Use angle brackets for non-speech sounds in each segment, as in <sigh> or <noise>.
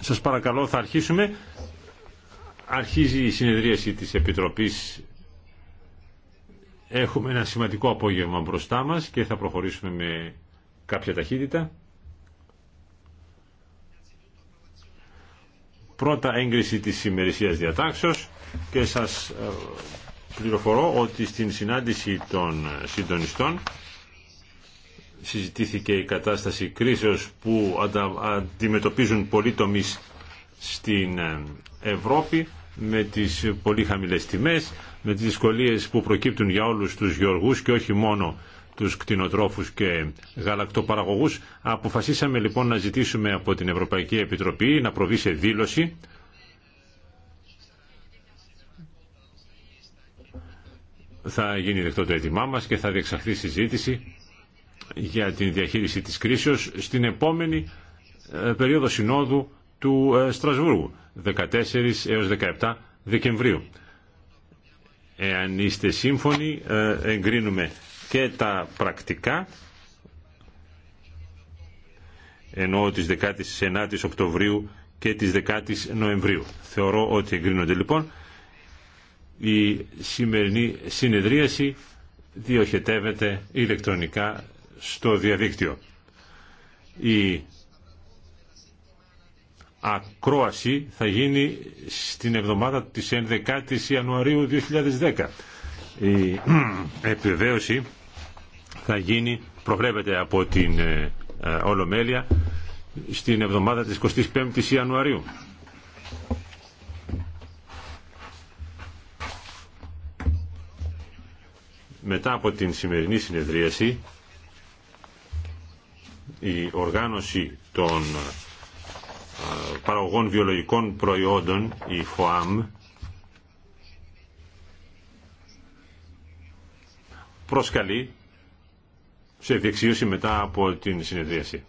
Σας παρακαλώ θα αρχίσουμε. Αρχίζει η συνεδρίαση της Επιτροπής. Έχουμε ένα σημαντικό απόγευμα μπροστά μας και θα προχωρήσουμε με κάποια ταχύτητα. Πρώτα έγκριση της ημερησίας διατάξεως και σας ε, πληροφορώ ότι στην συνάντηση των συντονιστών συζητήθηκε η κατάσταση κρίσεως που αντιμετωπίζουν πολλοί τομείς στην ε, Ευρώπη με τις πολύ χαμηλές τιμές, με τις δυσκολίες που προκύπτουν για όλους τους γεωργούς και όχι μόνο τους κτηνοτρόφους και γαλακτοπαραγωγούς. Αποφασίσαμε λοιπόν να ζητήσουμε από την Ευρωπαϊκή Επιτροπή να προβεί σε δήλωση θα γίνει δεκτό το έτοιμά μας και θα διεξαχθεί συζήτηση για την διαχείριση της κρίσεως στην επόμενη ε, περίοδο συνόδου του ε, Στρασβούργου, 14 έως 17 Δεκεμβρίου. Εάν είστε σύμφωνοι, ε, εγκρίνουμε και τα πρακτικά, ενώ της 19ης Οκτωβρίου και της 10ης Νοεμβρίου. Θεωρώ ότι εγκρίνονται λοιπόν. Η σημερινή συνεδρίαση διοχετεύεται ηλεκτρονικά στο διαδίκτυο. Η ακρόαση θα γίνει στην εβδομάδα της 11ης Ιανουαρίου 2010. Η επιβεβαίωση θα γίνει, προβλέπεται από την ε, ε, Ολομέλεια, στην εβδομάδα της 25ης Ιανουαρίου. Μετά από την σημερινή συνεδρίαση η οργάνωση των ε, παραγωγών βιολογικών προϊόντων, η ΦΟΑΜ, προσκαλεί σε διεξίωση μετά από την συνεδρίαση.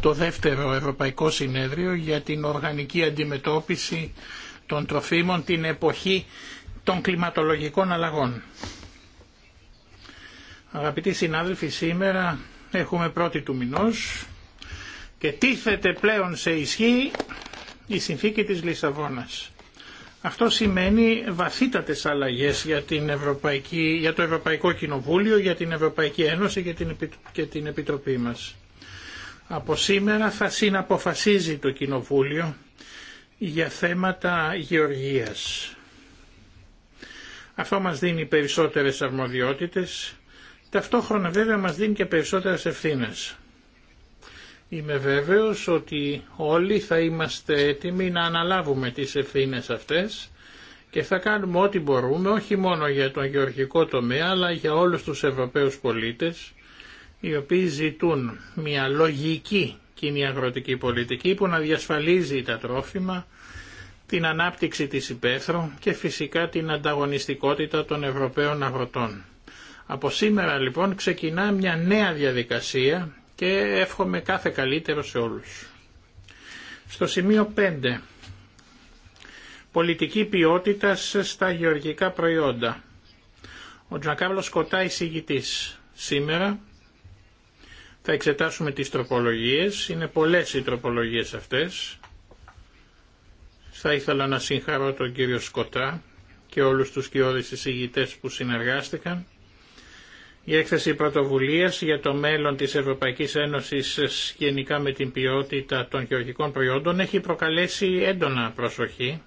Το δεύτερο Ευρωπαϊκό Συνέδριο για την οργανική αντιμετώπιση των τροφίμων την εποχή των κλιματολογικών αλλαγών. Αγαπητοί συνάδελφοι, σήμερα έχουμε πρώτη του μηνός και τίθεται πλέον σε ισχύ η συνθήκη της Λισαβόνας. Αυτό σημαίνει βαθύτατες αλλαγές για, την Ευρωπαϊκή, για το Ευρωπαϊκό Κοινοβούλιο, για την Ευρωπαϊκή Ένωση και την, και την Επιτροπή μας. Από σήμερα θα συναποφασίζει το Κοινοβούλιο για θέματα γεωργίας. Αυτό μας δίνει περισσότερες αρμοδιότητες Ταυτόχρονα βέβαια μας δίνει και περισσότερες ευθύνες. Είμαι βέβαιος ότι όλοι θα είμαστε έτοιμοι να αναλάβουμε τις ευθύνες αυτές και θα κάνουμε ό,τι μπορούμε όχι μόνο για τον γεωργικό τομέα αλλά για όλους τους Ευρωπαίους πολίτες οι οποίοι ζητούν μια λογική κοινή αγροτική πολιτική που να διασφαλίζει τα τρόφιμα, την ανάπτυξη της υπαίθρου και φυσικά την ανταγωνιστικότητα των Ευρωπαίων αγροτών. Από σήμερα λοιπόν ξεκινά μια νέα διαδικασία και εύχομαι κάθε καλύτερο σε όλους. Στο σημείο 5. Πολιτική ποιότητα στα γεωργικά προϊόντα. Ο Τζακάβλος Κοτά εισηγητής. Σήμερα θα εξετάσουμε τις τροπολογίες. Είναι πολλές οι τροπολογίες αυτές. Θα ήθελα να συγχαρώ τον κύριο Σκοτά και όλους τους κοιόδης εισηγητές που συνεργάστηκαν η έκθεση πρωτοβουλία για το μέλλον της Ευρωπαϊκής Ένωσης γενικά με την ποιότητα των γεωργικών προϊόντων έχει προκαλέσει έντονα προσοχή.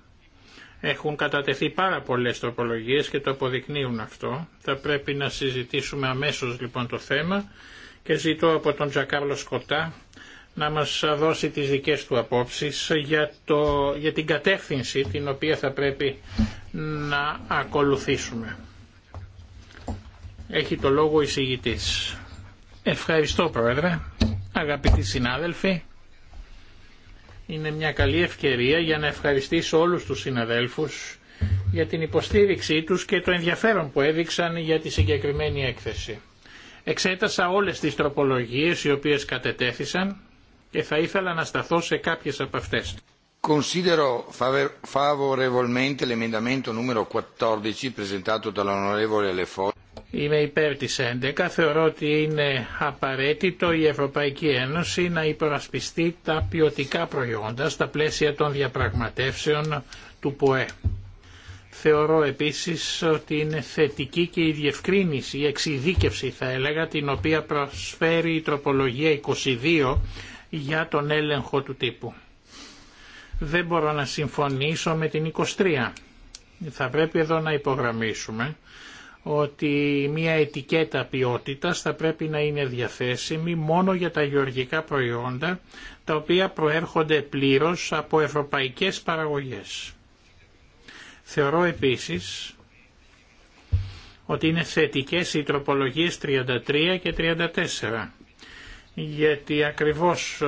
Έχουν κατατεθεί πάρα πολλέ τροπολογίε και το αποδεικνύουν αυτό. Θα πρέπει να συζητήσουμε αμέσως λοιπόν το θέμα και ζητώ από τον Τζακάρλο Σκοτά να μας δώσει τις δικές του απόψεις για, το, για την κατεύθυνση την οποία θα πρέπει να ακολουθήσουμε. Έχει το λόγο η συγητής. Ευχαριστώ Πρόεδρε, αγαπητοί συνάδελφοι. Είναι μια καλή ευκαιρία για να ευχαριστήσω όλους τους συναδέλφους για την υποστήριξή τους και το ενδιαφέρον που έδειξαν για τη συγκεκριμένη έκθεση. Εξέτασα όλες τις τροπολογίες οι οποίες κατετέθησαν και θα ήθελα να σταθώ σε κάποιες από αυτές. Considero favorevolmente l'emendamento numero 14 presentato dall'onorevole Lefort. Είμαι υπέρ της 11. Θεωρώ ότι είναι απαραίτητο η Ευρωπαϊκή Ένωση να υπερασπιστεί τα ποιοτικά προϊόντα στα πλαίσια των διαπραγματεύσεων του ΠΟΕ. Θεωρώ επίσης ότι είναι θετική και η διευκρίνηση, η εξειδίκευση θα έλεγα, την οποία προσφέρει η τροπολογία 22 για τον έλεγχο του τύπου. Δεν μπορώ να συμφωνήσω με την 23. Θα πρέπει εδώ να υπογραμμίσουμε ότι μια ετικέτα ποιότητας θα πρέπει να είναι διαθέσιμη μόνο για τα γεωργικά προϊόντα τα οποία προέρχονται πλήρως από ευρωπαϊκές παραγωγές. Θεωρώ επίσης ότι είναι θετικές οι τροπολογίες 33 και 34 γιατί ακριβώς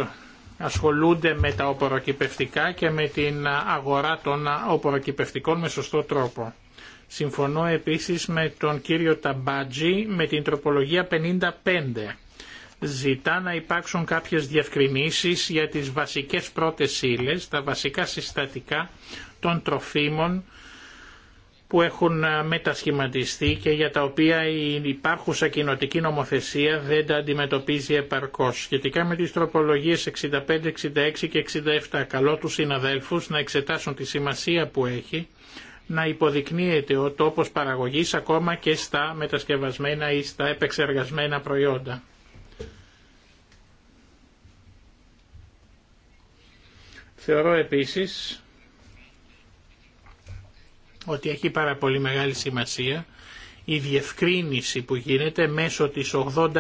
ασχολούνται με τα οποροκυπευτικά και με την αγορά των οποροκυπευτικών με σωστό τρόπο. Συμφωνώ επίσης με τον κύριο Ταμπάτζη με την τροπολογία 55. Ζητά να υπάρξουν κάποιες διευκρινήσεις για τις βασικές πρώτες ύλε, τα βασικά συστατικά των τροφίμων που έχουν ε, μετασχηματιστεί και για τα οποία η υπάρχουσα κοινοτική νομοθεσία δεν τα αντιμετωπίζει επαρκώς. Σχετικά με τις τροπολογίες 65, 66 και 67, καλώ τους συναδέλφους να εξετάσουν τη σημασία που έχει να υποδεικνύεται ο τόπος παραγωγής ακόμα και στα μετασκευασμένα ή στα επεξεργασμένα προϊόντα. Θεωρώ επίσης ότι έχει πάρα πολύ μεγάλη σημασία η διευκρίνηση που γίνεται μέσω της 86,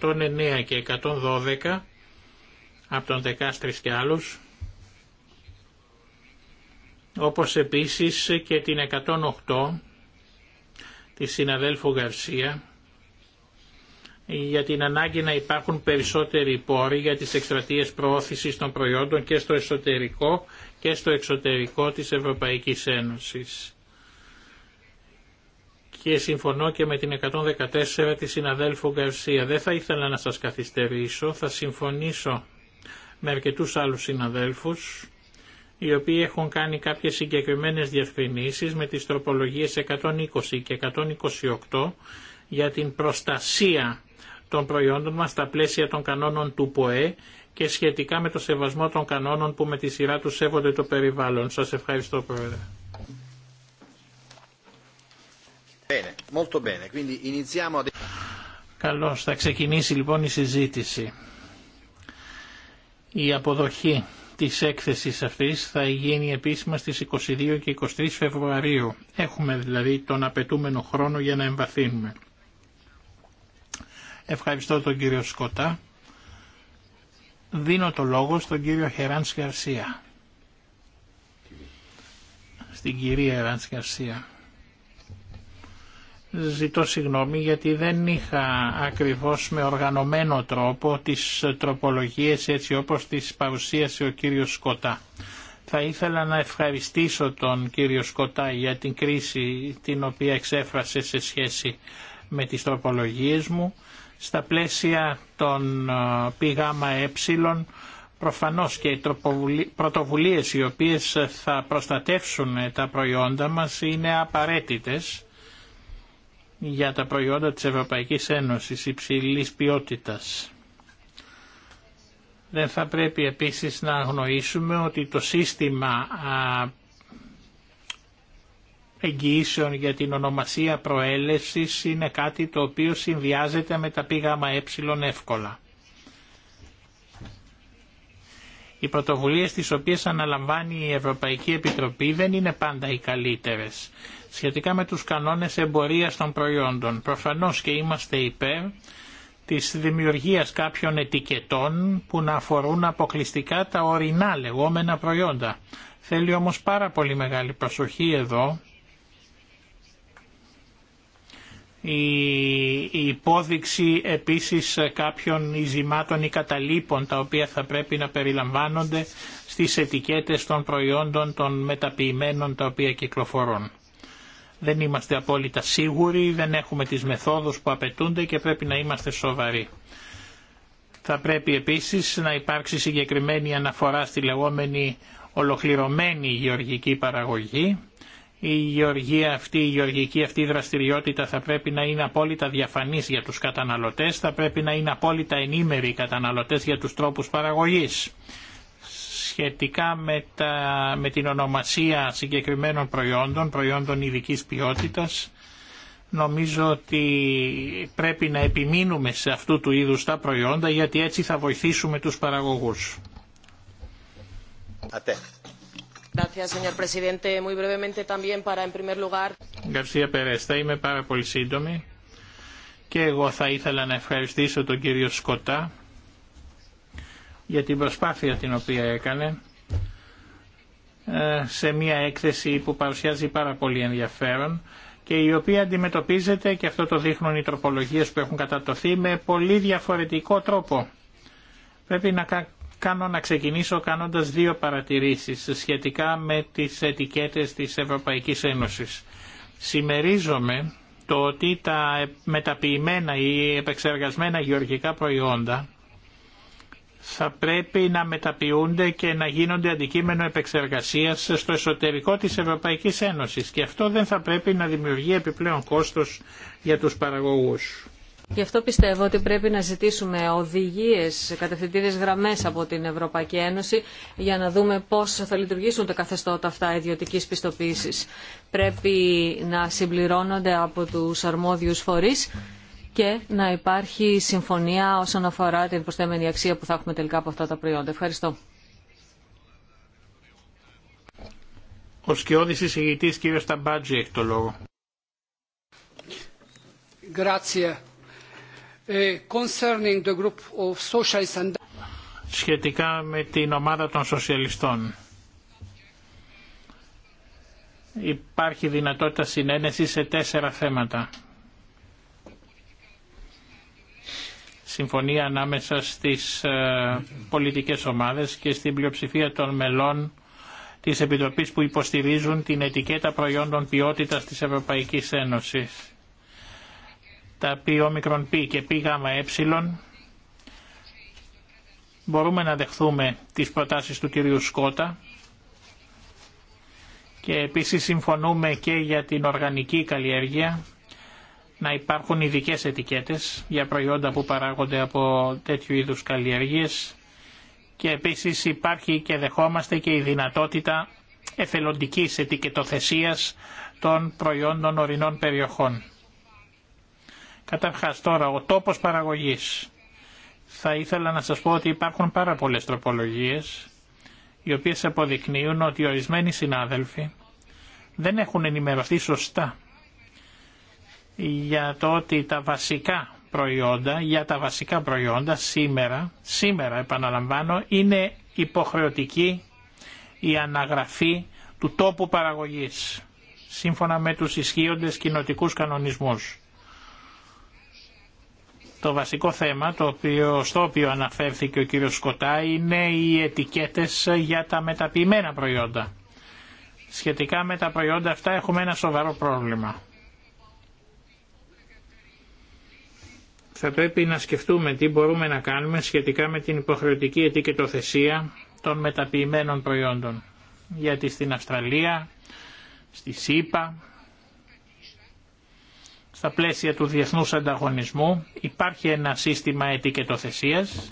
109 και 112 από τον Δεκάστρης και άλλους όπως επίσης και την 108 της συναδέλφου Γαρσία για την ανάγκη να υπάρχουν περισσότεροι πόροι για τις εκστρατείες προώθησης των προϊόντων και στο εσωτερικό και στο εξωτερικό της Ευρωπαϊκής Ένωσης. Και συμφωνώ και με την 114 της συναδέλφου Γκαρσία. Δεν θα ήθελα να σας καθυστερήσω, θα συμφωνήσω με αρκετούς άλλους συναδέλφους οι οποίοι έχουν κάνει κάποιες συγκεκριμένες διευκρινήσεις με τις τροπολογίες 120 και 128 για την προστασία των προϊόντων μας στα πλαίσια των κανόνων του ΠΟΕ και σχετικά με το σεβασμό των κανόνων που με τη σειρά του σέβονται το περιβάλλον. Σας ευχαριστώ Πρόεδρε. Καλώς, θα ξεκινήσει λοιπόν η συζήτηση. Η αποδοχή της έκθεσης αυτής θα γίνει επίσημα στις 22 και 23 Φεβρουαρίου. Έχουμε δηλαδή τον απαιτούμενο χρόνο για να εμβαθύνουμε. Ευχαριστώ τον κύριο Σκοτά. Δίνω το λόγο στον κύριο Χεράνς Γαρσία. Στην κυρία Χεράνς Γαρσία. Ζητώ συγγνώμη γιατί δεν είχα ακριβώς με οργανωμένο τρόπο τις τροπολογίες έτσι όπως τις παρουσίασε ο κύριος Σκοτά. Θα ήθελα να ευχαριστήσω τον κύριο Σκοτά για την κρίση την οποία εξέφρασε σε σχέση με τις τροπολογίες μου. Στα πλαίσια των έψιλων ε, ε, προφανώς και οι πρωτοβουλίες οι οποίες θα προστατεύσουν τα προϊόντα μας είναι απαραίτητες για τα προϊόντα της Ευρωπαϊκής Ένωσης υψηλής ποιότητας. Δεν θα πρέπει επίσης να αγνοήσουμε ότι το σύστημα εγγυήσεων για την ονομασία προέλευσης είναι κάτι το οποίο συνδυάζεται με τα πήγαμα ε εύκολα. Οι πρωτοβουλίες τις οποίες αναλαμβάνει η Ευρωπαϊκή Επιτροπή δεν είναι πάντα οι καλύτερες σχετικά με τους κανόνες εμπορίας των προϊόντων. Προφανώς και είμαστε υπέρ της δημιουργίας κάποιων ετικετών που να αφορούν αποκλειστικά τα ορεινά λεγόμενα προϊόντα. Θέλει όμως πάρα πολύ μεγάλη προσοχή εδώ η υπόδειξη επίσης κάποιων ειζημάτων ή καταλήπων τα οποία θα πρέπει να περιλαμβάνονται στις ετικέτες των προϊόντων των μεταποιημένων τα οποία κυκλοφορούν. Δεν είμαστε απόλυτα σίγουροι, δεν έχουμε τις μεθόδους που απαιτούνται και πρέπει να είμαστε σοβαροί. Θα πρέπει επίσης να υπάρξει συγκεκριμένη αναφορά στη λεγόμενη ολοκληρωμένη γεωργική παραγωγή. Η γεωργία αυτή, η γεωργική αυτή δραστηριότητα θα πρέπει να είναι απόλυτα διαφανής για τους καταναλωτές, θα πρέπει να είναι απόλυτα ενήμεροι οι καταναλωτές για τους τρόπους παραγωγής σχετικά με, τα, με την ονομασία συγκεκριμένων προϊόντων, προϊόντων ειδικής ποιότητας. Νομίζω ότι πρέπει να επιμείνουμε σε αυτού του είδους τα προϊόντα γιατί έτσι θα βοηθήσουμε τους παραγωγούς. Ατέ. κύριε Περές, θα είμαι πάρα πολύ σύντομη και εγώ θα ήθελα να ευχαριστήσω τον κύριο Σκοτά για την προσπάθεια την οποία έκανε ε, σε μια έκθεση που παρουσιάζει πάρα πολύ ενδιαφέρον και η οποία αντιμετωπίζεται και αυτό το δείχνουν οι τροπολογίες που έχουν κατατοθεί με πολύ διαφορετικό τρόπο. Πρέπει να κάνω να ξεκινήσω κάνοντας δύο παρατηρήσεις σχετικά με τις ετικέτες της Ευρωπαϊκής Ένωσης. Σημερίζομαι το ότι τα μεταποιημένα ή επεξεργασμένα γεωργικά προϊόντα θα πρέπει να μεταποιούνται και να γίνονται αντικείμενο επεξεργασίας στο εσωτερικό της Ευρωπαϊκής Ένωσης και αυτό δεν θα πρέπει να δημιουργεί επιπλέον κόστος για τους παραγωγούς. Γι' αυτό πιστεύω ότι πρέπει να ζητήσουμε οδηγίες, κατευθυντήριες γραμμές από την Ευρωπαϊκή Ένωση για να δούμε πώς θα λειτουργήσουν τα καθεστώτα αυτά ιδιωτική πιστοποίησης. Πρέπει να συμπληρώνονται από τους αρμόδιους φορείς και να υπάρχει συμφωνία όσον αφορά την προσθέμενη αξία που θα έχουμε τελικά από αυτά τα προϊόντα. Ευχαριστώ. Ο σκιώδης εισηγητής κύριο Σταμπάτζη έχει το λόγο. Ε, Σχετικά με την ομάδα των σοσιαλιστών. Υπάρχει δυνατότητα συνένεση σε τέσσερα θέματα. συμφωνία ανάμεσα στις ε, πολιτικές ομάδες και στην πλειοψηφία των μελών της Επιτροπής που υποστηρίζουν την ετικέτα προϊόντων ποιότητας της Ευρωπαϊκής Ένωσης. Τα πι όμικρον πι και πι γάμα ε μπορούμε να δεχθούμε τις προτάσεις του κυρίου Σκότα και επίσης συμφωνούμε και για την οργανική καλλιέργεια να υπάρχουν ειδικέ ετικέτες για προϊόντα που παράγονται από τέτοιου είδους καλλιεργίες και επίσης υπάρχει και δεχόμαστε και η δυνατότητα εθελοντικής ετικετοθεσίας των προϊόντων ορεινών περιοχών. Καταρχάς τώρα ο τόπος παραγωγής. Θα ήθελα να σας πω ότι υπάρχουν πάρα πολλές τροπολογίες οι οποίες αποδεικνύουν ότι ορισμένοι συνάδελφοι δεν έχουν ενημερωθεί σωστά για το ότι τα βασικά προϊόντα, για τα βασικά προϊόντα σήμερα, σήμερα επαναλαμβάνω, είναι υποχρεωτική η αναγραφή του τόπου παραγωγής, σύμφωνα με τους ισχύοντες κοινοτικούς κανονισμούς. Το βασικό θέμα το οποίο, στο οποίο αναφέρθηκε ο κύριος Σκοτά είναι οι ετικέτες για τα μεταποιημένα προϊόντα. Σχετικά με τα προϊόντα αυτά έχουμε ένα σοβαρό πρόβλημα θα πρέπει να σκεφτούμε τι μπορούμε να κάνουμε σχετικά με την υποχρεωτική ετικετοθεσία των μεταποιημένων προϊόντων. Γιατί στην Αυστραλία, στη ΣΥΠΑ, στα πλαίσια του διεθνούς ανταγωνισμού υπάρχει ένα σύστημα ετικετοθεσίας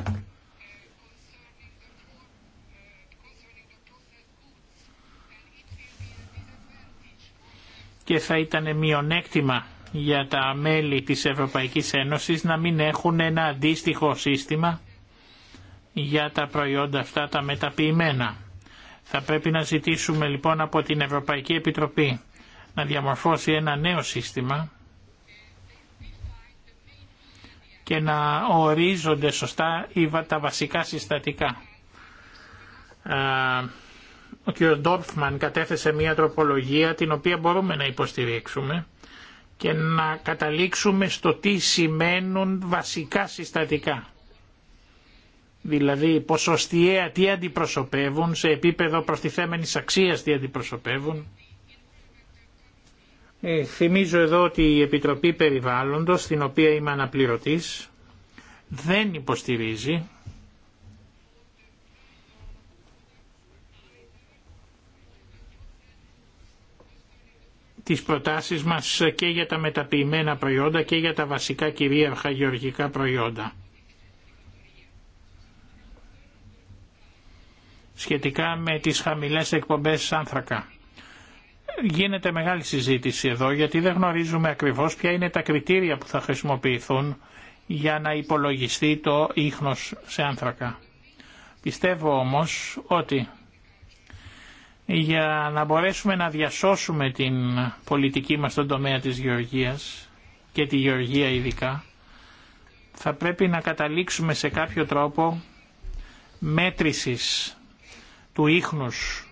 και θα ήταν μειονέκτημα για τα μέλη της Ευρωπαϊκής Ένωσης να μην έχουν ένα αντίστοιχο σύστημα για τα προϊόντα αυτά τα μεταποιημένα. Θα πρέπει να ζητήσουμε λοιπόν από την Ευρωπαϊκή Επιτροπή να διαμορφώσει ένα νέο σύστημα και να ορίζονται σωστά τα βασικά συστατικά. Ο κ. Ντόρφμαν κατέθεσε μια τροπολογία την οποία μπορούμε να υποστηρίξουμε και να καταλήξουμε στο τι σημαίνουν βασικά συστατικά. Δηλαδή ποσοστιαία τι αντιπροσωπεύουν, σε επίπεδο προστιθέμενης αξίας τι αντιπροσωπεύουν. Ε, θυμίζω εδώ ότι η Επιτροπή Περιβάλλοντος, στην οποία είμαι αναπληρωτής, δεν υποστηρίζει τις προτάσεις μας και για τα μεταποιημένα προϊόντα και για τα βασικά κυρίαρχα γεωργικά προϊόντα. Σχετικά με τις χαμηλές εκπομπές άνθρακα. Γίνεται μεγάλη συζήτηση εδώ γιατί δεν γνωρίζουμε ακριβώς ποια είναι τα κριτήρια που θα χρησιμοποιηθούν για να υπολογιστεί το ίχνος σε άνθρακα. Πιστεύω όμως ότι για να μπορέσουμε να διασώσουμε την πολιτική μας στον τομέα της γεωργίας και τη γεωργία ειδικά θα πρέπει να καταλήξουμε σε κάποιο τρόπο μέτρησης του ίχνους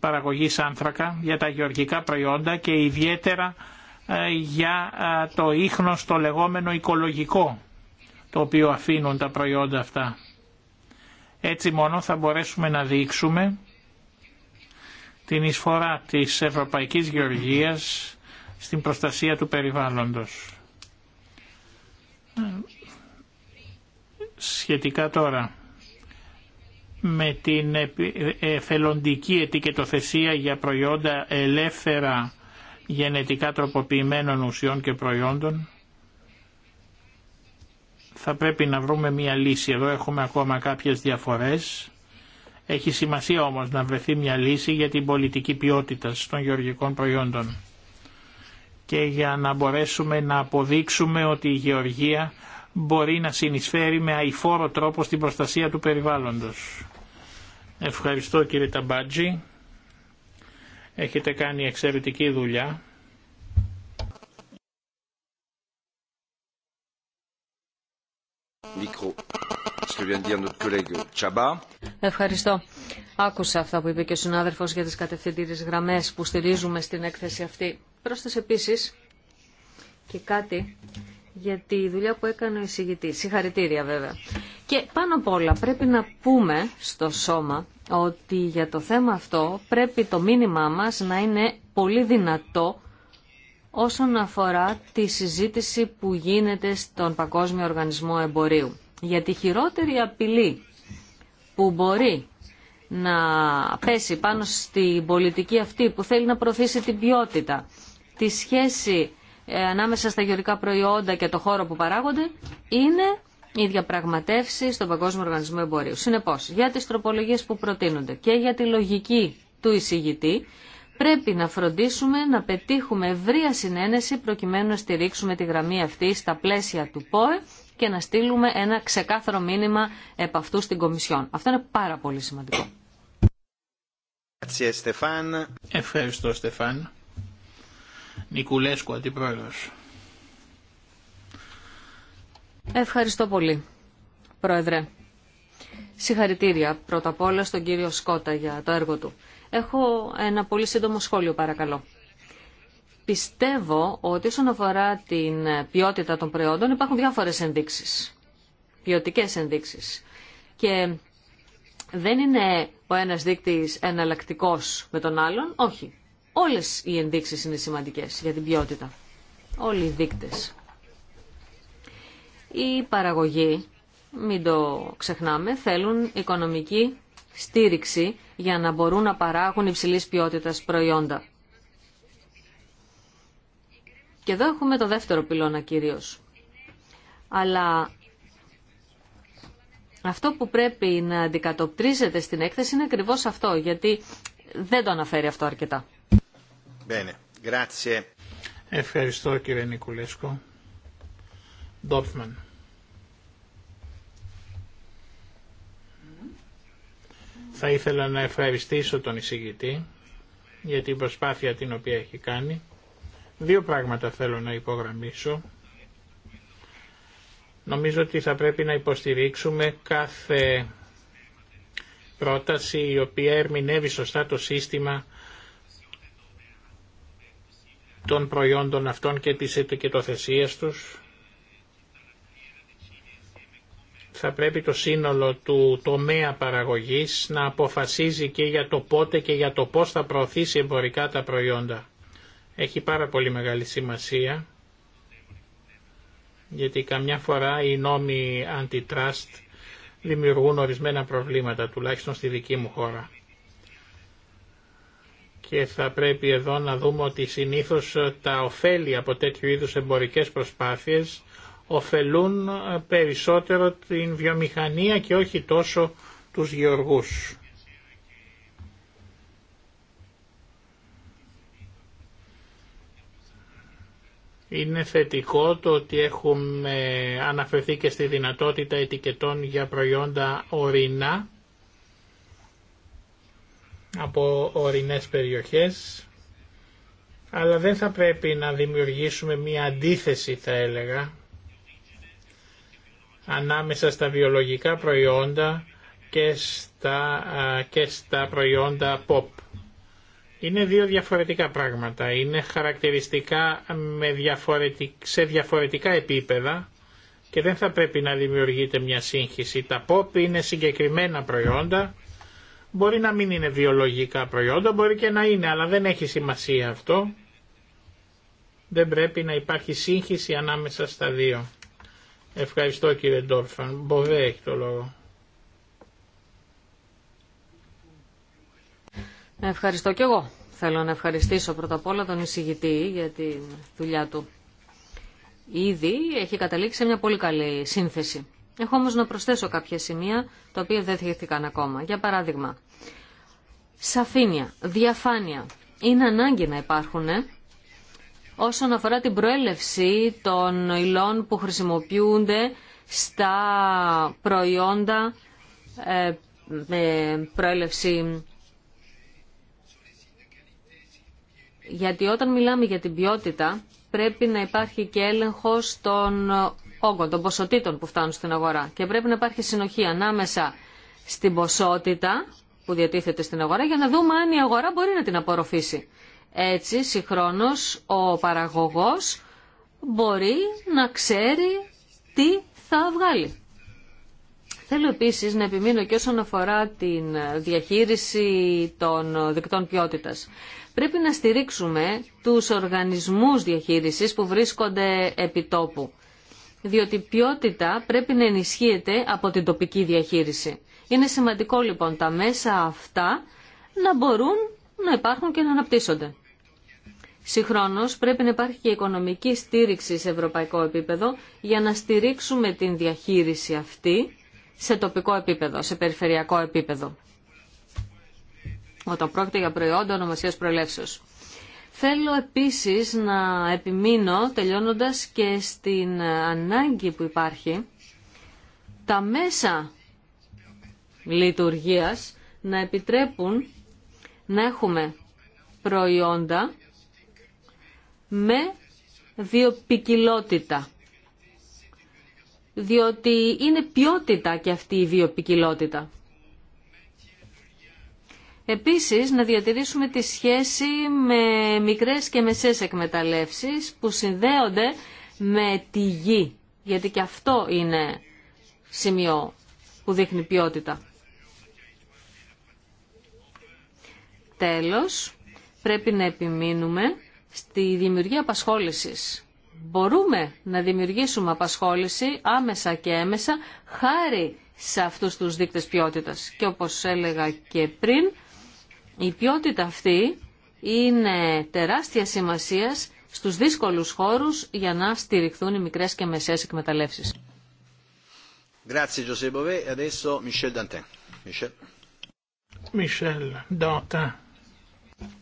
παραγωγής άνθρακα για τα γεωργικά προϊόντα και ιδιαίτερα ε, για ε, το ίχνος το λεγόμενο οικολογικό το οποίο αφήνουν τα προϊόντα αυτά. Έτσι μόνο θα μπορέσουμε να δείξουμε την εισφορά της Ευρωπαϊκής Γεωργίας στην προστασία του περιβάλλοντος. Σχετικά τώρα με την εθελοντική ετικετοθεσία για προϊόντα ελεύθερα γενετικά τροποποιημένων ουσιών και προϊόντων, θα πρέπει να βρούμε μία λύση. Εδώ έχουμε ακόμα κάποιες διαφορές έχει σημασία όμως να βρεθεί μια λύση για την πολιτική ποιότητα των γεωργικών προϊόντων και για να μπορέσουμε να αποδείξουμε ότι η γεωργία μπορεί να συνεισφέρει με αηφόρο τρόπο στην προστασία του περιβάλλοντος. Ευχαριστώ κύριε Ταμπάτζη. Έχετε κάνει εξαιρετική δουλειά. Μικρό. Ευχαριστώ. Άκουσα αυτά που είπε και ο συνάδελφο για τις κατευθυντήριες γραμμές που στηρίζουμε στην έκθεση αυτή. Πρόσθεσε επίση και κάτι για τη δουλειά που έκανε ο εισηγητή. Συγχαρητήρια βέβαια. Και πάνω απ' όλα πρέπει να πούμε στο σώμα ότι για το θέμα αυτό πρέπει το μήνυμά μας να είναι πολύ δυνατό όσον αφορά τη συζήτηση που γίνεται στον Παγκόσμιο Οργανισμό Εμπορίου. Γιατί η χειρότερη απειλή που μπορεί να πέσει πάνω στην πολιτική αυτή που θέλει να προωθήσει την ποιότητα, τη σχέση ε, ανάμεσα στα γεωρικά προϊόντα και το χώρο που παράγονται, είναι η διαπραγματεύσει στον Παγκόσμιο Οργανισμό Εμπορίου. Συνεπώ, για τι τροπολογίε που προτείνονται και για τη λογική του εισηγητή, πρέπει να φροντίσουμε να πετύχουμε ευρεία συνένεση προκειμένου να στηρίξουμε τη γραμμή αυτή στα πλαίσια του ΠΟΕ και να στείλουμε ένα ξεκάθαρο μήνυμα επ' αυτού στην Κομισιόν. Αυτό είναι πάρα πολύ σημαντικό. Ευχαριστώ Στεφάν. Νικουλέσκου, αντιπρόεδρος. Ευχαριστώ πολύ, Πρόεδρε. Συγχαρητήρια πρώτα απ' όλα στον κύριο Σκότα για το έργο του. Έχω ένα πολύ σύντομο σχόλιο παρακαλώ πιστεύω ότι όσον αφορά την ποιότητα των προϊόντων υπάρχουν διάφορες ενδείξεις, ποιοτικές ενδείξεις. Και δεν είναι ο ένας δείκτης εναλλακτικό με τον άλλον, όχι. Όλες οι ενδείξεις είναι σημαντικές για την ποιότητα. Όλοι οι δείκτες. Η παραγωγή, μην το ξεχνάμε, θέλουν οικονομική στήριξη για να μπορούν να παράγουν υψηλής ποιότητας προϊόντα. Και εδώ έχουμε το δεύτερο πυλώνα κυρίως. Αλλά αυτό που πρέπει να αντικατοπτρίζεται στην έκθεση είναι ακριβώς αυτό, γιατί δεν το αναφέρει αυτό αρκετά. Ευχαριστώ κύριε Νικουλέσκο. Ντόρφμαν. Θα ήθελα να ευχαριστήσω τον εισηγητή για την προσπάθεια την οποία έχει κάνει Δύο πράγματα θέλω να υπογραμμίσω. Νομίζω ότι θα πρέπει να υποστηρίξουμε κάθε πρόταση η οποία ερμηνεύει σωστά το σύστημα των προϊόντων αυτών και το ετικετοθεσίας τους. Θα πρέπει το σύνολο του τομέα παραγωγής να αποφασίζει και για το πότε και για το πώς θα προωθήσει εμπορικά τα προϊόντα έχει πάρα πολύ μεγάλη σημασία γιατί καμιά φορά οι νόμοι αντιτράστ δημιουργούν ορισμένα προβλήματα, τουλάχιστον στη δική μου χώρα. Και θα πρέπει εδώ να δούμε ότι συνήθως τα ωφέλη από τέτοιου είδους εμπορικές προσπάθειες ωφελούν περισσότερο την βιομηχανία και όχι τόσο τους γεωργούς. Είναι θετικό το ότι έχουμε αναφερθεί και στη δυνατότητα ετικετών για προϊόντα ορεινά από ορεινές περιοχές αλλά δεν θα πρέπει να δημιουργήσουμε μία αντίθεση θα έλεγα ανάμεσα στα βιολογικά προϊόντα και στα, και στα προϊόντα pop. Είναι δύο διαφορετικά πράγματα. Είναι χαρακτηριστικά με σε διαφορετικά επίπεδα και δεν θα πρέπει να δημιουργείται μια σύγχυση. Τα pop είναι συγκεκριμένα προϊόντα, μπορεί να μην είναι βιολογικά προϊόντα, μπορεί και να είναι, αλλά δεν έχει σημασία αυτό. Δεν πρέπει να υπάρχει σύγχυση ανάμεσα στα δύο. Ευχαριστώ κύριε Ντόρφαν. Μποβέ έχει το λόγο. Ευχαριστώ και εγώ. Θέλω να ευχαριστήσω πρώτα απ' όλα τον εισηγητή για τη δουλειά του. Ήδη έχει καταλήξει σε μια πολύ καλή σύνθεση. Έχω όμως να προσθέσω κάποια σημεία τα οποία δεν θυγηθήκαν ακόμα. Για παράδειγμα, σαφήνεια, διαφάνεια. Είναι ανάγκη να υπάρχουν όσον αφορά την προέλευση των υλών που χρησιμοποιούνται στα προϊόντα ε, με προέλευση Γιατί όταν μιλάμε για την ποιότητα πρέπει να υπάρχει και έλεγχος των όγκων, των ποσοτήτων που φτάνουν στην αγορά. Και πρέπει να υπάρχει συνοχή ανάμεσα στην ποσότητα που διατίθεται στην αγορά για να δούμε αν η αγορά μπορεί να την απορροφήσει. Έτσι, συγχρόνως, ο παραγωγός μπορεί να ξέρει τι θα βγάλει. Θέλω επίσης να επιμείνω και όσον αφορά την διαχείριση των δικτών ποιότητας. Πρέπει να στηρίξουμε τους οργανισμούς διαχείρισης που βρίσκονται επί τόπου, διότι η ποιότητα πρέπει να ενισχύεται από την τοπική διαχείριση. Είναι σημαντικό λοιπόν τα μέσα αυτά να μπορούν να υπάρχουν και να αναπτύσσονται. Συγχρόνως πρέπει να υπάρχει και οικονομική στήριξη σε ευρωπαϊκό επίπεδο για να στηρίξουμε την διαχείριση αυτή σε τοπικό επίπεδο, σε περιφερειακό επίπεδο όταν πρόκειται για προϊόντα ονομασία προελεύσεω. Θέλω επίσης να επιμείνω, τελειώνοντας και στην ανάγκη που υπάρχει, τα μέσα λειτουργίας να επιτρέπουν να έχουμε προϊόντα με βιοπικιλότητα. Διότι είναι ποιότητα και αυτή η βιοπικιλότητα. Επίσης, να διατηρήσουμε τη σχέση με μικρές και μεσές εκμεταλλεύσεις που συνδέονται με τη γη, γιατί και αυτό είναι σημείο που δείχνει ποιότητα. Τέλος, πρέπει να επιμείνουμε στη δημιουργία απασχόλησης. Μπορούμε να δημιουργήσουμε απασχόληση άμεσα και έμεσα χάρη σε αυτούς τους δείκτες ποιότητας. Και όπως έλεγα και πριν, η ποιότητα αυτή είναι τεράστια σημασίας στους δύσκολους χώρους για να στηριχθούν οι μικρές και μεσαίες εκμεταλλεύσεις.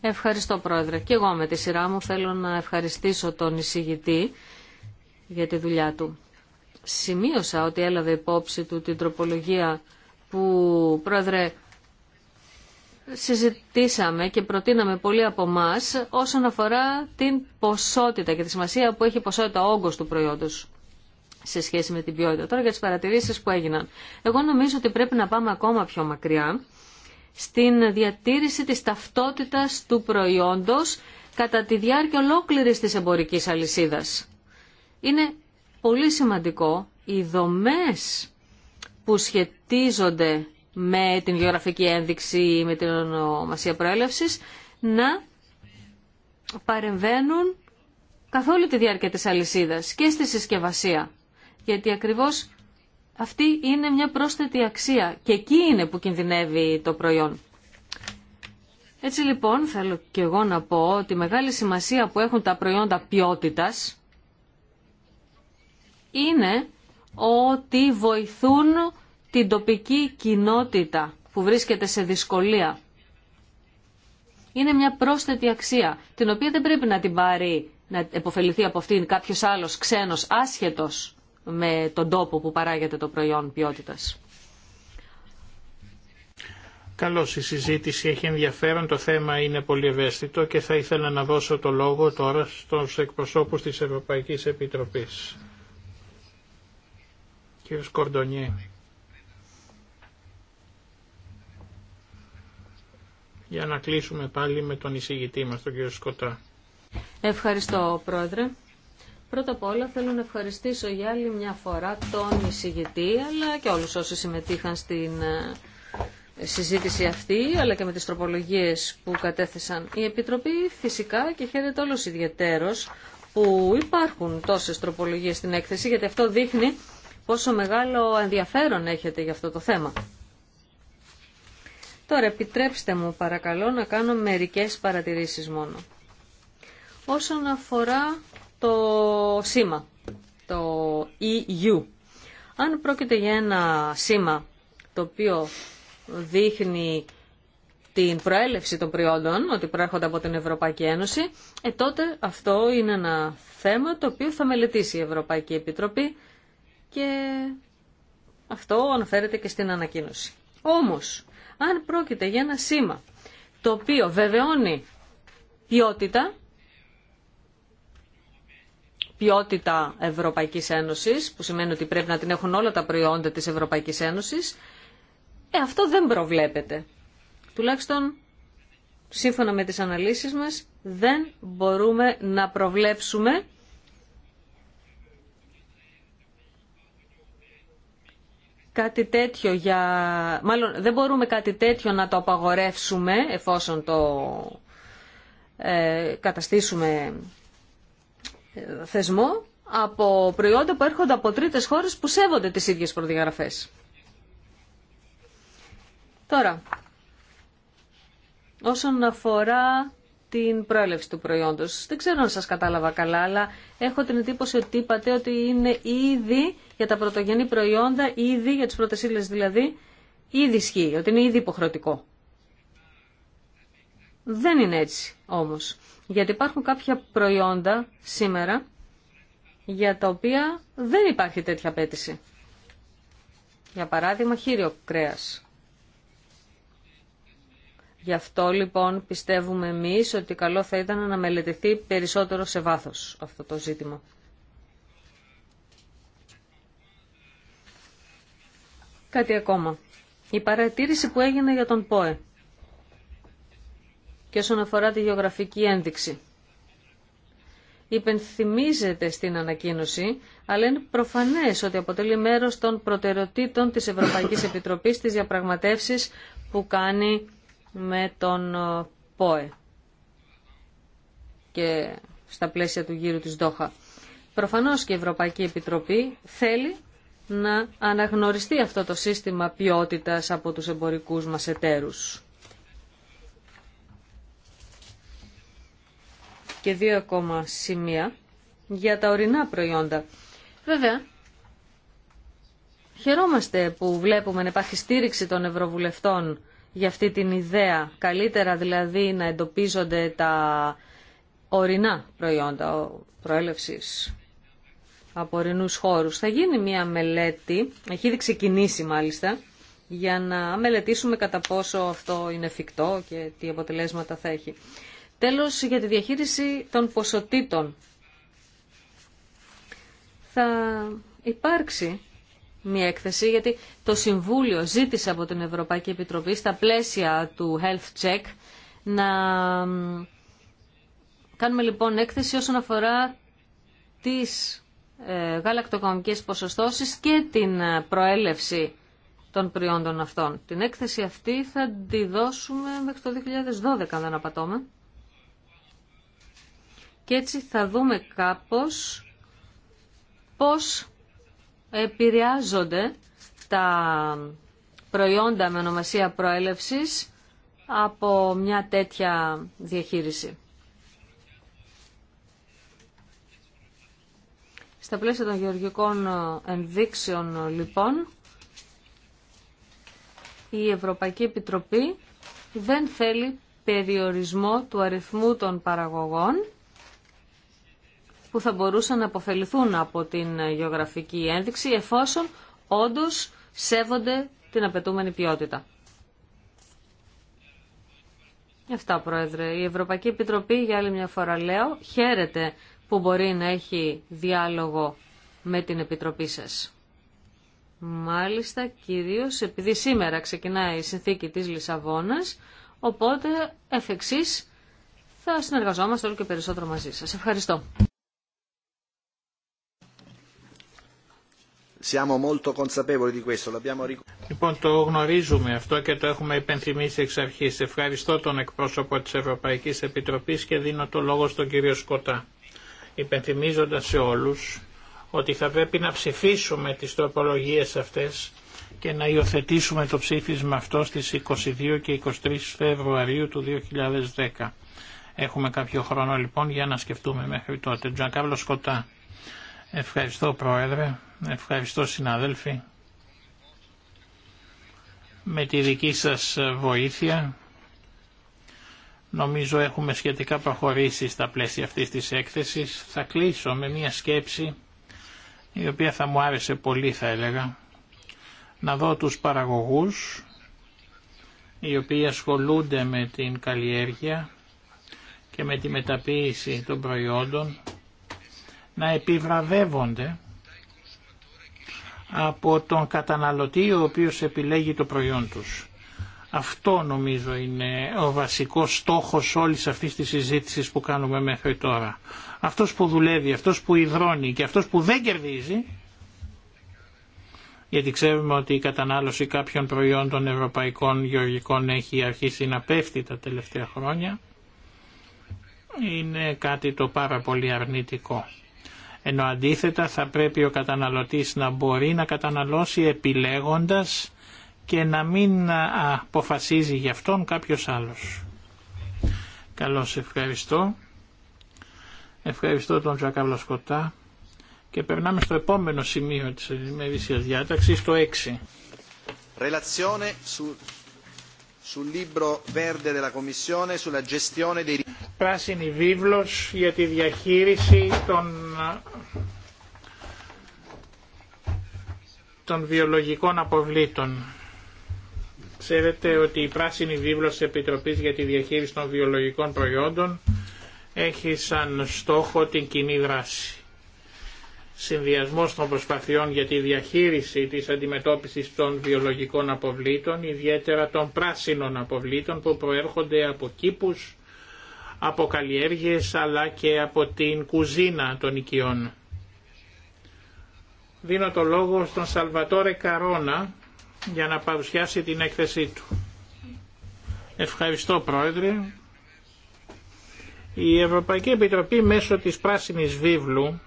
Ευχαριστώ Πρόεδρε. Και εγώ με τη σειρά μου θέλω να ευχαριστήσω τον εισηγητή για τη δουλειά του. Σημείωσα ότι έλαβε υπόψη του την τροπολογία που Πρόεδρε συζητήσαμε και προτείναμε πολύ από εμά όσον αφορά την ποσότητα και τη σημασία που έχει η ποσότητα όγκος του προϊόντος σε σχέση με την ποιότητα. Τώρα για τις παρατηρήσεις που έγιναν. Εγώ νομίζω ότι πρέπει να πάμε ακόμα πιο μακριά στην διατήρηση της ταυτότητας του προϊόντος κατά τη διάρκεια ολόκληρης της εμπορικής αλυσίδας. Είναι πολύ σημαντικό οι δομές που σχετίζονται με την γεωγραφική ένδειξη, με την ονομασία προέλευσης, να παρεμβαίνουν καθ' όλη τη διάρκεια της αλυσίδας και στη συσκευασία. Γιατί ακριβώς αυτή είναι μια πρόσθετη αξία και εκεί είναι που κινδυνεύει το προϊόν. Έτσι λοιπόν θέλω και εγώ να πω ότι η μεγάλη σημασία που έχουν τα προϊόντα ποιότητας είναι ότι βοηθούν την τοπική κοινότητα που βρίσκεται σε δυσκολία. Είναι μια πρόσθετη αξία, την οποία δεν πρέπει να την πάρει, να επωφεληθεί από αυτήν κάποιος άλλος ξένος, άσχετος με τον τόπο που παράγεται το προϊόν ποιότητας. Καλώ. η συζήτηση έχει ενδιαφέρον, το θέμα είναι πολύ ευαίσθητο και θα ήθελα να δώσω το λόγο τώρα στους εκπροσώπους της Ευρωπαϊκής Επιτροπής. Κύριος Κορντονιέ. για να κλείσουμε πάλι με τον εισηγητή μας, τον κύριο Σκοτά. Ευχαριστώ, Πρόεδρε. Πρώτα απ' όλα θέλω να ευχαριστήσω για άλλη μια φορά τον εισηγητή, αλλά και όλους όσοι συμμετείχαν στην ε, συζήτηση αυτή, αλλά και με τις τροπολογίες που κατέθεσαν η Επιτροπή, φυσικά και χαίρεται όλος ιδιαιτέρως που υπάρχουν τόσες τροπολογίες στην έκθεση, γιατί αυτό δείχνει πόσο μεγάλο ενδιαφέρον έχετε για αυτό το θέμα. Τώρα επιτρέψτε μου παρακαλώ να κάνω μερικές παρατηρήσεις μόνο. Όσον αφορά το σήμα, το EU, αν πρόκειται για ένα σήμα το οποίο δείχνει την προέλευση των προϊόντων, ότι προέρχονται από την Ευρωπαϊκή Ένωση, ε, τότε αυτό είναι ένα θέμα το οποίο θα μελετήσει η Ευρωπαϊκή Επιτροπή και αυτό αναφέρεται και στην ανακοίνωση. Όμως, αν πρόκειται για ένα σήμα το οποίο βεβαιώνει ποιότητα, ποιότητα Ευρωπαϊκής Ένωσης, που σημαίνει ότι πρέπει να την έχουν όλα τα προϊόντα της Ευρωπαϊκής Ένωσης, ε, αυτό δεν προβλέπεται. Τουλάχιστον, σύμφωνα με τις αναλύσεις μας, δεν μπορούμε να προβλέψουμε κάτι τέτοιο για... Μάλλον δεν μπορούμε κάτι τέτοιο να το απαγορεύσουμε εφόσον το ε, καταστήσουμε ε, θεσμό από προϊόντα που έρχονται από τρίτες χώρες που σέβονται τις ίδιες προδιαγραφές. Τώρα, όσον αφορά την προέλευση του προϊόντος, δεν ξέρω αν σας κατάλαβα καλά, αλλά έχω την εντύπωση ότι είπατε ότι είναι ήδη για τα πρωτογενή προϊόντα ήδη, για τις πρώτες ύλες δηλαδή, ήδη ισχύει, ότι είναι ήδη υποχρεωτικό. Δεν είναι έτσι όμως, γιατί υπάρχουν κάποια προϊόντα σήμερα για τα οποία δεν υπάρχει τέτοια απέτηση. Για παράδειγμα χείριο κρέας. Γι' αυτό λοιπόν πιστεύουμε εμείς ότι καλό θα ήταν να μελετηθεί περισσότερο σε βάθος αυτό το ζήτημα. Κάτι ακόμα. Η παρατήρηση που έγινε για τον ΠΟΕ και όσον αφορά τη γεωγραφική ένδειξη. Υπενθυμίζεται στην ανακοίνωση, αλλά είναι προφανές ότι αποτελεί μέρος των προτεραιοτήτων της Ευρωπαϊκής <coughs> Επιτροπής της διαπραγματεύσεις που κάνει με τον ε, ΠΟΕ και στα πλαίσια του γύρου της Δόχα. Προφανώς και η Ευρωπαϊκή Επιτροπή θέλει να αναγνωριστεί αυτό το σύστημα ποιότητας από τους εμπορικούς μας εταίρους. Και δύο ακόμα σημεία για τα ορεινά προϊόντα. Βέβαια, χαιρόμαστε που βλέπουμε να υπάρχει στήριξη των Ευρωβουλευτών για αυτή την ιδέα. Καλύτερα δηλαδή να εντοπίζονται τα ορεινά προϊόντα προέλευσης απορρινούς χώρους. Θα γίνει μια μελέτη, έχει ήδη ξεκινήσει μάλιστα, για να μελετήσουμε κατά πόσο αυτό είναι εφικτό και τι αποτελέσματα θα έχει. Τέλος, για τη διαχείριση των ποσοτήτων. Θα υπάρξει μια έκθεση, γιατί το Συμβούλιο ζήτησε από την Ευρωπαϊκή Επιτροπή στα πλαίσια του Health Check να κάνουμε λοιπόν έκθεση όσον αφορά τις ε, γαλακτοκομικές ποσοστώσεις και την ε, προέλευση των προϊόντων αυτών. Την έκθεση αυτή θα τη δώσουμε μέχρι το 2012, αν δεν απατώμε. Και έτσι θα δούμε κάπως πώς επηρεάζονται τα προϊόντα με ονομασία προέλευσης από μια τέτοια διαχείριση. Στα πλαίσια των γεωργικών ε, ενδείξεων, ε, λοιπόν, η Ευρωπαϊκή Επιτροπή δεν θέλει περιορισμό του αριθμού των παραγωγών που θα μπορούσαν να αποφεληθούν από την ε, γεωγραφική ένδειξη εφόσον όντως σέβονται την απαιτούμενη ποιότητα. Αυτά, Πρόεδρε. Η Ευρωπαϊκή Επιτροπή, για άλλη μια φορά λέω, χαίρεται που μπορεί να έχει διάλογο με την Επιτροπή σας. Μάλιστα, κυρίως επειδή σήμερα ξεκινάει η συνθήκη της Λισαβόνας, οπότε εφ' εξής, θα συνεργαζόμαστε όλο και περισσότερο μαζί σας. Ευχαριστώ. Λοιπόν, το γνωρίζουμε αυτό και το έχουμε υπενθυμίσει εξ αρχής. Ευχαριστώ τον εκπρόσωπο της Ευρωπαϊκής Επιτροπής και δίνω το λόγο στον κύριο Σκοτά υπενθυμίζοντας σε όλους ότι θα πρέπει να ψηφίσουμε τις τροπολογίες αυτές και να υιοθετήσουμε το ψήφισμα αυτό στις 22 και 23 Φεβρουαρίου του 2010. Έχουμε κάποιο χρόνο λοιπόν για να σκεφτούμε μέχρι τότε. Τζακάβλο Σκοτά. Ευχαριστώ Πρόεδρε, ευχαριστώ συνάδελφοι. Με τη δική σας βοήθεια Νομίζω έχουμε σχετικά προχωρήσει στα πλαίσια αυτής της έκθεσης. Θα κλείσω με μια σκέψη η οποία θα μου άρεσε πολύ θα έλεγα. Να δω τους παραγωγούς οι οποίοι ασχολούνται με την καλλιέργεια και με τη μεταποίηση των προϊόντων να επιβραβεύονται από τον καταναλωτή ο οποίος επιλέγει το προϊόν τους. Αυτό νομίζω είναι ο βασικός στόχος όλης αυτής της συζήτησης που κάνουμε μέχρι τώρα. Αυτός που δουλεύει, αυτός που υδρώνει και αυτός που δεν κερδίζει, γιατί ξέρουμε ότι η κατανάλωση κάποιων προϊόντων ευρωπαϊκών γεωργικών έχει αρχίσει να πέφτει τα τελευταία χρόνια, είναι κάτι το πάρα πολύ αρνητικό. Ενώ αντίθετα θα πρέπει ο καταναλωτής να μπορεί να καταναλώσει επιλέγοντας και να μην αποφασίζει γι' αυτόν κάποιος άλλος. Καλώς ευχαριστώ. Ευχαριστώ τον Τζακάβλο Σκοτά και περνάμε στο επόμενο σημείο της ενημερήσιας διάταξης, το 6. Relazione libro verde della Commissione sulla gestione dei... Πράσινη βίβλος για τη διαχείριση των των βιολογικών αποβλήτων. Ξέρετε ότι η πράσινη βίβλος της Επιτροπής για τη διαχείριση των βιολογικών προϊόντων έχει σαν στόχο την κοινή δράση. Συνδυασμό των προσπαθειών για τη διαχείριση της αντιμετώπισης των βιολογικών αποβλήτων, ιδιαίτερα των πράσινων αποβλήτων που προέρχονται από κήπους, από καλλιέργειες αλλά και από την κουζίνα των οικειών. Δίνω το λόγο στον Σαλβατόρε Καρόνα, για να παρουσιάσει την έκθεσή του. Ευχαριστώ Πρόεδρε. Η Ευρωπαϊκή Επιτροπή μέσω της Πράσινης Βίβλου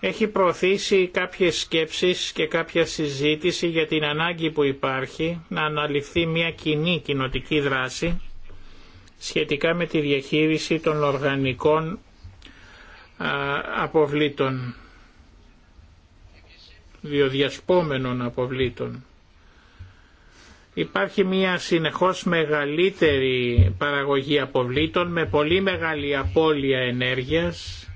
έχει προωθήσει κάποιες σκέψεις και κάποια συζήτηση για την ανάγκη που υπάρχει να αναλυφθεί μια κοινή κοινοτική δράση σχετικά με τη διαχείριση των οργανικών αποβλήτων διοδιασπόμενων αποβλήτων. Υπάρχει μια συνεχώς μεγαλύτερη παραγωγή αποβλήτων με πολύ μεγάλη απώλεια ενέργειας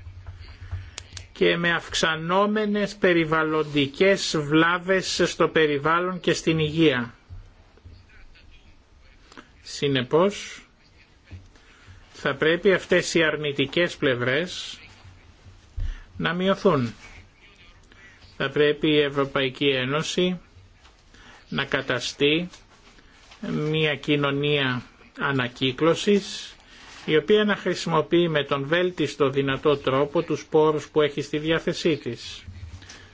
και με αυξανόμενες περιβαλλοντικές βλάβες στο περιβάλλον και στην υγεία. Συνεπώς, θα πρέπει αυτές οι αρνητικές πλευρές να μειωθούν. Θα πρέπει η Ευρωπαϊκή Ένωση να καταστεί μια κοινωνία ανακύκλωσης η οποία να χρησιμοποιεί με τον βέλτιστο δυνατό τρόπο τους πόρους που έχει στη διάθεσή της.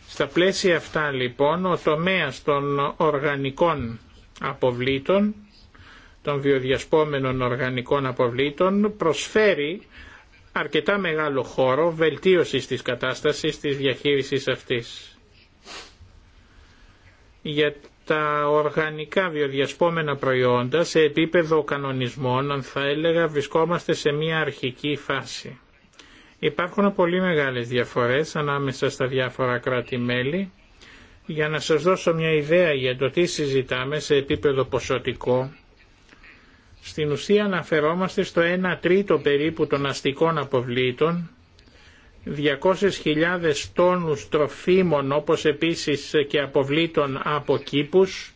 Στα πλαίσια αυτά λοιπόν ο τομέας των οργανικών αποβλήτων, των βιοδιασπόμενων οργανικών αποβλήτων προσφέρει αρκετά μεγάλο χώρο βελτίωσης της κατάστασης της διαχείρισης αυτής για τα οργανικά βιοδιασπόμενα προϊόντα σε επίπεδο κανονισμών, αν θα έλεγα, βρισκόμαστε σε μια αρχική φάση. Υπάρχουν πολύ μεγάλες διαφορές ανάμεσα στα διάφορα κράτη-μέλη. Για να σας δώσω μια ιδέα για το τι συζητάμε σε επίπεδο ποσοτικό, στην ουσία αναφερόμαστε στο 1 τρίτο περίπου των αστικών αποβλήτων 200.000 τόνους τροφίμων όπως επίσης και αποβλήτων από κήπους,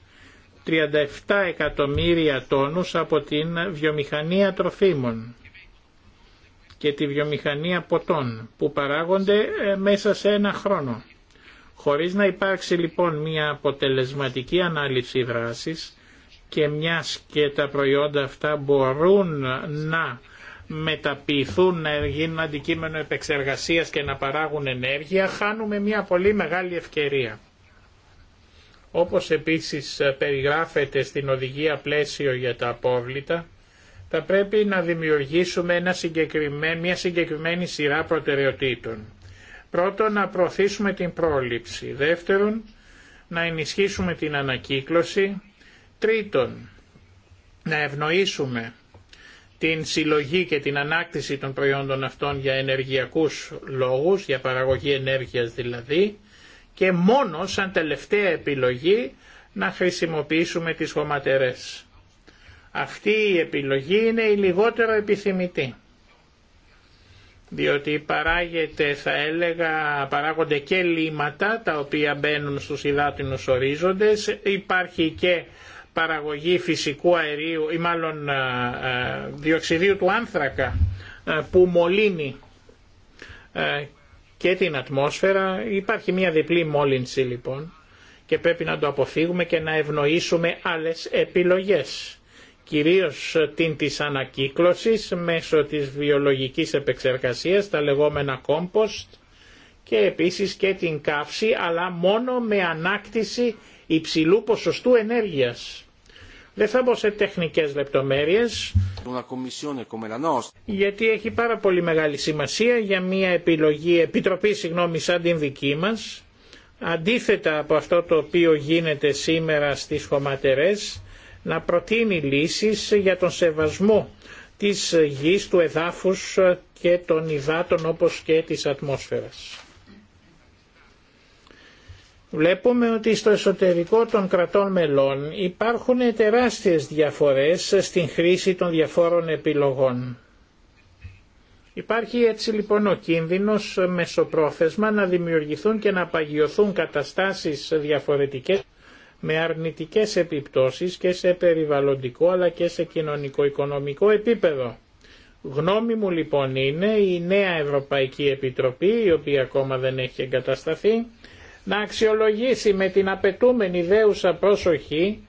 37 εκατομμύρια τόνους από την βιομηχανία τροφίμων και τη βιομηχανία ποτών που παράγονται ε, μέσα σε ένα χρόνο. Χωρίς να υπάρξει λοιπόν μια αποτελεσματική ανάλυση δράσης και μιας και τα προϊόντα αυτά μπορούν να μεταποιηθούν, να γίνουν αντικείμενο επεξεργασίας και να παράγουν ενέργεια, χάνουμε μια πολύ μεγάλη ευκαιρία. Όπως επίσης περιγράφεται στην οδηγία πλαίσιο για τα απόβλητα, θα πρέπει να δημιουργήσουμε ένα μια συγκεκριμένη σειρά προτεραιοτήτων. Πρώτον, να προωθήσουμε την πρόληψη. Δεύτερον, να ενισχύσουμε την ανακύκλωση. Τρίτον, να ευνοήσουμε την συλλογή και την ανάκτηση των προϊόντων αυτών για ενεργειακούς λόγους, για παραγωγή ενέργειας δηλαδή, και μόνο σαν τελευταία επιλογή να χρησιμοποιήσουμε τις χωματερές. Αυτή η επιλογή είναι η λιγότερο επιθυμητή διότι παράγεται θα έλεγα παράγονται και λίματα τα οποία μπαίνουν στους υδάτινους ορίζοντες υπάρχει και παραγωγή φυσικού αερίου ή μάλλον ε, ε, διοξιδίου του άνθρακα ε, που μολύνει και την ατμόσφαιρα. Υπάρχει μια διπλή μόλυνση λοιπόν και πρέπει να το αποφύγουμε και να ευνοήσουμε άλλες επιλογές κυρίως την της ανακύκλωσης μέσω της βιολογικής επεξεργασίας, τα λεγόμενα κόμποστ και επίσης και την καύση αλλά μόνο με ανάκτηση υψηλού ποσοστού ενέργειας. Δεν θα μπω σε τεχνικές λεπτομέρειες, γιατί έχει πάρα πολύ μεγάλη σημασία για μια επιλογή, επιτροπή συγγνώμη, σαν την δική μας, αντίθετα από αυτό το οποίο γίνεται σήμερα στις χωματερές, να προτείνει λύσεις για τον σεβασμό της γης, του εδάφους και των υδάτων όπως και της ατμόσφαιρας. Βλέπουμε ότι στο εσωτερικό των κρατών μελών υπάρχουν τεράστιες διαφορές στην χρήση των διαφόρων επιλογών. Υπάρχει έτσι λοιπόν ο κίνδυνος μεσοπρόθεσμα να δημιουργηθούν και να παγιωθούν καταστάσεις διαφορετικές με αρνητικές επιπτώσεις και σε περιβαλλοντικό αλλά και σε κοινωνικό-οικονομικό επίπεδο. Γνώμη μου λοιπόν είναι η νέα Ευρωπαϊκή Επιτροπή, η οποία ακόμα δεν έχει εγκατασταθεί, να αξιολογήσει με την απαιτούμενη δέουσα προσοχή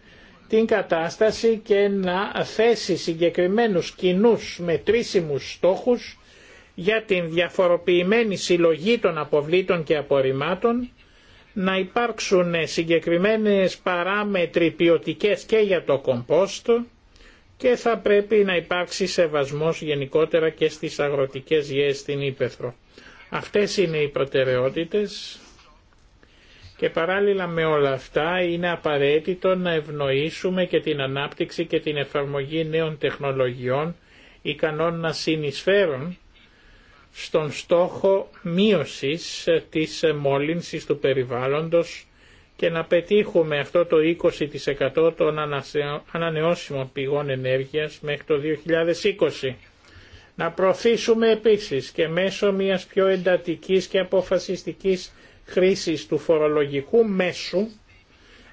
την κατάσταση και να θέσει συγκεκριμένους κοινού μετρήσιμους στόχους για την διαφοροποιημένη συλλογή των αποβλήτων και απορριμμάτων, να υπάρξουν συγκεκριμένες παράμετροι ποιοτικέ και για το κομπόστο και θα πρέπει να υπάρξει σεβασμός γενικότερα και στις αγροτικές γέες στην Ήπεθρο. Αυτές είναι οι προτεραιότητες. Και παράλληλα με όλα αυτά είναι απαραίτητο να ευνοήσουμε και την ανάπτυξη και την εφαρμογή νέων τεχνολογιών ικανών να συνεισφέρουν στον στόχο μείωσης της μόλυνσης του περιβάλλοντος και να πετύχουμε αυτό το 20% των ανανεώσιμων πηγών ενέργειας μέχρι το 2020. Να προωθήσουμε επίσης και μέσω μιας πιο εντατικής και αποφασιστικής χρήσης του φορολογικού μέσου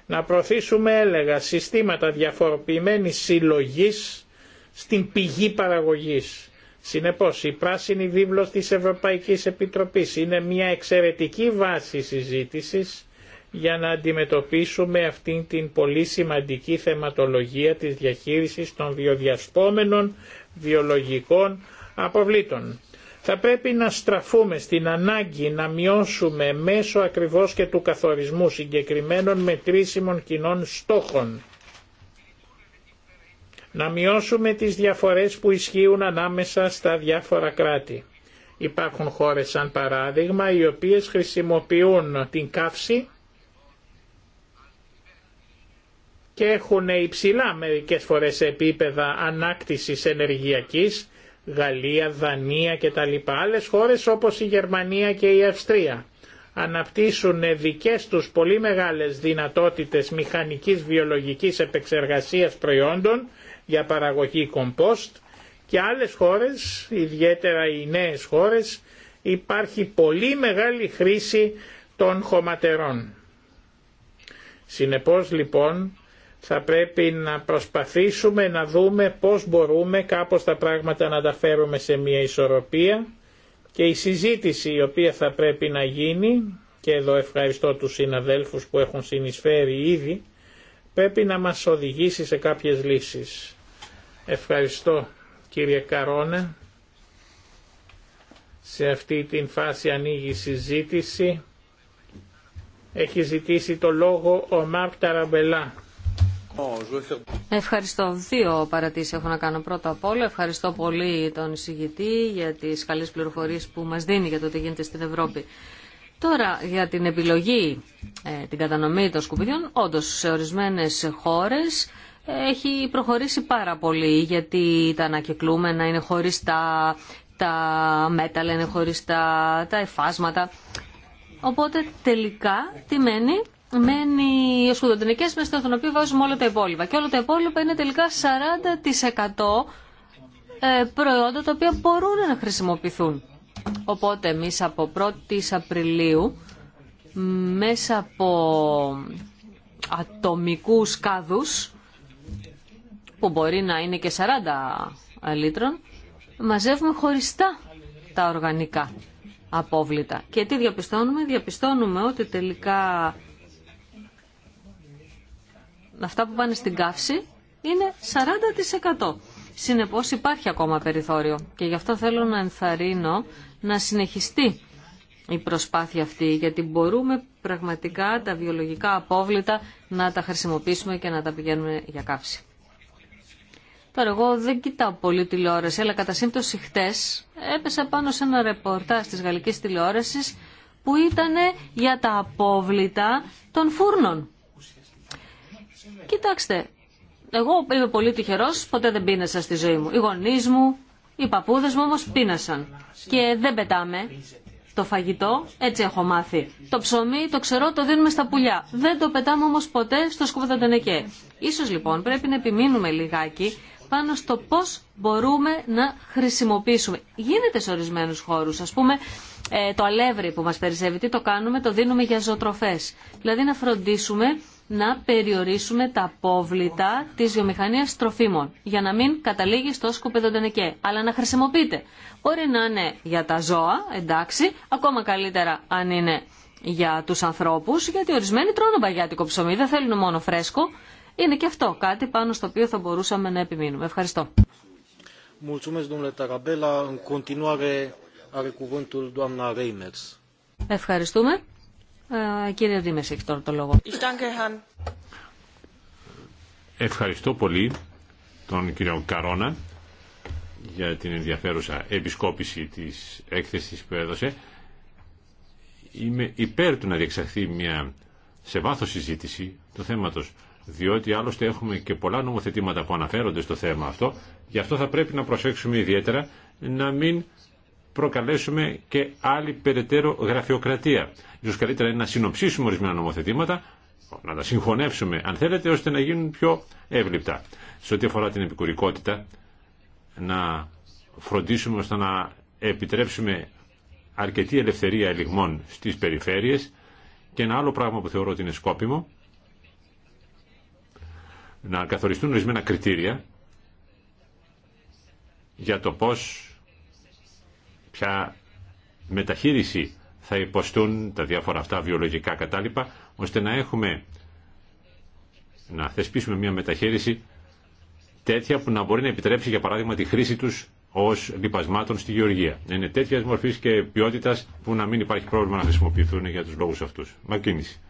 να προωθήσουμε έλεγα συστήματα διαφοροποιημένης συλλογής στην πηγή παραγωγής. Συνεπώς η πράσινη βίβλος της Ευρωπαϊκής Επιτροπής είναι μια εξαιρετική βάση συζήτησης για να αντιμετωπίσουμε αυτήν την πολύ σημαντική θεματολογία της διαχείρισης των βιοδιασπόμενων βιολογικών αποβλήτων. Θα πρέπει να στραφούμε στην ανάγκη να μειώσουμε μέσω ακριβώς και του καθορισμού συγκεκριμένων μετρήσιμων κοινών στόχων. Να μειώσουμε τις διαφορές που ισχύουν ανάμεσα στα διάφορα κράτη. Υπάρχουν χώρες σαν παράδειγμα οι οποίες χρησιμοποιούν την καύση και έχουν υψηλά μερικές φορές επίπεδα ανάκτησης ενεργειακής Γαλλία, Δανία και τα λοιπά Άλλες χώρες όπως η Γερμανία και η Αυστρία αναπτύσσουν δικές τους πολύ μεγάλες δυνατότητες μηχανικής βιολογικής επεξεργασίας προϊόντων για παραγωγή κομπόστ και άλλες χώρες, ιδιαίτερα οι νέες χώρες, υπάρχει πολύ μεγάλη χρήση των χωματερών. Συνεπώς λοιπόν θα πρέπει να προσπαθήσουμε να δούμε πώς μπορούμε κάπως τα πράγματα να τα φέρουμε σε μια ισορροπία και η συζήτηση η οποία θα πρέπει να γίνει και εδώ ευχαριστώ τους συναδέλφους που έχουν συνεισφέρει ήδη πρέπει να μας οδηγήσει σε κάποιες λύσεις. Ευχαριστώ κύριε Καρόνα. Σε αυτή την φάση ανοίγει η συζήτηση. Έχει ζητήσει το λόγο ο Μάρκ Ταραμπελά. Ευχαριστώ. Δύο παρατήσεις έχω να κάνω. Πρώτα απ' όλα ευχαριστώ πολύ τον εισηγητή για τις καλές πληροφορίες που μας δίνει για το τι γίνεται στην Ευρώπη. Τώρα για την επιλογή, ε, την κατανομή των σκουπιδιών, όντω σε ορισμένες χώρε. Ε, έχει προχωρήσει πάρα πολύ γιατί τα ανακυκλούμενα είναι χωριστά, τα μέταλλα είναι χωριστά, τα εφάσματα. Οπότε τελικά τι μένει μένει ο σκουδοντενικές μέσα στον οποίο βάζουμε όλα τα υπόλοιπα. Και όλα τα υπόλοιπα είναι τελικά 40% ε, προϊόντα τα οποία μπορούν να χρησιμοποιηθούν. Οπότε εμείς από 1η Απριλίου μέσα από ατομικούς κάδους που μπορεί να είναι και 40 λίτρων μαζεύουμε χωριστά τα οργανικά απόβλητα. Και τι διαπιστώνουμε, διαπιστώνουμε ότι τελικά αυτά που πάνε στην καύση είναι 40%. Συνεπώς υπάρχει ακόμα περιθώριο και γι' αυτό θέλω να ενθαρρύνω να συνεχιστεί η προσπάθεια αυτή γιατί μπορούμε πραγματικά τα βιολογικά απόβλητα να τα χρησιμοποιήσουμε και να τα πηγαίνουμε για καύση. Τώρα εγώ δεν κοιτάω πολύ τηλεόραση αλλά κατά σύμπτωση χτες έπεσα πάνω σε ένα ρεπορτάζ της γαλλικής τηλεόρασης που ήταν για τα απόβλητα των φούρνων. Κοιτάξτε, εγώ είμαι πολύ τυχερός, ποτέ δεν πίνασα στη ζωή μου. Οι γονεί μου, οι παππούδες μου όμως πίνασαν. Και δεν πετάμε το φαγητό, έτσι έχω μάθει. Το ψωμί, το ξερό, το δίνουμε στα πουλιά. Δεν το πετάμε όμως ποτέ στο τενεκέ. Ίσως λοιπόν πρέπει να επιμείνουμε λιγάκι πάνω στο πώς μπορούμε να χρησιμοποιήσουμε. Γίνεται σε ορισμένου χώρου. ας πούμε ε, το αλεύρι που μας περισσεύει, τι το κάνουμε, το δίνουμε για ζωοτροφές. Δηλαδή να φροντίσουμε να περιορίσουμε τα απόβλητα της βιομηχανία τροφίμων για να μην καταλήγει στο σκουπίδο αλλά να χρησιμοποιείται. Μπορεί να είναι για τα ζώα, εντάξει, ακόμα καλύτερα αν είναι για τους ανθρώπους, γιατί ορισμένοι τρώνε μπαγιάτικο ψωμί, δεν θέλουν μόνο φρέσκο. Είναι και αυτό κάτι πάνω στο οποίο θα μπορούσαμε να επιμείνουμε. Ευχαριστώ. Ευχαριστούμε. Ε, κύριε Δήμεση, έχει το λόγο. Ευχαριστώ πολύ τον κύριο Καρόνα για την ενδιαφέρουσα επισκόπηση της έκθεσης που έδωσε. Είμαι υπέρ του να διεξαχθεί μια σε βάθος συζήτηση του θέματος, διότι άλλωστε έχουμε και πολλά νομοθετήματα που αναφέρονται στο θέμα αυτό, γι' αυτό θα πρέπει να προσέξουμε ιδιαίτερα να μην προκαλέσουμε και άλλη περαιτέρω γραφειοκρατία. Ίσως καλύτερα είναι να συνοψίσουμε ορισμένα νομοθετήματα, να τα συγχωνεύσουμε αν θέλετε, ώστε να γίνουν πιο εύληπτα. Σε ό,τι αφορά την επικουρικότητα, να φροντίσουμε ώστε να επιτρέψουμε αρκετή ελευθερία ελιγμών στις περιφέρειες και ένα άλλο πράγμα που θεωρώ ότι είναι σκόπιμο, να καθοριστούν ορισμένα κριτήρια για το πώς ποια μεταχείριση θα υποστούν τα διάφορα αυτά βιολογικά κατάλοιπα, ώστε να έχουμε, να θεσπίσουμε μια μεταχείριση τέτοια που να μπορεί να επιτρέψει για παράδειγμα τη χρήση τους ως λοιπασμάτων στη γεωργία. Είναι τέτοια μορφής και ποιότητας που να μην υπάρχει πρόβλημα να χρησιμοποιηθούν για τους λόγους αυτούς. Μακίνηση.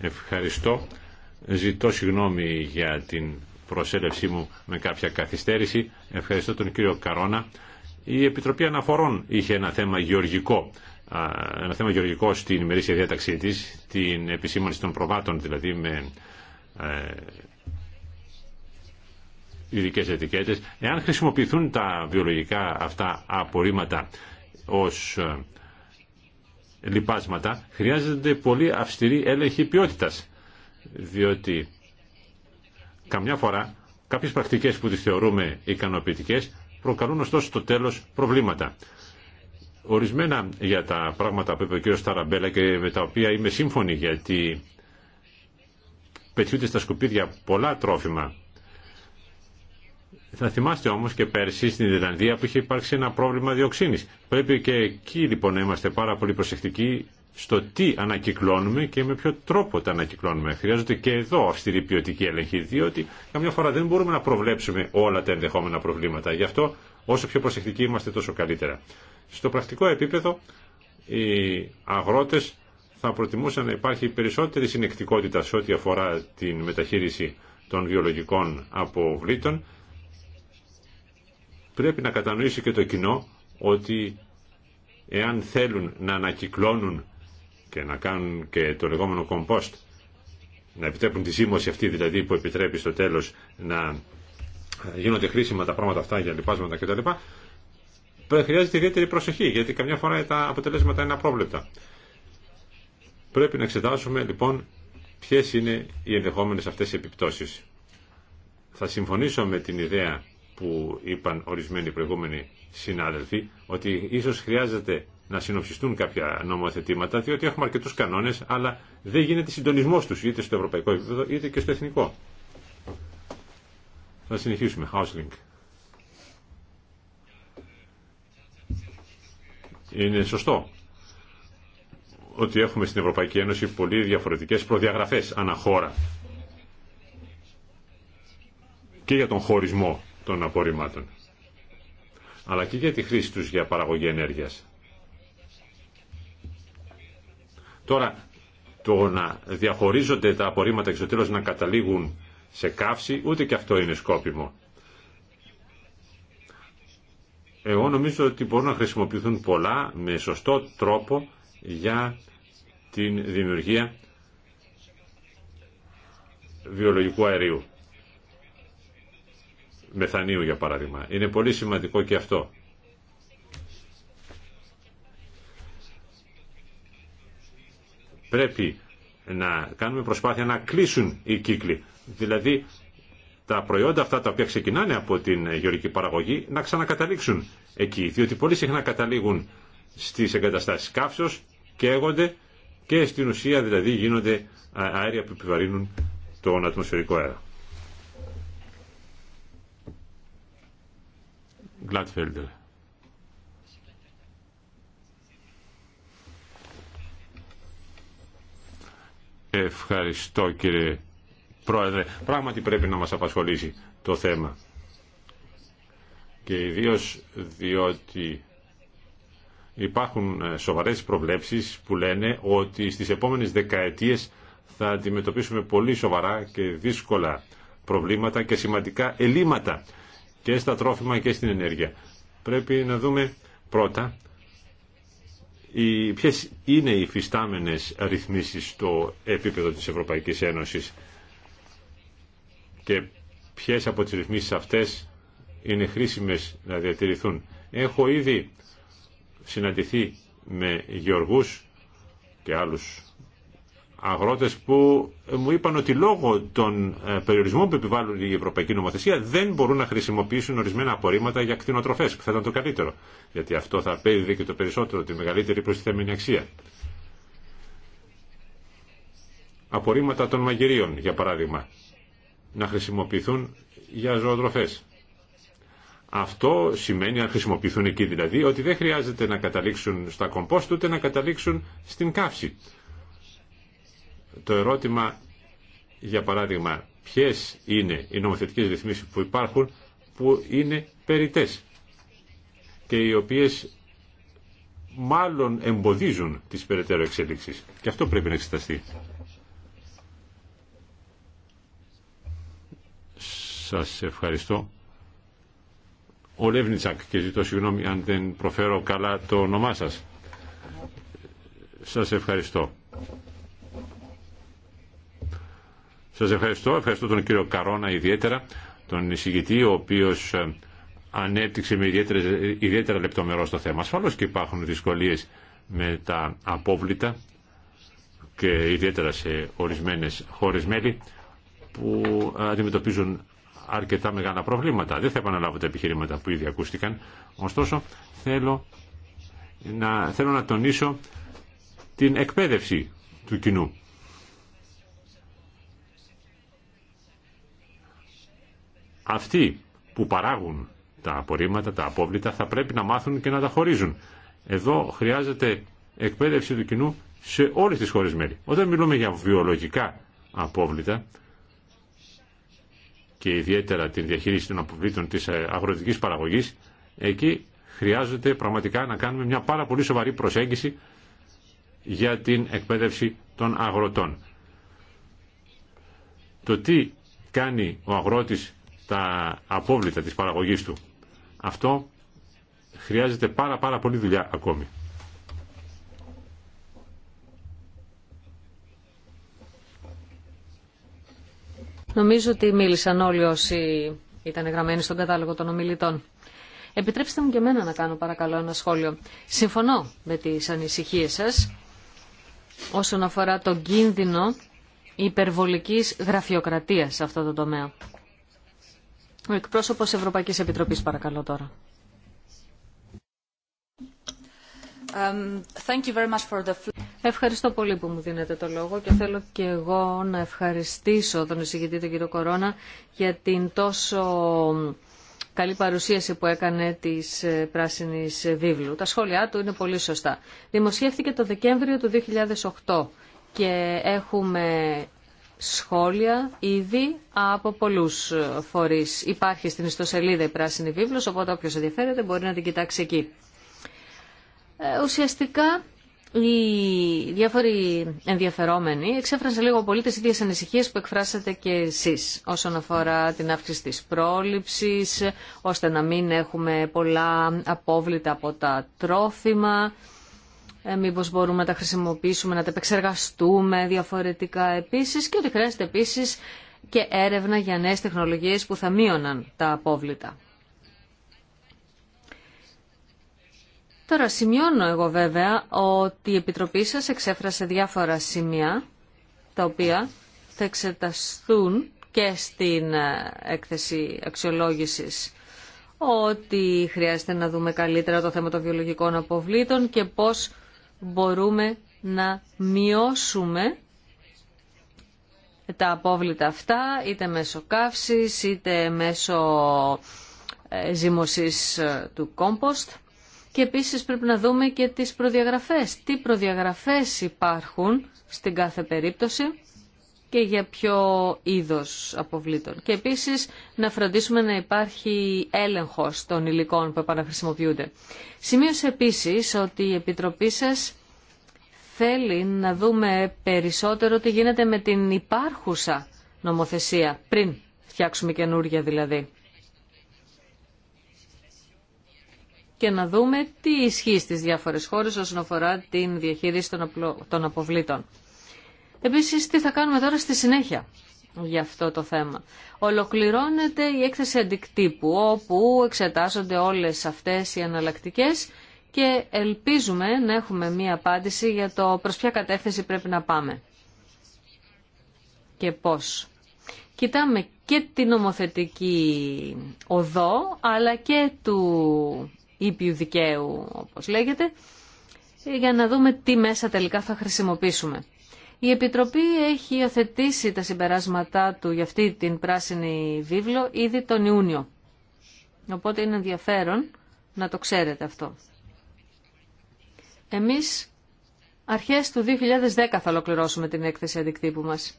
Ευχαριστώ. Ζητώ συγγνώμη για την προσέλευσή μου με κάποια καθυστέρηση. Ευχαριστώ τον κύριο Καρόνα. Η Επιτροπή Αναφορών είχε ένα θέμα γεωργικό ένα θέμα γεωργικό στην ημερήσια διάταξή της, την επισήμανση των προβάτων, δηλαδή με ε, ειδικέ ετικέτες. Εάν χρησιμοποιηθούν τα βιολογικά αυτά απορρίμματα ως ε, λιπάσματα, χρειάζεται πολύ αυστηρή έλεγχη ποιότητας, διότι Καμιά φορά κάποιε πρακτικές που τι θεωρούμε ικανοποιητικέ προκαλούν ωστόσο στο τέλος προβλήματα. Ορισμένα για τα πράγματα που είπε ο κ. Σταραμπέλα και με τα οποία είμαι σύμφωνη γιατί πετιούνται στα σκουπίδια πολλά τρόφιμα. Θα θυμάστε όμως και πέρσι στην Ιρλανδία που είχε υπάρξει ένα πρόβλημα διοξίνη. Πρέπει και εκεί λοιπόν να είμαστε πάρα πολύ προσεκτικοί στο τι ανακυκλώνουμε και με ποιο τρόπο τα ανακυκλώνουμε. Χρειάζονται και εδώ αυστηρή ποιοτική έλεγχη, διότι καμιά φορά δεν μπορούμε να προβλέψουμε όλα τα ενδεχόμενα προβλήματα. Γι' αυτό όσο πιο προσεκτικοί είμαστε τόσο καλύτερα. Στο πρακτικό επίπεδο οι αγρότες θα προτιμούσαν να υπάρχει περισσότερη συνεκτικότητα σε ό,τι αφορά την μεταχείριση των βιολογικών αποβλήτων. Πρέπει να κατανοήσει και το κοινό ότι εάν θέλουν να ανακυκλώνουν και να κάνουν και το λεγόμενο compost, να επιτρέπουν τη σήμωση αυτή δηλαδή που επιτρέπει στο τέλος να γίνονται χρήσιμα τα πράγματα αυτά για λοιπάσματα κτλ. Χρειάζεται ιδιαίτερη προσοχή γιατί καμιά φορά τα αποτελέσματα είναι απρόβλεπτα. Πρέπει να εξετάσουμε λοιπόν ποιες είναι οι ενδεχόμενες αυτές οι επιπτώσεις. Θα συμφωνήσω με την ιδέα που είπαν ορισμένοι προηγούμενοι συνάδελφοι ότι ίσως χρειάζεται να συνοψιστούν κάποια νομοθετήματα, διότι έχουμε αρκετούς κανόνες, αλλά δεν γίνεται συντονισμό τους, είτε στο ευρωπαϊκό επίπεδο, είτε και στο εθνικό. Θα συνεχίσουμε. Housing. Είναι σωστό ότι έχουμε στην Ευρωπαϊκή Ένωση πολύ διαφορετικές προδιαγραφές αναχώρα και για τον χωρισμό των απορριμμάτων αλλά και για τη χρήση τους για παραγωγή ενέργειας. Τώρα, το να διαχωρίζονται τα απορρίμματα και στο τέλος να καταλήγουν σε καύση, ούτε και αυτό είναι σκόπιμο. Εγώ νομίζω ότι μπορούν να χρησιμοποιηθούν πολλά με σωστό τρόπο για την δημιουργία βιολογικού αερίου. Μεθανίου για παράδειγμα. Είναι πολύ σημαντικό και αυτό. Πρέπει να κάνουμε προσπάθεια να κλείσουν οι κύκλοι. Δηλαδή τα προϊόντα αυτά τα οποία ξεκινάνε από την γεωργική παραγωγή να ξανακαταλήξουν εκεί. Διότι πολύ συχνά καταλήγουν στις εγκαταστάσεις καύσεως, καίγονται και στην ουσία δηλαδή γίνονται αέρια που επιβαρύνουν τον ατμοσφαιρικό αέρα. Gladfelder. Ευχαριστώ κύριε Πρόεδρε. Πράγματι πρέπει να μας απασχολήσει το θέμα. Και ιδίω διότι υπάρχουν ε, σοβαρές προβλέψεις που λένε ότι στις επόμενες δεκαετίες θα αντιμετωπίσουμε πολύ σοβαρά και δύσκολα προβλήματα και σημαντικά ελλείμματα και στα τρόφιμα και στην ενέργεια. Πρέπει να δούμε πρώτα οι, ποιες είναι οι φυστάμενες ρυθμίσεις στο επίπεδο της Ευρωπαϊκής Ένωσης και ποιες από τις ρυθμίσεις αυτές είναι χρήσιμες να διατηρηθούν. Έχω ήδη συναντηθεί με γεωργούς και άλλους αγρότες που μου είπαν ότι λόγω των ε, περιορισμών που επιβάλλουν η Ευρωπαϊκή Νομοθεσία δεν μπορούν να χρησιμοποιήσουν ορισμένα απορρίμματα για κτηνοτροφές, που θα ήταν το καλύτερο. Γιατί αυτό θα απέδιδε και το περισσότερο, τη μεγαλύτερη προστιθέμενη αξία. Απορρίμματα των μαγειρίων, για παράδειγμα, να χρησιμοποιηθούν για ζωοτροφές. Αυτό σημαίνει, αν χρησιμοποιηθούν εκεί δηλαδή, ότι δεν χρειάζεται να καταλήξουν στα κομπόστ, ούτε να καταλήξουν στην καύση το ερώτημα, για παράδειγμα, ποιες είναι οι νομοθετικές ρυθμίσεις που υπάρχουν που είναι περιτές και οι οποίες μάλλον εμποδίζουν τις περαιτέρω εξέλιξεις. Και αυτό πρέπει να εξεταστεί. Σας ευχαριστώ. Ο Λεύνητσακ και ζητώ συγγνώμη αν δεν προφέρω καλά το όνομά σας. Σας ευχαριστώ. Σα ευχαριστώ. Ευχαριστώ τον κύριο Καρόνα ιδιαίτερα, τον εισηγητή, ο οποίος ε, ανέπτυξε με ιδιαίτερα λεπτομερό το θέμα. Ασφαλώ και υπάρχουν δυσκολίε με τα απόβλητα και ιδιαίτερα σε ορισμένες χώρες μέλη που αντιμετωπίζουν αρκετά μεγάλα προβλήματα. Δεν θα επαναλάβω τα επιχειρήματα που ήδη ακούστηκαν. Ωστόσο, θέλω να, θέλω να τονίσω την εκπαίδευση του κοινού. Αυτοί που παράγουν τα απορρίμματα, τα απόβλητα, θα πρέπει να μάθουν και να τα χωρίζουν. Εδώ χρειάζεται εκπαίδευση του κοινού σε όλες τις χώρες μέλη. Όταν μιλούμε για βιολογικά απόβλητα και ιδιαίτερα την διαχείριση των αποβλήτων της αγροτικής παραγωγής, εκεί χρειάζεται πραγματικά να κάνουμε μια πάρα πολύ σοβαρή προσέγγιση για την εκπαίδευση των αγροτών. Το τι κάνει ο αγρότης τα απόβλητα της παραγωγής του. Αυτό χρειάζεται πάρα πάρα πολύ δουλειά ακόμη. Νομίζω ότι μίλησαν όλοι όσοι ήταν γραμμένοι στον κατάλογο των ομιλητών. Επιτρέψτε μου και εμένα να κάνω παρακαλώ ένα σχόλιο. Συμφωνώ με τις ανησυχίες σας όσον αφορά τον κίνδυνο υπερβολικής γραφειοκρατίας σε αυτό το τομέα. Ο εκπρόσωπος Ευρωπαϊκής Επιτροπής παρακαλώ τώρα. Um, Ευχαριστώ πολύ που μου δίνετε το λόγο και θέλω και εγώ να ευχαριστήσω τον εισηγητή τον κύριο Κορώνα για την τόσο καλή παρουσίαση που έκανε της ε, Πράσινης Βίβλου. Τα σχόλιά του είναι πολύ σωστά. Δημοσιεύτηκε το Δεκέμβριο του 2008 και έχουμε σχόλια ήδη από πολλούς φορείς. Υπάρχει στην ιστοσελίδα η πράσινη βίβλος, οπότε όποιος ενδιαφέρεται μπορεί να την κοιτάξει εκεί. Ε, ουσιαστικά οι διάφοροι ενδιαφερόμενοι εξέφρασαν λίγο πολύ τις ίδιες ανησυχίες που εκφράσατε και εσείς όσον αφορά την αύξηση της πρόληψης, ώστε να μην έχουμε πολλά απόβλητα από τα τρόφιμα, ε, μήπως μπορούμε να τα χρησιμοποιήσουμε, να τα επεξεργαστούμε διαφορετικά επίσης και ότι χρειάζεται επίσης και έρευνα για νέες τεχνολογίες που θα μείωναν τα απόβλητα. Τώρα σημειώνω εγώ βέβαια ότι η Επιτροπή σας εξέφρασε διάφορα σημεία τα οποία θα εξεταστούν και στην ε, έκθεση αξιολόγησης ότι χρειάζεται να δούμε καλύτερα το θέμα των βιολογικών αποβλήτων και πώς μπορούμε να μειώσουμε τα απόβλητα αυτά, είτε μέσω καύσης, είτε μέσω ε, ζύμωσης ε, του κόμποστ. Και επίσης πρέπει να δούμε και τις προδιαγραφές. Τι προδιαγραφές υπάρχουν στην κάθε περίπτωση και για ποιο είδος αποβλήτων. Και επίσης να φροντίσουμε να υπάρχει έλεγχος των υλικών που επαναχρησιμοποιούνται. Σημείωσε επίσης ότι η Επιτροπή σας θέλει να δούμε περισσότερο τι γίνεται με την υπάρχουσα νομοθεσία, πριν φτιάξουμε καινούργια δηλαδή. Και να δούμε τι ισχύει στις διάφορες χώρες όσον αφορά την διαχείριση των αποβλήτων. Επίσης, τι θα κάνουμε τώρα στη συνέχεια για αυτό το θέμα. Ολοκληρώνεται η έκθεση αντικτύπου, όπου εξετάζονται όλες αυτές οι αναλλακτικέ και ελπίζουμε να έχουμε μία απάντηση για το προς ποια κατεύθυνση πρέπει να πάμε και πώς. Κοιτάμε και την νομοθετική οδό, αλλά και του ήπιου δικαίου, όπως λέγεται, για να δούμε τι μέσα τελικά θα χρησιμοποιήσουμε. Η Επιτροπή έχει υιοθετήσει τα συμπεράσματά του για αυτή την πράσινη βίβλο ήδη τον Ιούνιο. Οπότε είναι ενδιαφέρον να το ξέρετε αυτό. Εμείς αρχές του 2010 θα ολοκληρώσουμε την έκθεση αντικτύπου μας.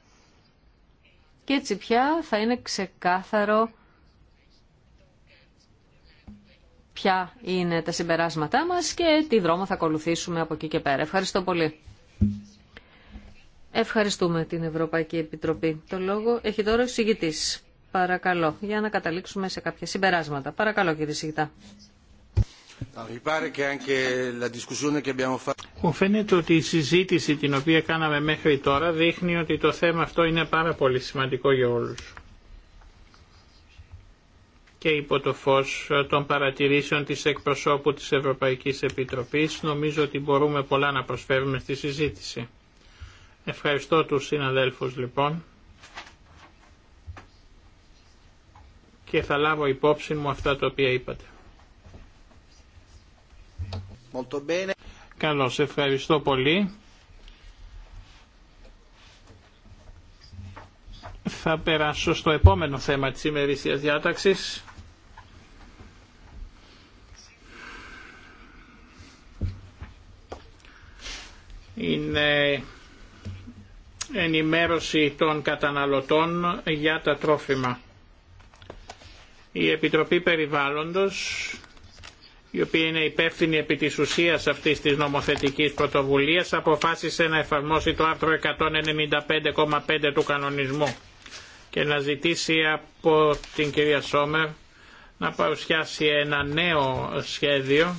Και έτσι πια θα είναι ξεκάθαρο ποια είναι τα συμπεράσματά μας και τι δρόμο θα ακολουθήσουμε από εκεί και πέρα. Ευχαριστώ πολύ. Ευχαριστούμε την Ευρωπαϊκή Επιτροπή. Το λόγο έχει τώρα ο συγητής. Παρακαλώ, για να καταλήξουμε σε κάποια συμπεράσματα. Παρακαλώ κύριε Σιγητά. Μου φαίνεται ότι η συζήτηση την οποία κάναμε μέχρι τώρα δείχνει ότι το θέμα αυτό είναι πάρα πολύ σημαντικό για όλους. Και υπό το φως των παρατηρήσεων της εκπροσώπου της Ευρωπαϊκής Επιτροπής νομίζω ότι μπορούμε πολλά να προσφέρουμε στη συζήτηση. Ευχαριστώ τους συναδέλφους λοιπόν και θα λάβω υπόψη μου αυτά τα οποία είπατε. Καλώς, ευχαριστώ πολύ. Θα περάσω στο επόμενο θέμα της ημερήσιας διάταξης. Είναι ενημέρωση των καταναλωτών για τα τρόφιμα. Η Επιτροπή Περιβάλλοντος, η οποία είναι υπεύθυνη επί της ουσίας αυτής της νομοθετικής πρωτοβουλίας, αποφάσισε να εφαρμόσει το άρθρο 195,5 του κανονισμού και να ζητήσει από την κυρία Σόμερ να παρουσιάσει ένα νέο σχέδιο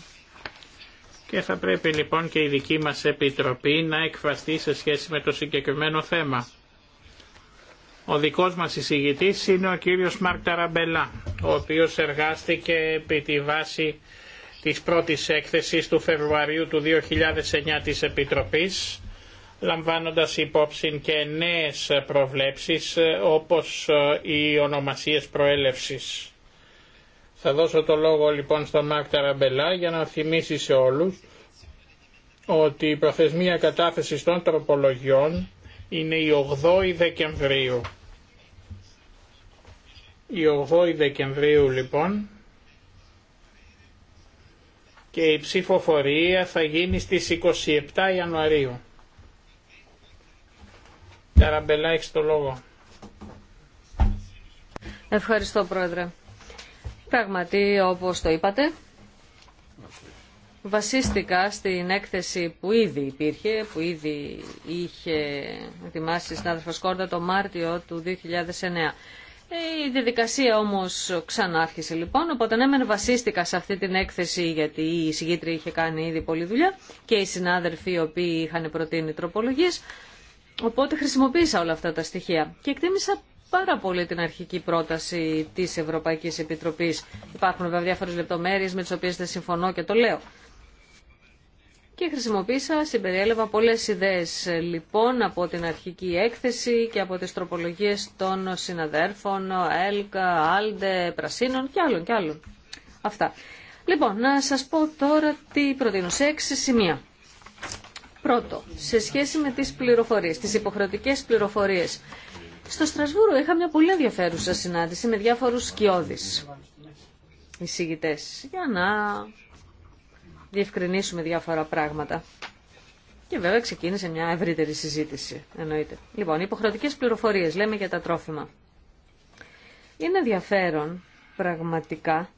και θα πρέπει λοιπόν και η δική μας Επιτροπή να εκφραστεί σε σχέση με το συγκεκριμένο θέμα. Ο δικός μας εισηγητής είναι ο κύριος Μάρκ Ταραμπελά, ο οποίος εργάστηκε επί τη βάση της πρώτης έκθεσης του Φεβρουαρίου του 2009 της Επιτροπής, λαμβάνοντας υπόψη και νέες προβλέψεις ε, όπως ε, οι ονομασίες προέλευσης. Θα δώσω το λόγο λοιπόν στον Μάρκ Ταραμπελά για να θυμίσει σε όλους ότι η προθεσμία κατάθεσης των τροπολογιών είναι η 8η Δεκεμβρίου. Η 8η Δεκεμβρίου λοιπόν και η ψηφοφορία θα γίνει στις 27 Ιανουαρίου. Ταραμπελά, έχεις το λόγο. Ευχαριστώ, Πρόεδρε. Πραγματι, όπως το είπατε, βασίστηκα στην έκθεση που ήδη υπήρχε, που ήδη είχε ετοιμάσει η συνάδελφος Κόρτα το Μάρτιο του 2009. Ε, η διαδικασία όμως ξανάρχισε λοιπόν, οπότε ναι, μεν βασίστηκα σε αυτή την έκθεση γιατί η συγκήτρια είχε κάνει ήδη πολλή δουλειά και οι συνάδελφοι οι οποίοι είχαν προτείνει τροπολογίες, οπότε χρησιμοποίησα όλα αυτά τα στοιχεία και εκτίμησα πάρα πολύ την αρχική πρόταση της Ευρωπαϊκής Επιτροπής. Υπάρχουν βέβαια διάφορε λεπτομέρειε με τι οποίες δεν συμφωνώ και το λέω. Και χρησιμοποίησα, συμπεριέλευα πολλές ιδέες λοιπόν από την αρχική έκθεση και από τις τροπολογίες των συναδέρφων, ΕΛΚΑ, ΑΛΔΕ, Πρασίνων και άλλων και άλλων. Αυτά. Λοιπόν, να σα πω τώρα τι προτείνω σε έξι σημεία. Πρώτο, σε σχέση με τις πληροφορίες, τις υποχρεωτικές πληροφορίες. Στο Στρασβούργο είχα μια πολύ ενδιαφέρουσα συνάντηση με διάφορους σκιώδεις εισηγητές για να διευκρινίσουμε διάφορα πράγματα. Και βέβαια ξεκίνησε μια ευρύτερη συζήτηση, εννοείται. Λοιπόν, υποχρεωτικές πληροφορίες, λέμε για τα τρόφιμα. Είναι ενδιαφέρον πραγματικά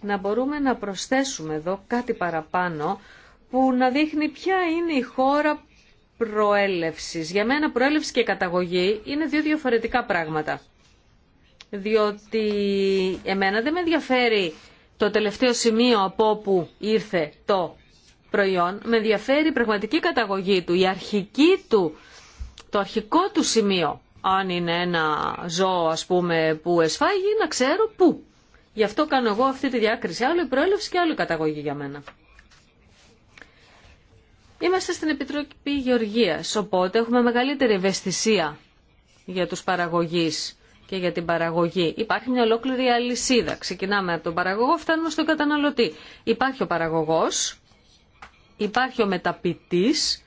να μπορούμε να προσθέσουμε εδώ κάτι παραπάνω που να δείχνει ποια είναι η χώρα προέλευσης. Για μένα προέλευση και καταγωγή είναι δύο διαφορετικά πράγματα. Διότι εμένα δεν με ενδιαφέρει το τελευταίο σημείο από όπου ήρθε το προϊόν. Με ενδιαφέρει η πραγματική καταγωγή του, η αρχική του, το αρχικό του σημείο. Αν είναι ένα ζώο ας πούμε που εσφάγει να ξέρω πού. Γι' αυτό κάνω εγώ αυτή τη διάκριση. Άλλο η προέλευση και άλλο η καταγωγή για μένα. Είμαστε στην Επιτροπή Γεωργίας, οπότε έχουμε μεγαλύτερη ευαισθησία για τους παραγωγείς και για την παραγωγή. Υπάρχει μια ολόκληρη αλυσίδα. Ξεκινάμε από τον παραγωγό, φτάνουμε στον καταναλωτή. Υπάρχει ο παραγωγός, υπάρχει ο μεταπητής,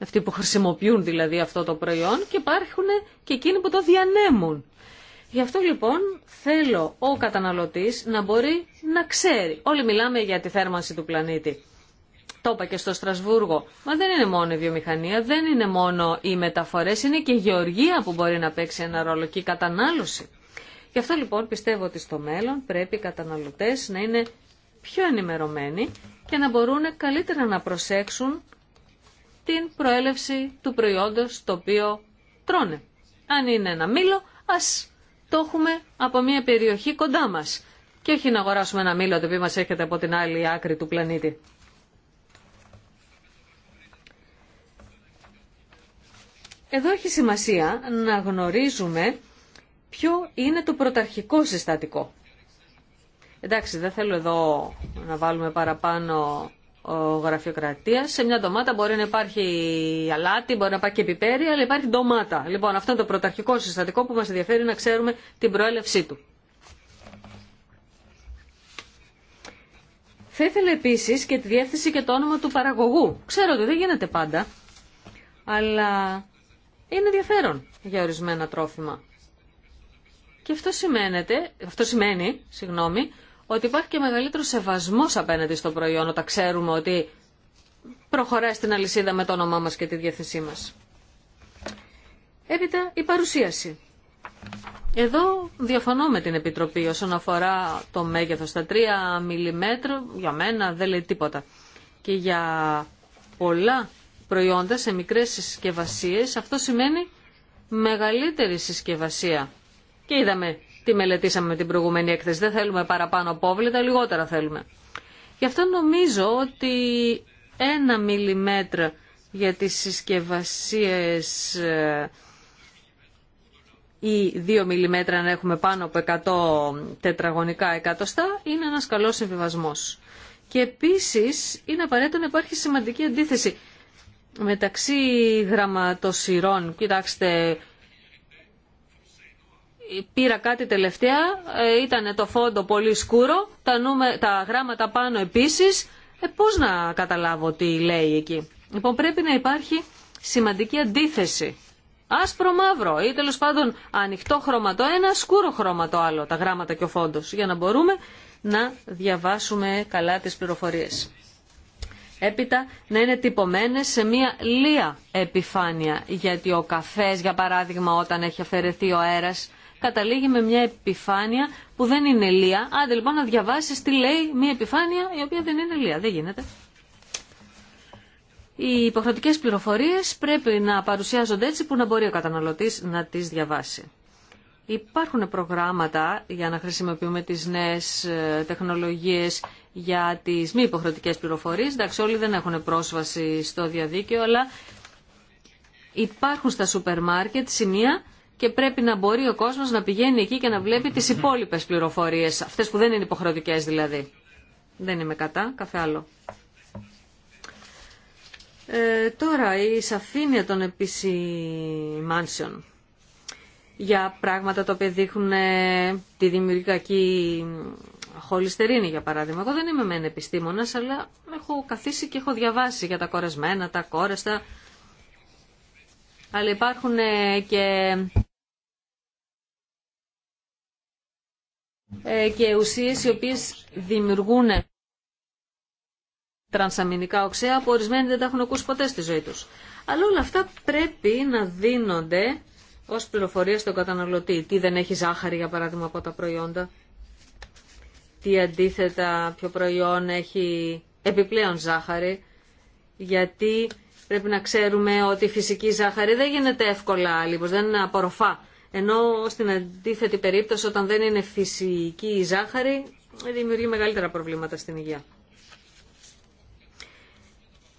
αυτοί που χρησιμοποιούν δηλαδή αυτό το προϊόν και υπάρχουν και εκείνοι που το διανέμουν. Γι' αυτό λοιπόν θέλω ο καταναλωτής να μπορεί να ξέρει. Όλοι μιλάμε για τη θέρμανση του πλανήτη. Το είπα και στο Στρασβούργο. Μα δεν είναι μόνο η βιομηχανία, δεν είναι μόνο οι μεταφορές, είναι και η γεωργία που μπορεί να παίξει ένα ρόλο και η κατανάλωση. Γι' αυτό λοιπόν πιστεύω ότι στο μέλλον πρέπει οι καταναλωτές να είναι πιο ενημερωμένοι και να μπορούν καλύτερα να προσέξουν την προέλευση του προϊόντος το οποίο τρώνε. Αν είναι ένα μήλο, ας το έχουμε από μια περιοχή κοντά μας και όχι να αγοράσουμε ένα μήλο το οποίο μας έρχεται από την άλλη άκρη του πλανήτη. Εδώ έχει σημασία να γνωρίζουμε ποιο είναι το πρωταρχικό συστατικό. Εντάξει, δεν θέλω εδώ να βάλουμε παραπάνω γραφειοκρατία. Σε μια ντομάτα μπορεί να υπάρχει αλάτι, μπορεί να υπάρχει και πιπέρι, αλλά υπάρχει ντομάτα. Λοιπόν, αυτό είναι το πρωταρχικό συστατικό που μας ενδιαφέρει να ξέρουμε την προέλευσή του. Θα ήθελα επίσης και τη διεύθυνση και το όνομα του παραγωγού. Ξέρω ότι δεν γίνεται πάντα, αλλά είναι ενδιαφέρον για ορισμένα τρόφιμα. Και αυτό, αυτό σημαίνει συγγνώμη, ότι υπάρχει και μεγαλύτερο σεβασμό απέναντι στο προϊόν όταν ξέρουμε ότι προχωράει στην αλυσίδα με το όνομά μας και τη διεύθυνσή μας. Έπειτα η παρουσίαση. Εδώ διαφωνώ με την Επιτροπή όσον αφορά το μέγεθος. Τα 3 μιλιμέτρα για μένα δεν λέει τίποτα. Και για πολλά προϊόντα σε μικρές συσκευασίες, αυτό σημαίνει μεγαλύτερη συσκευασία. Και είδαμε τι μελετήσαμε με την προηγούμενη έκθεση. Δεν θέλουμε παραπάνω απόβλητα, λιγότερα θέλουμε. Γι' αυτό νομίζω ότι ένα μιλιμέτρα για τις συσκευασίες ε, ή δύο μιλιμέτρα να έχουμε πάνω από 100 τετραγωνικά εκατοστά είναι ένας καλός συμβιβασμός. Και επίσης είναι απαραίτητο να υπάρχει σημαντική αντίθεση μεταξύ γραμματοσυρών, κοιτάξτε, πήρα κάτι τελευταία, ε, ήταν το φόντο πολύ σκούρο, τα, τα γράμματα πάνω επίσης, ε, πώς να καταλάβω τι λέει εκεί. Λοιπόν, πρέπει να υπάρχει σημαντική αντίθεση. Άσπρο μαύρο ή τέλος πάντων ανοιχτό χρώμα το ένα, σκούρο χρώμα το άλλο, τα γράμματα και ο φόντος, για να μπορούμε να διαβάσουμε καλά τις πληροφορίες έπειτα να είναι τυπωμένες σε μία λία επιφάνεια. Γιατί ο καφές, για παράδειγμα, όταν έχει αφαιρεθεί ο αέρας, καταλήγει με μια επιφάνεια που δεν είναι λία. Άντε λοιπόν να διαβάσεις τι λέει μια επιφάνεια η οποία δεν είναι λία. Δεν γίνεται. Οι υποχρεωτικές πληροφορίες πρέπει να παρουσιάζονται έτσι που να μπορεί ο καταναλωτής να τις διαβάσει. Υπάρχουν προγράμματα για να χρησιμοποιούμε τις νέες ε, τεχνολογίες για τις μη υποχρεωτικές πληροφορίες. Εντάξει, όλοι δεν έχουν πρόσβαση στο διαδίκτυο, αλλά υπάρχουν στα σούπερ μάρκετ σημεία και πρέπει να μπορεί ο κόσμος να πηγαίνει εκεί και να βλέπει τις υπόλοιπες πληροφορίες, αυτές που δεν είναι υποχρεωτικές δηλαδή. Δεν είμαι κατά, καφέ άλλο. Ε, τώρα, η σαφήνεια των επισημάνσεων για πράγματα τα οποία δείχνουν ε, τη δημιουργική χολυστερίνη για παράδειγμα. Εγώ δεν είμαι μεν επιστήμονας αλλά έχω καθίσει και έχω διαβάσει για τα κορεσμένα, τα κόρεστα. Αλλά υπάρχουν ε, και... Ε, και ουσίες οι οποίες δημιουργούν τρανσαμινικά οξέα που ορισμένοι δεν τα έχουν ακούσει ποτέ στη ζωή τους. Αλλά όλα αυτά πρέπει να δίνονται Ω πληροφορία στον καταναλωτή. Τι δεν έχει ζάχαρη για παράδειγμα από τα προϊόντα. Τι αντίθετα ποιο προϊόν έχει επιπλέον ζάχαρη. Γιατί πρέπει να ξέρουμε ότι η φυσική ζάχαρη δεν γίνεται εύκολα λίγο, δεν είναι απορροφά. Ενώ στην αντίθετη περίπτωση όταν δεν είναι φυσική η ζάχαρη δημιουργεί μεγαλύτερα προβλήματα στην υγεία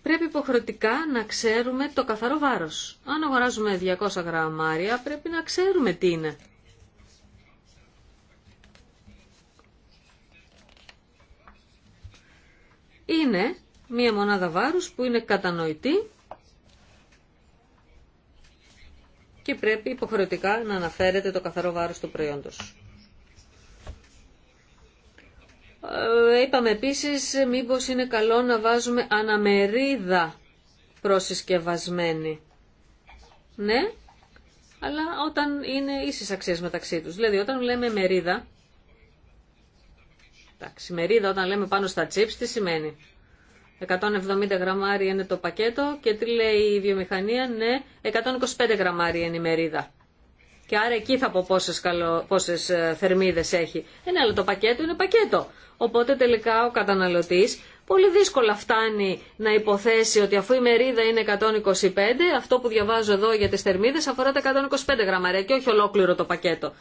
πρέπει υποχρεωτικά να ξέρουμε το καθαρό βάρος. Αν αγοράζουμε 200 γραμμάρια πρέπει να ξέρουμε τι είναι. Είναι μία μονάδα βάρους που είναι κατανοητή και πρέπει υποχρεωτικά να αναφέρεται το καθαρό βάρος του προϊόντος. Ε, είπαμε επίσης μήπως είναι καλό να βάζουμε αναμερίδα προσυσκευασμένη. Ναι, αλλά όταν είναι ίσες αξίες μεταξύ τους. Δηλαδή όταν λέμε μερίδα, εντάξει, μερίδα όταν λέμε πάνω στα chips τι σημαίνει. 170 γραμμάρια είναι το πακέτο και τι λέει η βιομηχανία, ναι, 125 γραμμάρια είναι η μερίδα. Και άρα εκεί θα πω πόσες, καλο... πόσες ε, θερμίδες έχει. Ε, ναι, αλλά το πακέτο είναι πακέτο. Οπότε τελικά ο καταναλωτής πολύ δύσκολα φτάνει να υποθέσει ότι αφού η μερίδα είναι 125, αυτό που διαβάζω εδώ για τις θερμίδες αφορά τα 125 γραμμάρια και όχι ολόκληρο το πακέτο.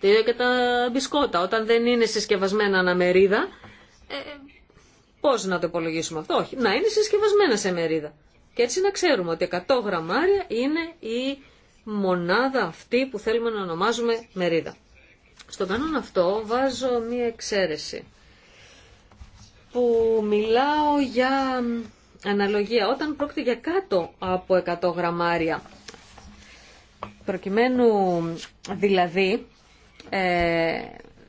Τι και τα μπισκότα. Όταν δεν είναι συσκευασμένα αναμερίδα, ε, ε, πώς να το υπολογίσουμε αυτό. Όχι, να είναι συσκευασμένα σε μερίδα. Και έτσι να ξέρουμε ότι 100 γραμμάρια είναι η μονάδα αυτή που θέλουμε να ονομάζουμε μερίδα. Στον κανόνα αυτό βάζω μία εξαίρεση που μιλάω για αναλογία. Όταν πρόκειται για κάτω από 100 γραμμάρια, προκειμένου δηλαδή ε,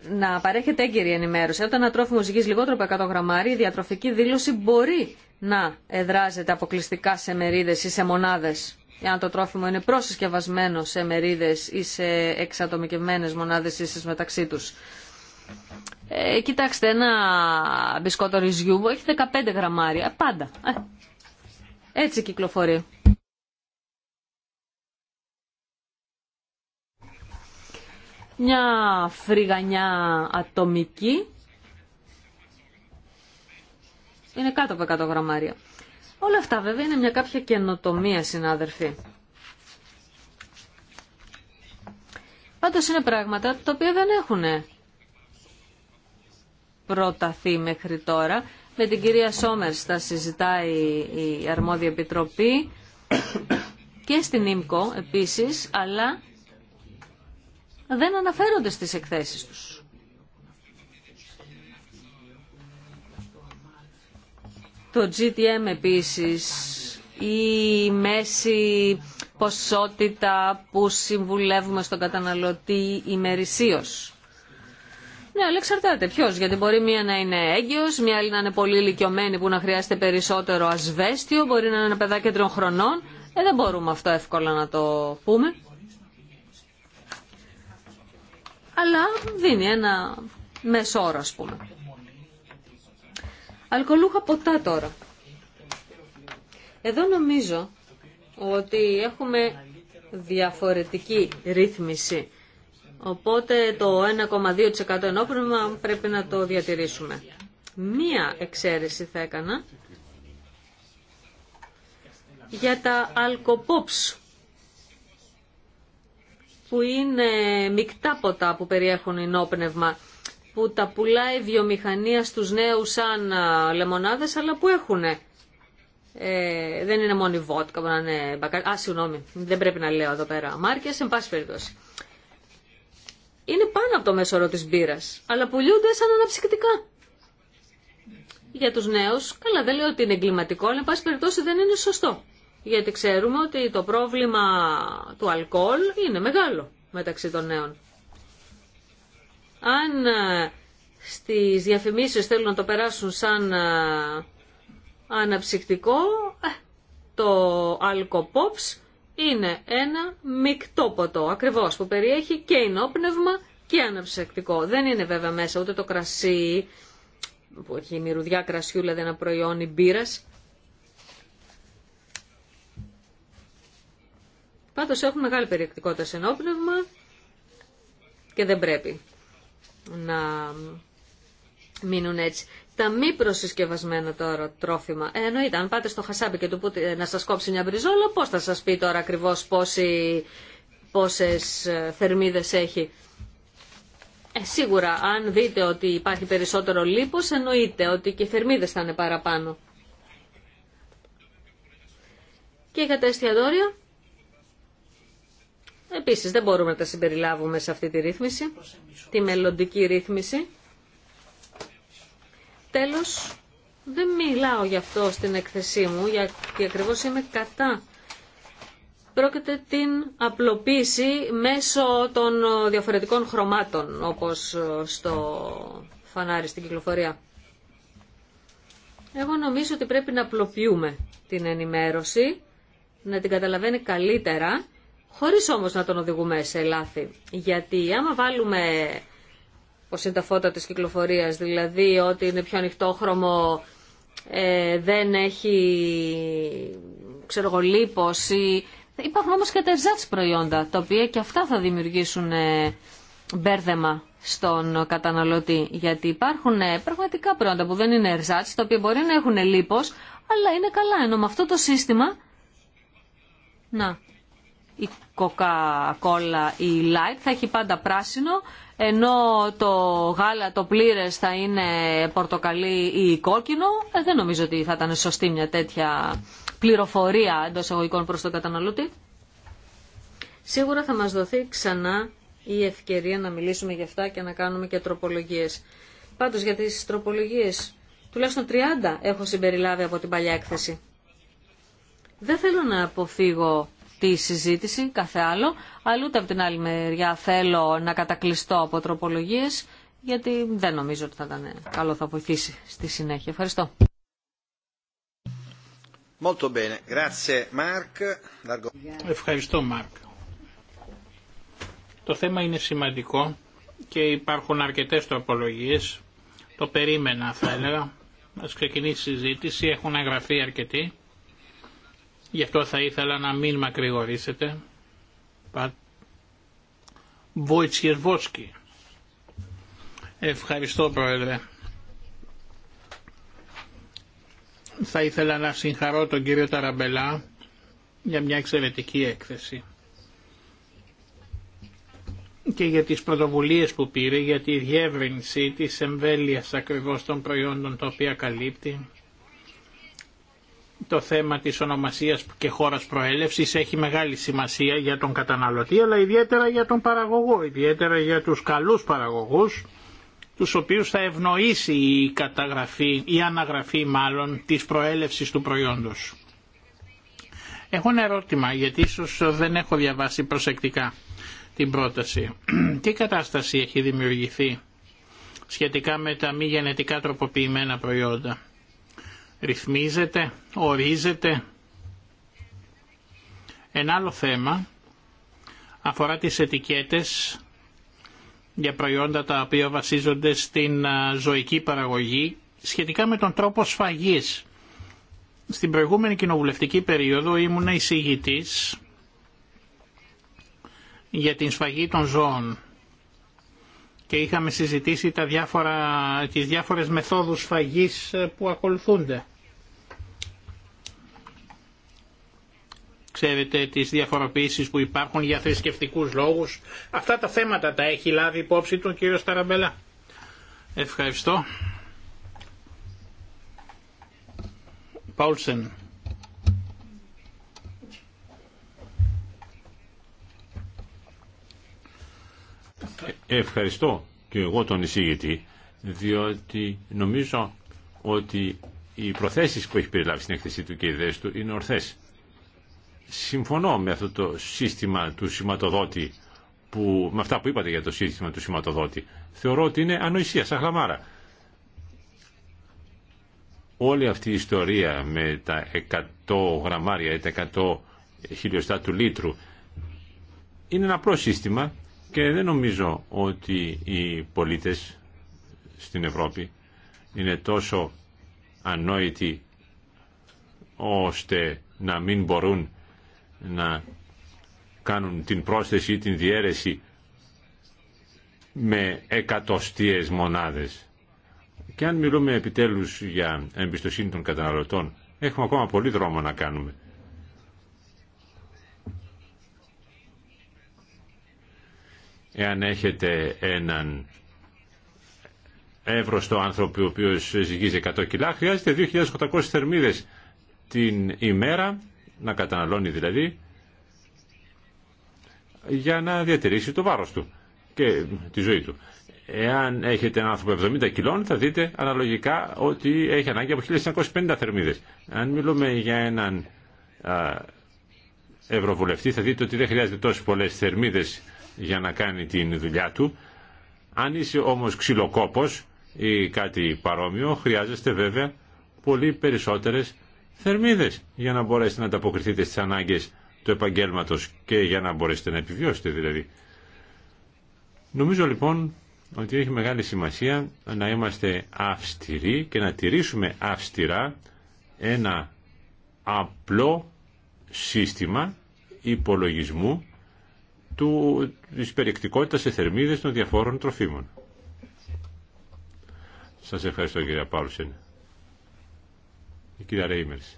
να παρέχεται έγκυρη ενημέρωση. Όταν ένα τρόφιμο ζυγείς λιγότερο από 100 γραμμάρια, η διατροφική δήλωση μπορεί να εδράζεται αποκλειστικά σε μερίδες ή σε μονάδες εάν το τρόφιμο είναι προσυσκευασμένο σε μερίδες ή σε εξατομικευμένες μονάδες ίσες μεταξύ τους. Ε, κοιτάξτε, ένα μπισκότο ριζιού έχει 15 γραμμάρια, ε, πάντα. Ε, έτσι κυκλοφορεί. Μια φρυγανιά ατομική είναι κάτω από 100 γραμμάρια. Όλα αυτά βέβαια είναι μια κάποια καινοτομία, συνάδελφοι. Πάντως είναι πράγματα τα οποία δεν έχουν προταθεί μέχρι τώρα. Με την κυρία Σόμερς τα συζητάει η Αρμόδια Επιτροπή και στην ΙΜΚΟ επίσης, αλλά δεν αναφέρονται στις εκθέσεις τους. Το GTM επίσης, η μέση ποσότητα που συμβουλεύουμε στον καταναλωτή ημερησίως. Ναι, αλλά εξαρτάται ποιος Γιατί μπορεί μία να είναι έγκυος, μία άλλη να είναι πολύ ηλικιωμένη που να χρειάζεται περισσότερο ασβέστιο, μπορεί να είναι ένα παιδάκι τριών χρονών. Ε, δεν μπορούμε αυτό εύκολα να το πούμε. Αλλά δίνει ένα μέσο όρο, α πούμε. Αλκοολούχα ποτά τώρα. Εδώ νομίζω ότι έχουμε διαφορετική ρύθμιση. Οπότε το 1,2% ενόπνευμα πρέπει να το διατηρήσουμε. Μία εξαίρεση θα έκανα για τα αλκοπόψ που είναι μεικτά ποτά που περιέχουν ενόπνευμα που τα πουλάει βιομηχανία στους νέους σαν λεμονάδες, αλλά που έχουν. Ε, δεν είναι μόνο η βότκα, μπορεί να είναι μπακάρι. Α, συγγνώμη, δεν πρέπει να λέω εδώ πέρα. Μάρκες, εν πάση περιπτώσει. Είναι πάνω από το μέσο όρο της μπύρας, αλλά πουλούνται σαν αναψυκτικά. Για τους νέους, καλά δεν λέω ότι είναι εγκληματικό, αλλά εν πάση περιπτώσει δεν είναι σωστό. Γιατί ξέρουμε ότι το πρόβλημα του αλκοόλ είναι μεγάλο μεταξύ των νέων. Αν ε, στις διαφημίσεις θέλουν να το περάσουν σαν ε, αναψυκτικό, ε, το Alcopops είναι ένα μεικτό ποτό, ακριβώς, που περιέχει και ενόπνευμα και αναψυκτικό. Δεν είναι βέβαια μέσα ούτε το κρασί, που έχει μυρουδιά κρασιού, δηλαδή ένα προϊόν μπύρας. Πάντως έχουν μεγάλη περιεκτικότητα σε ενόπνευμα και δεν πρέπει να μείνουν έτσι. Τα μη προσυσκευασμένα τώρα τρόφιμα. Ε, εννοείται, αν πάτε στο χασάπι και του πούτε ε, να σας κόψει μια μπριζόλα, πώς θα σας πει τώρα ακριβώς πόσοι, πόσες ε, θερμίδες έχει. Ε, σίγουρα, αν δείτε ότι υπάρχει περισσότερο λίπος, εννοείται ότι και οι θερμίδες θα είναι παραπάνω. Και για τα εστιατόρια, Επίσης δεν μπορούμε να τα συμπεριλάβουμε σε αυτή τη ρύθμιση, τη μελλοντική ρύθμιση. Τέλος, δεν μιλάω γι' αυτό στην εκθεσή μου, γιατί ακριβώς είμαι κατά. Πρόκειται την απλοποίηση μέσω των διαφορετικών χρωμάτων, όπως στο φανάρι στην κυκλοφορία. Εγώ νομίζω ότι πρέπει να απλοποιούμε την ενημέρωση, να την καταλαβαίνει καλύτερα χωρίς όμως να τον οδηγούμε σε λάθη. Γιατί άμα βάλουμε πως είναι τα φώτα της κυκλοφορίας, δηλαδή ότι είναι πιο ανοιχτόχρωμο, ε, δεν έχει ξέρω ή... Υπάρχουν όμως και τα προϊόντα, τα οποία και αυτά θα δημιουργήσουν ε, μπέρδεμα στον καταναλωτή. Γιατί υπάρχουν ε, πραγματικά προϊόντα που δεν είναι ερζάτς, τα οποία μπορεί να έχουν λίπος, αλλά είναι καλά. Ενώ με αυτό το σύστημα... Να, η Coca-Cola, η Light θα έχει πάντα πράσινο, ενώ το γάλα το πλήρες θα είναι πορτοκαλί ή κόκκινο. Ε, δεν νομίζω ότι θα ήταν σωστή μια τέτοια πληροφορία εντό εγωγικών προς τον καταναλωτή. Σίγουρα θα μας δοθεί ξανά η ευκαιρία να μιλήσουμε γι' αυτά και να κάνουμε και τροπολογίες. Πάντως για τις τροπολογίες, τουλάχιστον 30 έχω συμπεριλάβει από την παλιά έκθεση. Δεν θέλω να αποφύγω τη συζήτηση, κάθε άλλο, αλλά από την άλλη μεριά θέλω να κατακλειστώ από τροπολογίε, γιατί δεν νομίζω ότι θα ήταν καλό, θα βοηθήσει στη συνέχεια. Ευχαριστώ. Ευχαριστώ, Μάρκ. Το θέμα είναι σημαντικό και υπάρχουν αρκετές τροπολογίες. Το περίμενα, θα έλεγα. Ας ξεκινήσει η συζήτηση, έχουν εγγραφεί αρκετοί. Γι' αυτό θα ήθελα να μην μακρηγορήσετε. Ευχαριστώ Πρόεδρε. Θα ήθελα να συγχαρώ τον κύριο Ταραμπελά για μια εξαιρετική έκθεση και για τις πρωτοβουλίες που πήρε για τη διεύρυνση της εμβέλειας ακριβώς των προϊόντων τα οποία καλύπτει το θέμα της ονομασίας και χώρας προέλευσης έχει μεγάλη σημασία για τον καταναλωτή αλλά ιδιαίτερα για τον παραγωγό, ιδιαίτερα για τους καλούς παραγωγούς τους οποίους θα ευνοήσει η καταγραφή, η αναγραφή μάλλον της προέλευσης του προϊόντος. Έχω ένα ερώτημα γιατί ίσως δεν έχω διαβάσει προσεκτικά την πρόταση. <clears throat> Τι κατάσταση έχει δημιουργηθεί σχετικά με τα μη γενετικά τροποποιημένα προϊόντα ρυθμίζεται, ορίζεται. Ένα άλλο θέμα αφορά τις ετικέτες για προϊόντα τα οποία βασίζονται στην ζωική παραγωγή σχετικά με τον τρόπο σφαγής. Στην προηγούμενη κοινοβουλευτική περίοδο ήμουν εισηγητής για την σφαγή των ζώων και είχαμε συζητήσει τα διάφορα, τις διάφορες μεθόδους φαγής ε, που ακολουθούνται. Ξέρετε τις διαφοροποιήσεις που υπάρχουν για θρησκευτικούς λόγους. Αυτά τα θέματα τα έχει λάβει υπόψη του κύριο Σταραμπελά. Ευχαριστώ. Paulsen. Ευχαριστώ και εγώ τον εισηγητή, διότι νομίζω ότι οι προθέσεις που έχει περιλάβει στην έκθεσή του και οι ιδέες του είναι ορθές. Συμφωνώ με αυτό το σύστημα του σηματοδότη, που, με αυτά που είπατε για το σύστημα του σηματοδότη. Θεωρώ ότι είναι ανοησία, σαν χλαμάρα. Όλη αυτή η ιστορία με τα 100 γραμμάρια ή τα 100 χιλιοστά του λίτρου είναι ένα απλό σύστημα και δεν νομίζω ότι οι πολίτες στην Ευρώπη είναι τόσο ανόητοι ώστε να μην μπορούν να κάνουν την πρόσθεση ή την διαίρεση με εκατοστίες μονάδες. Και αν μιλούμε επιτέλους για εμπιστοσύνη των καταναλωτών, έχουμε ακόμα πολύ δρόμο να κάνουμε. Εάν έχετε έναν εύρωστο άνθρωπο ο οποίος ζυγίζει 100 κιλά, χρειάζεται 2.800 θερμίδες την ημέρα, να καταναλώνει δηλαδή, για να διατηρήσει το βάρος του και τη ζωή του. Εάν έχετε έναν άνθρωπο 70 κιλών θα δείτε αναλογικά ότι έχει ανάγκη από 1950 θερμίδες. Αν μιλούμε για έναν ευρωβουλευτή θα δείτε ότι δεν χρειάζεται τόσες πολλές θερμίδες για να κάνει την δουλειά του. Αν είσαι όμως ξυλοκόπος ή κάτι παρόμοιο, χρειάζεστε βέβαια πολύ περισσότερες θερμίδες για να μπορέσετε να ανταποκριθείτε στις ανάγκες του επαγγέλματος και για να μπορέσετε να επιβιώσετε δηλαδή. Νομίζω λοιπόν ότι έχει μεγάλη σημασία να είμαστε αυστηροί και να τηρήσουμε αυστηρά ένα απλό σύστημα υπολογισμού του, της περιεκτικότητας σε θερμίδες των διαφόρων τροφίμων. Σας ευχαριστώ κυρία Πάουλσεν. Η κυρία Ρέιμερς.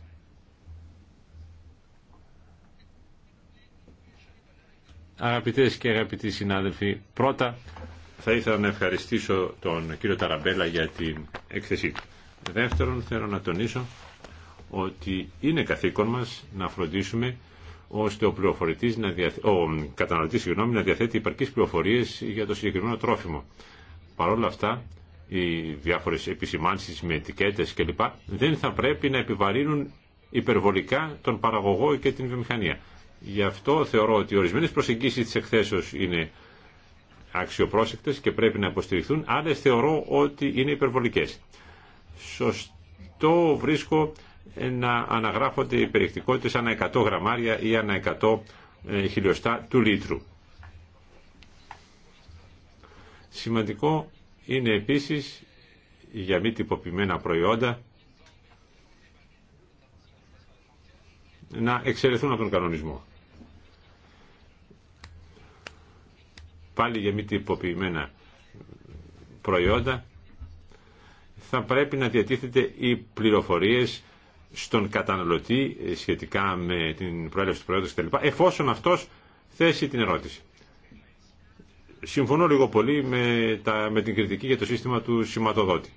Αγαπητές και αγαπητοί συνάδελφοι, πρώτα θα ήθελα να ευχαριστήσω τον κύριο Ταραμπέλα για την έκθεσή του. Δεύτερον, θέλω να τονίσω ότι είναι καθήκον μας να φροντίσουμε ώστε ο, να ο καταναλωτής να διαθέτει υπαρκείς πληροφορίες για το συγκεκριμένο τρόφιμο. Παρ' όλα αυτά, οι διάφορες επισημάνσεις με ετικέτες κλπ. δεν θα πρέπει να επιβαρύνουν υπερβολικά τον παραγωγό και την βιομηχανία. Γι' αυτό θεωρώ ότι ορισμένες προσεγγίσεις της εκθέσεως είναι αξιοπρόσεκτες και πρέπει να υποστηριχθούν, άλλες θεωρώ ότι είναι υπερβολικές. Σωστό βρίσκω να αναγράφονται οι περιεκτικότητες ανά 100 γραμμάρια ή ανά 100 ε, χιλιοστά του λίτρου. Σημαντικό είναι επίσης για μη τυποποιημένα προϊόντα να εξαιρεθούν από τον κανονισμό. Πάλι για μη τυποποιημένα προϊόντα θα πρέπει να διατίθεται οι πληροφορίες στον καταναλωτή ε, σχετικά με την προέλευση του προέδρου κτλ. εφόσον αυτός θέσει την ερώτηση. Συμφωνώ λίγο πολύ με, τα, με την κριτική για το σύστημα του σηματοδότη.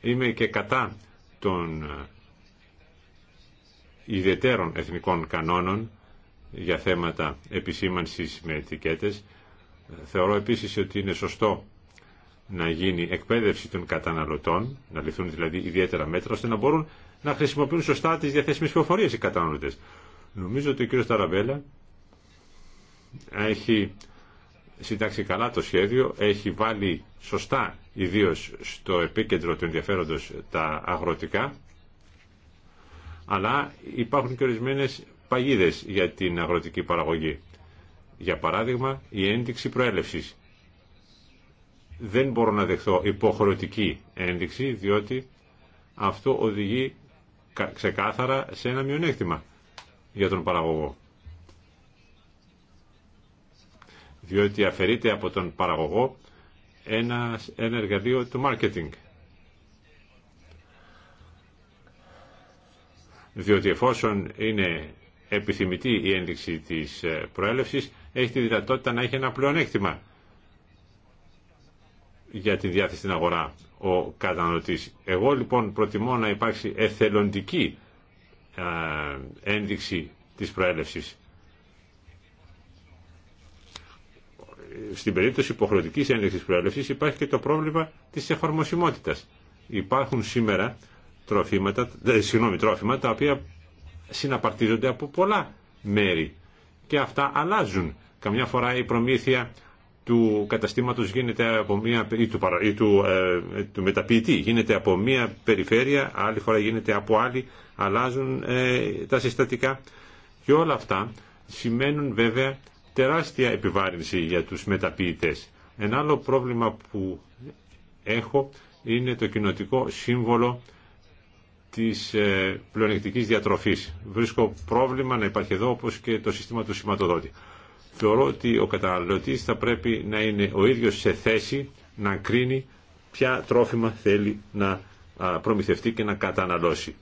Είμαι και κατά των ε, ιδιαιτέρων εθνικών κανόνων για θέματα επισήμανσης με ετικέτες. Ε, θεωρώ επίσης ότι είναι σωστό να γίνει εκπαίδευση των καταναλωτών, να ληφθούν δηλαδή ιδιαίτερα μέτρα, ώστε να μπορούν να χρησιμοποιούν σωστά τις διαθέσιμες πληροφορίε οι καταναλωτές. Νομίζω ότι ο κ. Ταραβέλα έχει συντάξει καλά το σχέδιο, έχει βάλει σωστά ιδίω στο επίκεντρο του ενδιαφέροντο τα αγροτικά, αλλά υπάρχουν και ορισμένε παγίδε για την αγροτική παραγωγή. Για παράδειγμα, η ένδειξη προέλευσης δεν μπορώ να δεχθώ υποχρεωτική ένδειξη, διότι αυτό οδηγεί ξεκάθαρα σε ένα μειονέκτημα για τον παραγωγό. Διότι αφαιρείται από τον παραγωγό ένα, ένα εργαλείο του marketing. Διότι εφόσον είναι επιθυμητή η ένδειξη της ε, προέλευσης, έχει τη δυνατότητα να έχει ένα πλεονέκτημα για τη διάθεση στην αγορά ο καταναλωτής. Εγώ λοιπόν προτιμώ να υπάρξει εθελοντική ε, ένδειξη της προέλευσης. Στην περίπτωση υποχρεωτικής ένδειξης προέλευσης υπάρχει και το πρόβλημα της εφαρμοσιμότητας. Υπάρχουν σήμερα τροφήματα, δε, συγγνώμη, τρόφιμα τα οποία συναπαρτίζονται από πολλά μέρη και αυτά αλλάζουν. Καμιά φορά η προμήθεια του καταστήματος γίνεται από μια, ή του, ή ε, μεταποιητή γίνεται από μια περιφέρεια, άλλη φορά γίνεται από άλλη, αλλάζουν ε, τα συστατικά και όλα αυτά σημαίνουν βέβαια τεράστια επιβάρυνση για τους μεταποιητές. Ένα άλλο πρόβλημα που έχω είναι το κοινοτικό σύμβολο της ε, πλεονεκτικής διατροφής. Βρίσκω πρόβλημα να υπάρχει εδώ όπως και το σύστημα του σηματοδότη. Θεωρώ ότι ο καταναλωτής θα πρέπει να είναι ο ίδιος σε θέση να κρίνει ποια τρόφιμα θέλει να προμηθευτεί και να καταναλώσει.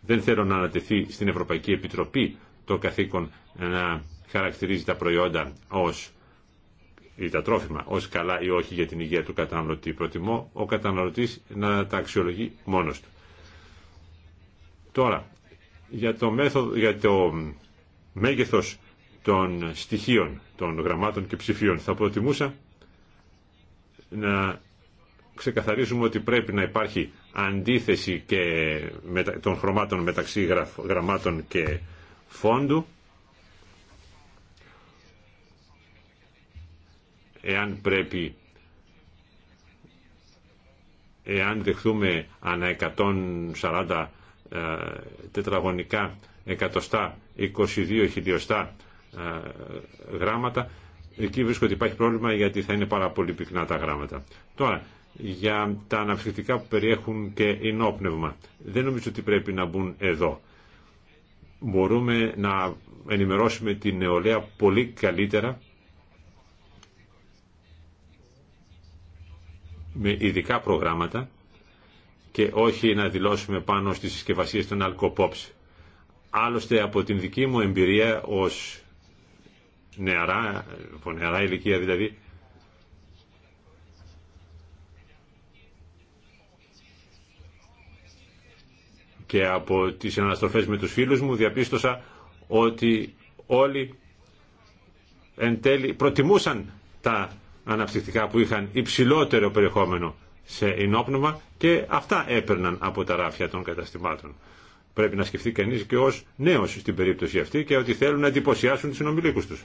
Δεν θέλω να ανατεθεί στην Ευρωπαϊκή Επιτροπή το καθήκον να χαρακτηρίζει τα προϊόντα ως ή τα τρόφιμα ως καλά ή όχι για την υγεία του καταναλωτή. Προτιμώ ο καταναλωτής να τα αξιολογεί μόνος του. Τώρα, για το, μέθοδο, για το μέγεθος των στοιχείων, των γραμμάτων και ψηφίων, θα προτιμούσα να ξεκαθαρίσουμε ότι πρέπει να υπάρχει αντίθεση και των χρωμάτων μεταξύ γραμμάτων και φόντου. Εάν πρέπει εάν δεχθούμε ανά 140 ε, τετραγωνικά εκατοστά 22 χιλιοστά ε, γράμματα εκεί βρίσκω ότι υπάρχει πρόβλημα γιατί θα είναι πάρα πολύ πυκνά τα γράμματα. Τώρα, για τα αναψυκτικά που περιέχουν και ενόπνευμα. Δεν νομίζω ότι πρέπει να μπουν εδώ. Μπορούμε να ενημερώσουμε την νεολαία πολύ καλύτερα με ειδικά προγράμματα και όχι να δηλώσουμε πάνω στις συσκευασίε των αλκοπόψ. Άλλωστε από την δική μου εμπειρία ως νεαρά, από νεαρά ηλικία δηλαδή, και από τις αναστροφές με τους φίλους μου διαπίστωσα ότι όλοι εν τέλει προτιμούσαν τα αναπτυκτικά που είχαν υψηλότερο περιεχόμενο σε ενόπνευμα και αυτά έπαιρναν από τα ράφια των καταστημάτων. Πρέπει να σκεφτεί κανείς και ως νέος στην περίπτωση αυτή και ότι θέλουν να εντυπωσιάσουν τους συνομιλίκους τους.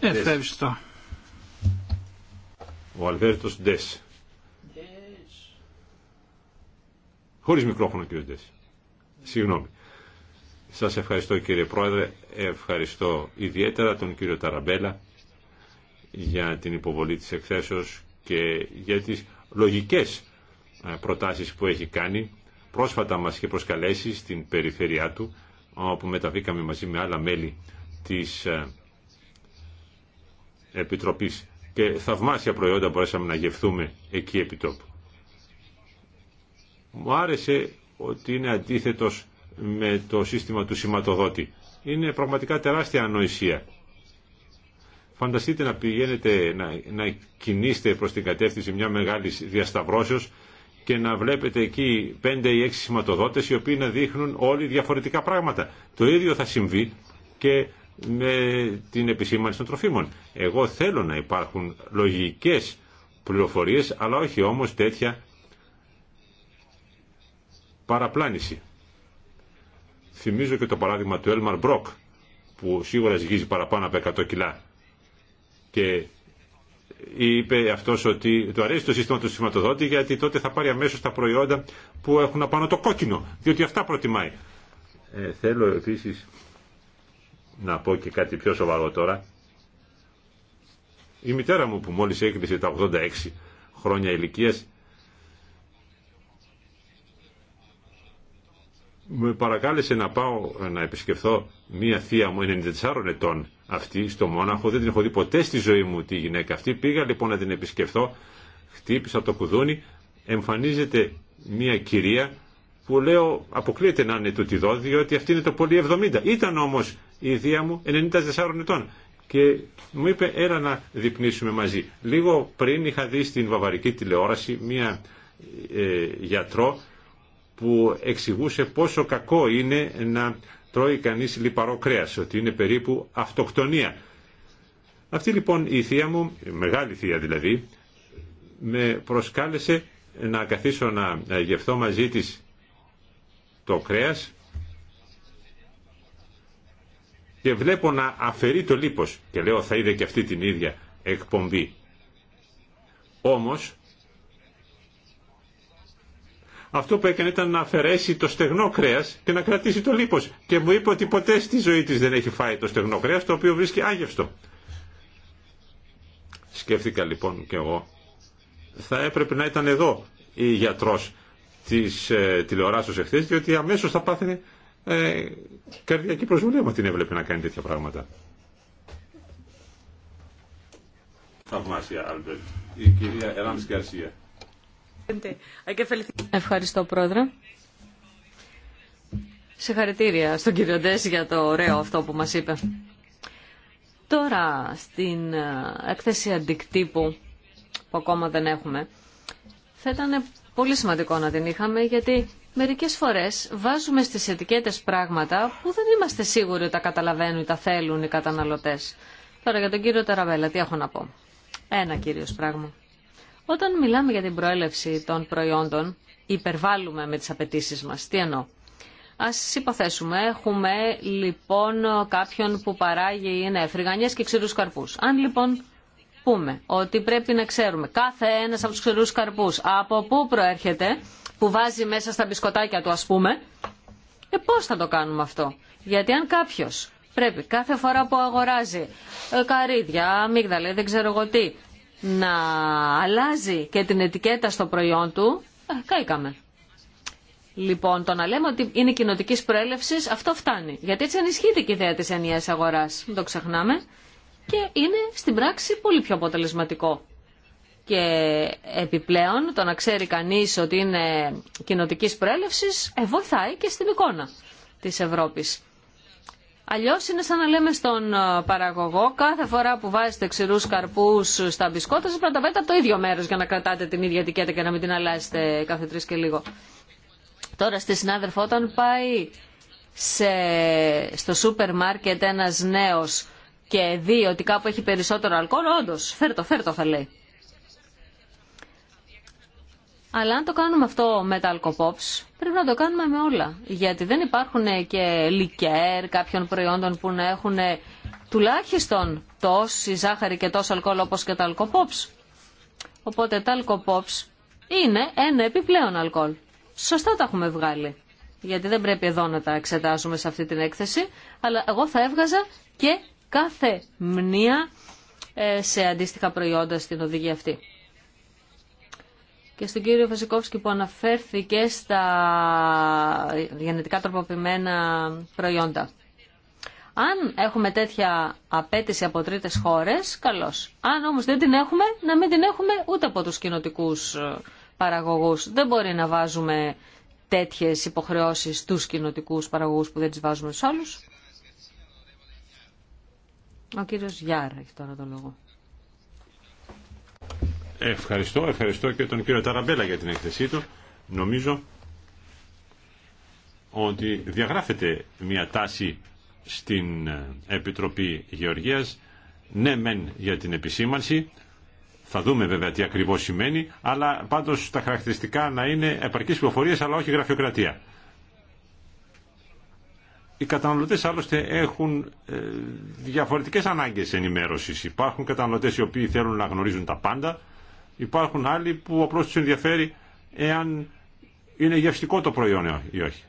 Ευχαριστώ. Ο Αλβέρτος Ντες. Χωρίς μικρόφωνο κύριο Ντες. Συγγνώμη. Σας ευχαριστώ κύριε Πρόεδρε, ευχαριστώ ιδιαίτερα τον κύριο Ταραμπέλα για την υποβολή της εκθέσεως και για τις λογικές ε, προτάσεις που έχει κάνει. Πρόσφατα μας και προσκαλέσει στην περιφέρειά του, όπου μεταβήκαμε μαζί με άλλα μέλη της ε, Επιτροπής και θαυμάσια προϊόντα μπορέσαμε να γευθούμε εκεί επί τόπου. Μου άρεσε ότι είναι αντίθετος με το σύστημα του σηματοδότη. Είναι πραγματικά τεράστια ανοησία. Φανταστείτε να πηγαίνετε να, να κινείστε προς την κατεύθυνση μια μεγάλη διασταυρώσεως και να βλέπετε εκεί πέντε ή έξι σηματοδότες οι οποίοι να δείχνουν όλοι διαφορετικά πράγματα. Το ίδιο θα συμβεί και με την επισήμανση των τροφίμων. Εγώ θέλω να υπάρχουν λογικές πληροφορίες, αλλά όχι όμως τέτοια παραπλάνηση. Θυμίζω και το παράδειγμα του Έλμαρ Μπροκ, που σίγουρα ζυγίζει παραπάνω από 100 κιλά και είπε αυτός ότι του αρέσει το σύστημα του σηματοδότη γιατί τότε θα πάρει αμέσως τα προϊόντα που έχουν απάνω το κόκκινο, διότι αυτά προτιμάει. Ε, θέλω επίσης να πω και κάτι πιο σοβαρό τώρα. Η μητέρα μου που μόλις έκλεισε τα 86 χρόνια ηλικίας με παρακάλεσε να πάω να επισκεφθώ μία θεία μου 94 ετών αυτή στο Μόναχο. Δεν την έχω δει ποτέ στη ζωή μου τη γυναίκα αυτή. Πήγα λοιπόν να την επισκεφθώ, χτύπησα το κουδούνι, εμφανίζεται μία κυρία που λέω αποκλείεται να είναι του τυδό διότι αυτή είναι το πολύ 70. Ήταν όμως η θεία μου 94 ετών και μου είπε έλα να διπνήσουμε μαζί. Λίγο πριν είχα δει στην βαβαρική τηλεόραση μία ε, γιατρό που εξηγούσε πόσο κακό είναι να τρώει κανείς λιπαρό κρέας, ότι είναι περίπου αυτοκτονία. Αυτή λοιπόν η θεία μου, μεγάλη θεία δηλαδή, με προσκάλεσε να καθίσω να γευθώ μαζί της το κρέας και βλέπω να αφαιρεί το λίπος και λέω θα είδε και αυτή την ίδια εκπομπή. Όμως αυτό που έκανε ήταν να αφαιρέσει το στεγνό κρέα και να κρατήσει το λίπο. Και μου είπε ότι ποτέ στη ζωή τη δεν έχει φάει το στεγνό κρέα, το οποίο βρίσκει άγευστο. Σκέφτηκα λοιπόν και εγώ, θα έπρεπε να ήταν εδώ η γιατρό τη ε, τηλεοράσεω εχθέ, διότι αμέσω θα πάθαινε ε, καρδιακή προσβολή όταν την έβλεπε να κάνει τέτοια πράγματα. Θαυμάσια, Άλμπερτ. Η κυρία Ελάνη Γκαρσία. Ευχαριστώ, Πρόεδρε. Συγχαρητήρια στον κύριο Ντές για το ωραίο αυτό που μας είπε. Τώρα, στην ε, έκθεση αντικτύπου που ακόμα δεν έχουμε, θα ήταν πολύ σημαντικό να την είχαμε γιατί μερικές φορές βάζουμε στις ετικέτες πράγματα που δεν είμαστε σίγουροι ότι τα καταλαβαίνουν ή τα θέλουν οι καταναλωτές. Τώρα για τον κύριο Ταραβέλα, τι έχω να πω. Ένα κύριος πράγμα. Όταν μιλάμε για την προέλευση των προϊόντων, υπερβάλλουμε με τις απαιτήσει μας. Τι εννοώ. Ας υποθέσουμε, έχουμε λοιπόν κάποιον που παράγει είναι φρυγανιές και ξηρούς καρπούς. Αν λοιπόν πούμε ότι πρέπει να ξέρουμε κάθε ένας από τους ξηρούς καρπούς από πού προέρχεται, που βάζει μέσα στα μπισκοτάκια του ας πούμε, ε, πώς θα το κάνουμε αυτό. Γιατί αν κάποιος πρέπει κάθε φορά που αγοράζει ε, καρύδια, αμύγδαλα, δεν ξέρω εγώ τι, να αλλάζει και την ετικέτα στο προϊόν του, ε, καήκαμε. Λοιπόν, το να λέμε ότι είναι κοινοτική προέλευση, αυτό φτάνει. Γιατί έτσι ενισχύεται και η ιδέα τη ενιαία αγορά. Μην το ξεχνάμε. Και είναι στην πράξη πολύ πιο αποτελεσματικό. Και επιπλέον, το να ξέρει κανεί ότι είναι κοινοτική προέλευση, ε, βοηθάει και στην εικόνα τη Ευρώπη. Αλλιώ είναι σαν να λέμε στον ε, παραγωγό κάθε φορά που βάζετε ξηρού καρπούς στα μπισκότα σα πρέπει να τα από το ίδιο μέρο για να κρατάτε την ίδια ετικέτα και να μην την αλλάζετε κάθε τρει και λίγο. Τώρα στη συνάδελφο όταν πάει σε, στο σούπερ μάρκετ ένας νέος και δει ότι κάπου έχει περισσότερο αλκοόλ, όντως φέρτο, φέρτο θα λέει. Αλλά αν το κάνουμε αυτό με τα αλκοπόψ, πρέπει να το κάνουμε με όλα. Γιατί δεν υπάρχουν και λικέρ κάποιων προϊόντων που να έχουν ε, τουλάχιστον τόση ζάχαρη και τόσο αλκοόλ όπως και τα αλκοπόψ. Οπότε τα αλκοπόψ είναι ένα επιπλέον αλκοόλ. Σωστά τα έχουμε βγάλει. Γιατί δεν πρέπει εδώ να τα εξετάζουμε σε αυτή την έκθεση. Αλλά εγώ θα έβγαζα και κάθε μνήα ε, σε αντίστοιχα προϊόντα στην οδηγία αυτή και στον κύριο Βασικόφσκι που αναφέρθηκε στα γενετικά τροποποιημένα προϊόντα. Αν έχουμε τέτοια απέτηση από τρίτες χώρες, καλώς. Αν όμως δεν την έχουμε, να μην την έχουμε ούτε από τους κοινοτικού ε, παραγωγούς. Δεν μπορεί να βάζουμε τέτοιες υποχρεώσεις στους κοινοτικού παραγωγούς που δεν τις βάζουμε στους άλλους. Ο κύριος Γιάρα έχει τώρα το λόγο. Ευχαριστώ, ευχαριστώ και τον κύριο Ταραμπέλα για την έκθεσή του. Νομίζω ότι διαγράφεται μια τάση στην ε, Επιτροπή Γεωργίας, ναι μεν για την επισήμανση, θα δούμε βέβαια τι ακριβώς σημαίνει, αλλά πάντως τα χαρακτηριστικά να είναι επαρκείς πληροφορίες αλλά όχι γραφειοκρατία. Οι καταναλωτές άλλωστε έχουν ε, διαφορετικές ανάγκες ενημέρωσης. Υπάρχουν καταναλωτές οι οποίοι θέλουν να γνωρίζουν τα πάντα, Υπάρχουν άλλοι που απλώ του ενδιαφέρει εάν είναι γευστικό το προϊόν ή όχι.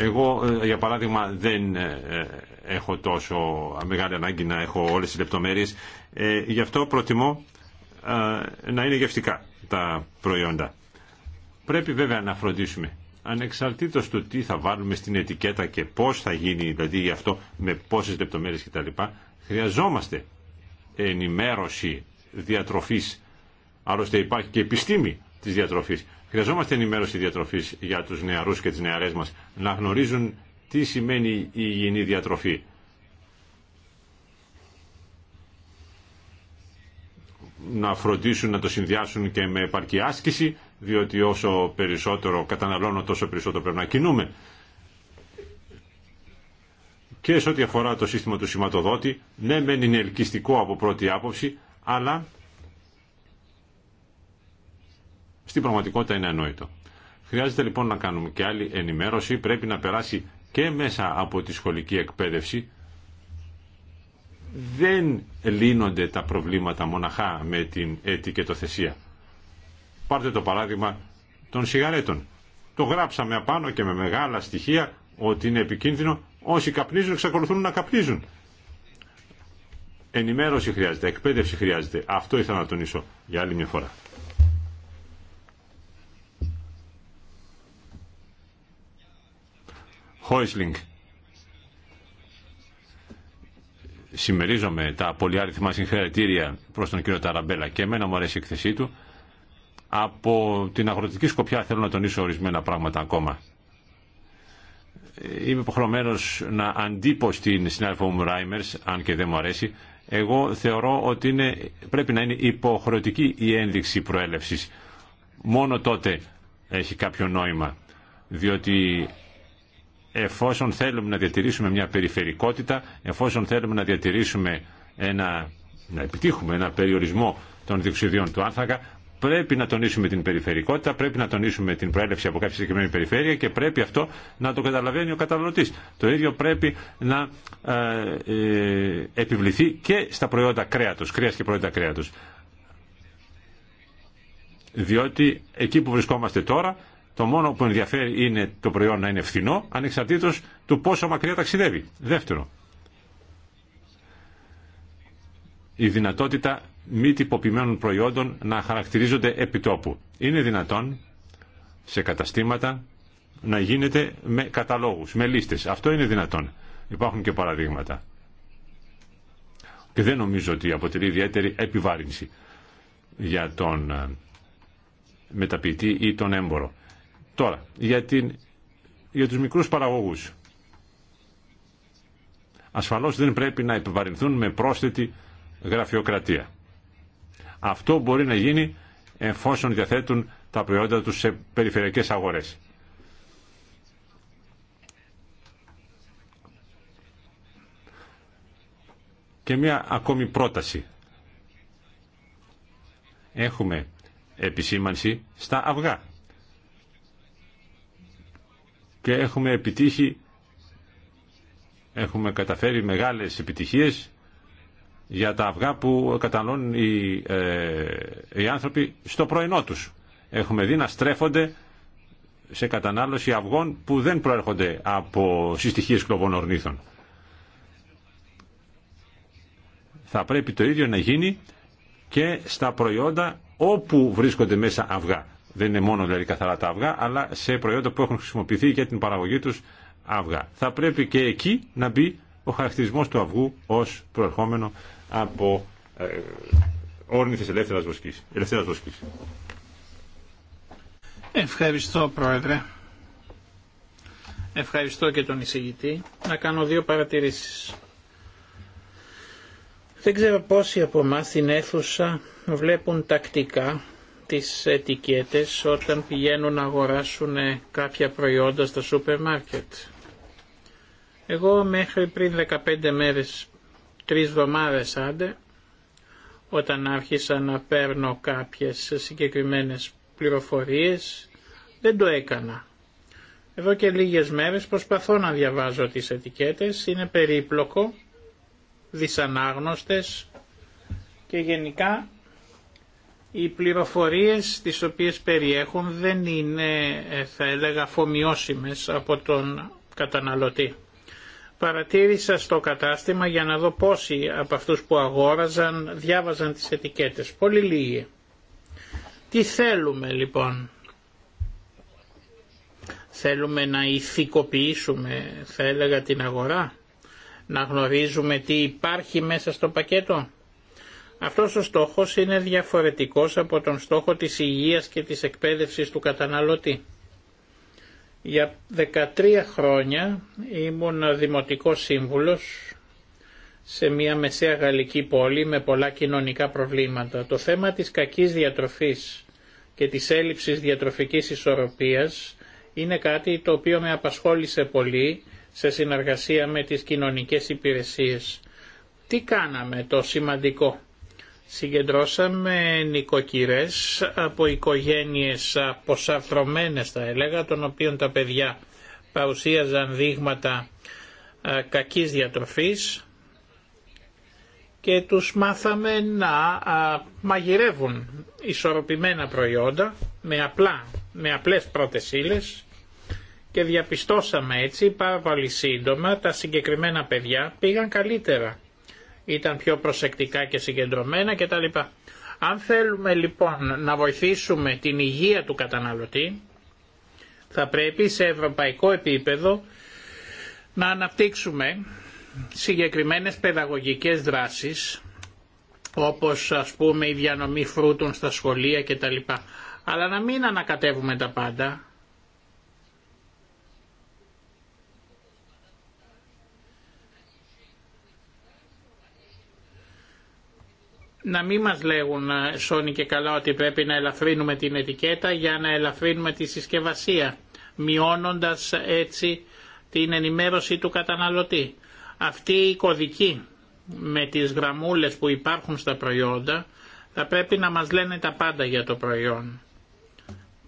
Εγώ, ε, για παράδειγμα, δεν ε, ε, έχω τόσο μεγάλη ανάγκη να έχω όλες τις λεπτομέρειες. Γι' αυτό προτιμώ να είναι γευστικά τα προϊόντα. Πρέπει βέβαια να φροντίσουμε ανεξαρτήτως του τι θα βάλουμε στην ετικέτα και πώς θα γίνει δηλαδή γι' αυτό με πόσες λεπτομέρειες κτλ. Χρειαζόμαστε ενημέρωση διατροφής. Άλλωστε υπάρχει και επιστήμη της διατροφής. Χρειαζόμαστε ενημέρωση διατροφής για τους νεαρούς και τις νεαρές μας να γνωρίζουν τι σημαίνει η υγιεινή διατροφή. Να φροντίσουν να το συνδυάσουν και με επαρκή άσκηση διότι όσο περισσότερο καταναλώνω τόσο περισσότερο πρέπει να κινούμε. Και σε ό,τι αφορά το σύστημα του σηματοδότη, ναι μεν είναι ελκυστικό από πρώτη άποψη, αλλά στην πραγματικότητα είναι ανόητο. Χρειάζεται λοιπόν να κάνουμε και άλλη ενημέρωση, πρέπει να περάσει και μέσα από τη σχολική εκπαίδευση. Δεν λύνονται τα προβλήματα μοναχά με την ετικετοθεσία. Πάρτε το παράδειγμα των σιγαρέτων. Το γράψαμε απάνω και με μεγάλα στοιχεία ότι είναι επικίνδυνο. Όσοι καπνίζουν εξακολουθούν να καπνίζουν. Ενημέρωση χρειάζεται, εκπαίδευση χρειάζεται. Αυτό ήθελα να τονίσω για άλλη μια φορά. Χόισλινγκ. Συμμερίζομαι τα πολυάριθμα συγχαρητήρια προς τον κύριο Ταραμπέλα και εμένα μου αρέσει η εκθεσή του. Από την αγροτική σκοπιά θέλω να τονίσω ορισμένα πράγματα ακόμα. Είμαι υποχρεωμένο να αντίπω στην συνάδελφο μου Ράιμερ, αν και δεν μου αρέσει. Εγώ θεωρώ ότι είναι, πρέπει να είναι υποχρεωτική η ένδειξη προέλευση. Μόνο τότε έχει κάποιο νόημα. Διότι εφόσον θέλουμε να διατηρήσουμε μια περιφερικότητα, εφόσον θέλουμε να διατηρήσουμε ένα, να επιτύχουμε ένα περιορισμό των διοξιδίων του άνθρακα, Πρέπει να τονίσουμε την περιφερικότητα, πρέπει να τονίσουμε την προέλευση από κάποια συγκεκριμένη περιφέρεια και πρέπει αυτό να το καταλαβαίνει ο καταναλωτή. Το ίδιο πρέπει να ε, ε, επιβληθεί και στα προϊόντα κρέατο, κρέα και προϊόντα κρέατο. Διότι εκεί που βρισκόμαστε τώρα, το μόνο που ενδιαφέρει είναι το προϊόν να είναι φθηνό, ανεξαρτήτως του πόσο μακριά ταξιδεύει. Δεύτερο, η δυνατότητα μη τυποποιημένων προϊόντων να χαρακτηρίζονται επιτόπου. Είναι δυνατόν σε καταστήματα να γίνεται με καταλόγους, με λίστες. Αυτό είναι δυνατόν. Υπάρχουν και παραδείγματα. Και δεν νομίζω ότι αποτελεί ιδιαίτερη επιβάρυνση για τον ε, μεταποιητή ή τον έμπορο. Τώρα, για, την, για τους μικρούς παραγωγούς. Ασφαλώς δεν πρέπει να επιβαρυνθούν με πρόσθετη γραφειοκρατία. Αυτό μπορεί να γίνει εφόσον διαθέτουν τα προϊόντα τους σε περιφερειακές αγορές. Και μια ακόμη πρόταση. Έχουμε επισήμανση στα αυγά. Και έχουμε επιτύχει, έχουμε καταφέρει μεγάλες επιτυχίες για τα αυγά που καταναλώνουν ε, οι, άνθρωποι στο πρωινό τους. Έχουμε δει να στρέφονται σε κατανάλωση αυγών που δεν προέρχονται από συστοιχίες κλωβών ορνήθων. Θα πρέπει το ίδιο να γίνει και στα προϊόντα όπου βρίσκονται μέσα αυγά. Δεν είναι μόνο δηλαδή καθαρά τα αυγά, αλλά σε προϊόντα που έχουν χρησιμοποιηθεί για την παραγωγή τους αυγά. Θα πρέπει και εκεί να μπει ο χαρακτηρισμός του αυγού ως προερχόμενο από ε, όρνηθες ελεύθερας βοσκής. Ελευθερας βοσκής. Ευχαριστώ Πρόεδρε. Ευχαριστώ και τον εισηγητή. Να κάνω δύο παρατηρήσεις. Δεν ξέρω πόσοι από εμά στην αίθουσα βλέπουν τακτικά τις ετικέτες όταν πηγαίνουν να αγοράσουν ε, κάποια προϊόντα στα σούπερ μάρκετ. Εγώ μέχρι πριν 15 μέρες τρεις εβδομάδες άντε, όταν άρχισα να παίρνω κάποιες συγκεκριμένες πληροφορίες, δεν το έκανα. Εδώ και λίγες μέρες προσπαθώ να διαβάζω τις ετικέτες, είναι περίπλοκο, δυσανάγνωστες και γενικά οι πληροφορίες τις οποίες περιέχουν δεν είναι, ε, θα έλεγα, αφομοιώσιμες από τον καταναλωτή παρατήρησα στο κατάστημα για να δω πόσοι από αυτούς που αγόραζαν διάβαζαν τις ετικέτες. Πολύ λίγοι. Τι θέλουμε λοιπόν. Θέλουμε να ηθικοποιήσουμε θα έλεγα την αγορά. Να γνωρίζουμε τι υπάρχει μέσα στο πακέτο. Αυτός ο στόχος είναι διαφορετικός από τον στόχο της υγείας και της εκπαίδευσης του καταναλωτή. Για 13 χρόνια ήμουν δημοτικός σύμβουλος σε μια μεσαία γαλλική πόλη με πολλά κοινωνικά προβλήματα. Το θέμα της κακής διατροφής και της έλλειψης διατροφικής ισορροπίας είναι κάτι το οποίο με απασχόλησε πολύ σε συνεργασία με τις κοινωνικές υπηρεσίες. Τι κάναμε το σημαντικό. Συγκεντρώσαμε νοικοκυρές από οικογένειες αποσαφρωμένες θα έλεγα, των οποίων τα παιδιά παρουσίαζαν δείγματα κακής διατροφής και τους μάθαμε να μαγειρεύουν ισορροπημένα προϊόντα με, απλά, με απλές πρότεσίλες και διαπιστώσαμε έτσι πάρα πολύ σύντομα τα συγκεκριμένα παιδιά πήγαν καλύτερα ήταν πιο προσεκτικά και συγκεντρωμένα κτλ. Αν θέλουμε λοιπόν να βοηθήσουμε την υγεία του καταναλωτή, θα πρέπει σε ευρωπαϊκό επίπεδο να αναπτύξουμε συγκεκριμένες παιδαγωγικές δράσεις, όπως ας πούμε η διανομή φρούτων στα σχολεία κτλ. Αλλά να μην ανακατεύουμε τα πάντα, να μην μας λέγουν ε, σώνει και καλά ότι πρέπει να ελαφρύνουμε την ετικέτα για να ελαφρύνουμε τη συσκευασία, μειώνοντας ε, έτσι την ενημέρωση του καταναλωτή. Αυτή η κωδική με τις γραμμούλες που υπάρχουν στα προϊόντα θα πρέπει να μας λένε τα πάντα για το προϊόν.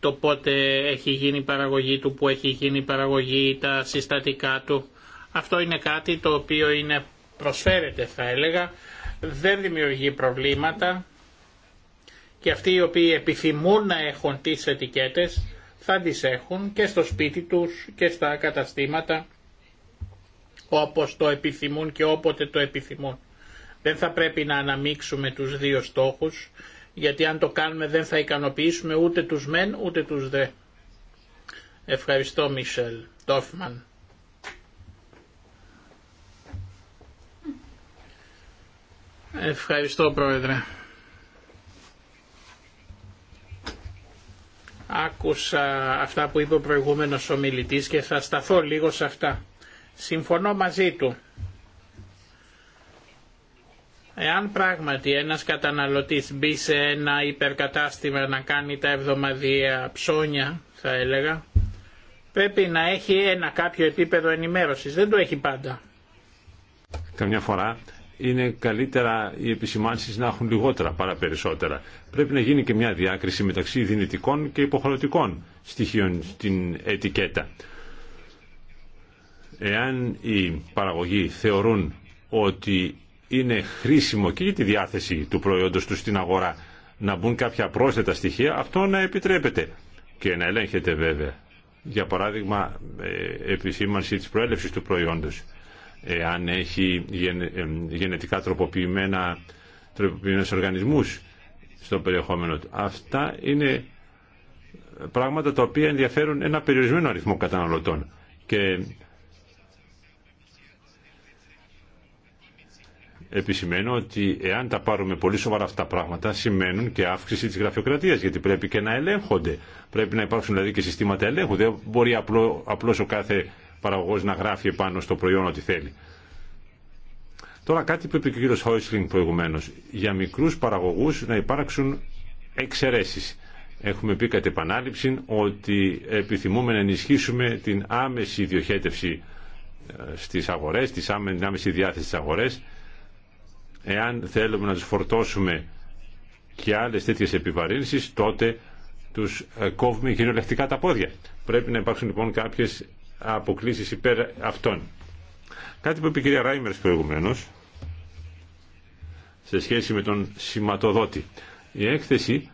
Το πότε έχει γίνει η παραγωγή του, που έχει γίνει η παραγωγή, τα συστατικά του. Αυτό είναι κάτι το οποίο είναι προσφέρεται θα έλεγα δεν δημιουργεί προβλήματα και αυτοί οι οποίοι επιθυμούν να έχουν τις ετικέτες θα τις έχουν και στο σπίτι τους και στα καταστήματα όπως το επιθυμούν και όποτε το επιθυμούν. Δεν θα πρέπει να αναμίξουμε τους δύο στόχους γιατί αν το κάνουμε δεν θα ικανοποιήσουμε ούτε τους μεν ούτε τους δε. Ευχαριστώ Μίσελ Τόφμαν. Ευχαριστώ Πρόεδρε. Άκουσα αυτά που είπε ο προηγούμενος ομιλητής και θα σταθώ λίγο σε αυτά. Συμφωνώ μαζί του. Εάν πράγματι ένας καταναλωτής μπει σε ένα υπερκατάστημα να κάνει τα εβδομαδιαία ψώνια, θα έλεγα, πρέπει να έχει ένα κάποιο επίπεδο ενημέρωσης. Δεν το έχει πάντα. Καμιά φορά είναι καλύτερα οι επισημάνσεις να έχουν λιγότερα παρά περισσότερα. Πρέπει να γίνει και μια διάκριση μεταξύ δυνητικών και υποχρεωτικών στοιχείων στην ετικέτα. Εάν οι παραγωγοί θεωρούν ότι είναι χρήσιμο και για τη διάθεση του προϊόντος του στην αγορά να μπουν κάποια πρόσθετα στοιχεία, αυτό να επιτρέπεται και να ελέγχεται βέβαια. Για παράδειγμα, ε, επισήμανση της προέλευσης του προϊόντος εάν έχει γενετικά τροποποιημένα, τροποποιημένους οργανισμούς στο περιεχόμενο του. Αυτά είναι πράγματα τα οποία ενδιαφέρουν ένα περιορισμένο αριθμό καταναλωτών. Και επισημαίνω ότι εάν τα πάρουμε πολύ σοβαρά αυτά τα πράγματα σημαίνουν και αύξηση της γραφειοκρατίας γιατί πρέπει και να ελέγχονται. Πρέπει να υπάρξουν δηλαδή και συστήματα ελέγχου. Δεν μπορεί απλώς ο κάθε παραγωγός να γράφει επάνω στο προϊόν ό,τι θέλει. Τώρα κάτι που είπε και ο κύριο Χόισλινγκ προηγουμένω, Για μικρούς παραγωγούς να υπάρξουν εξαιρεσει. Έχουμε πει κατ' επανάληψη ότι επιθυμούμε να ενισχύσουμε την άμεση διοχέτευση ε, στις αγορές, την άμεση διάθεση στις αγορές. Εάν θέλουμε να του φορτώσουμε και άλλες τέτοιε επιβαρύνσεις, τότε του ε, κόβουμε κυριολεκτικά τα πόδια. Πρέπει να υπάρξουν λοιπόν κάποιε αποκλήσεις υπέρ αυτών. Κάτι που είπε η κυρία Ράιμερ προηγουμένω σε σχέση με τον σηματοδότη. Η έκθεση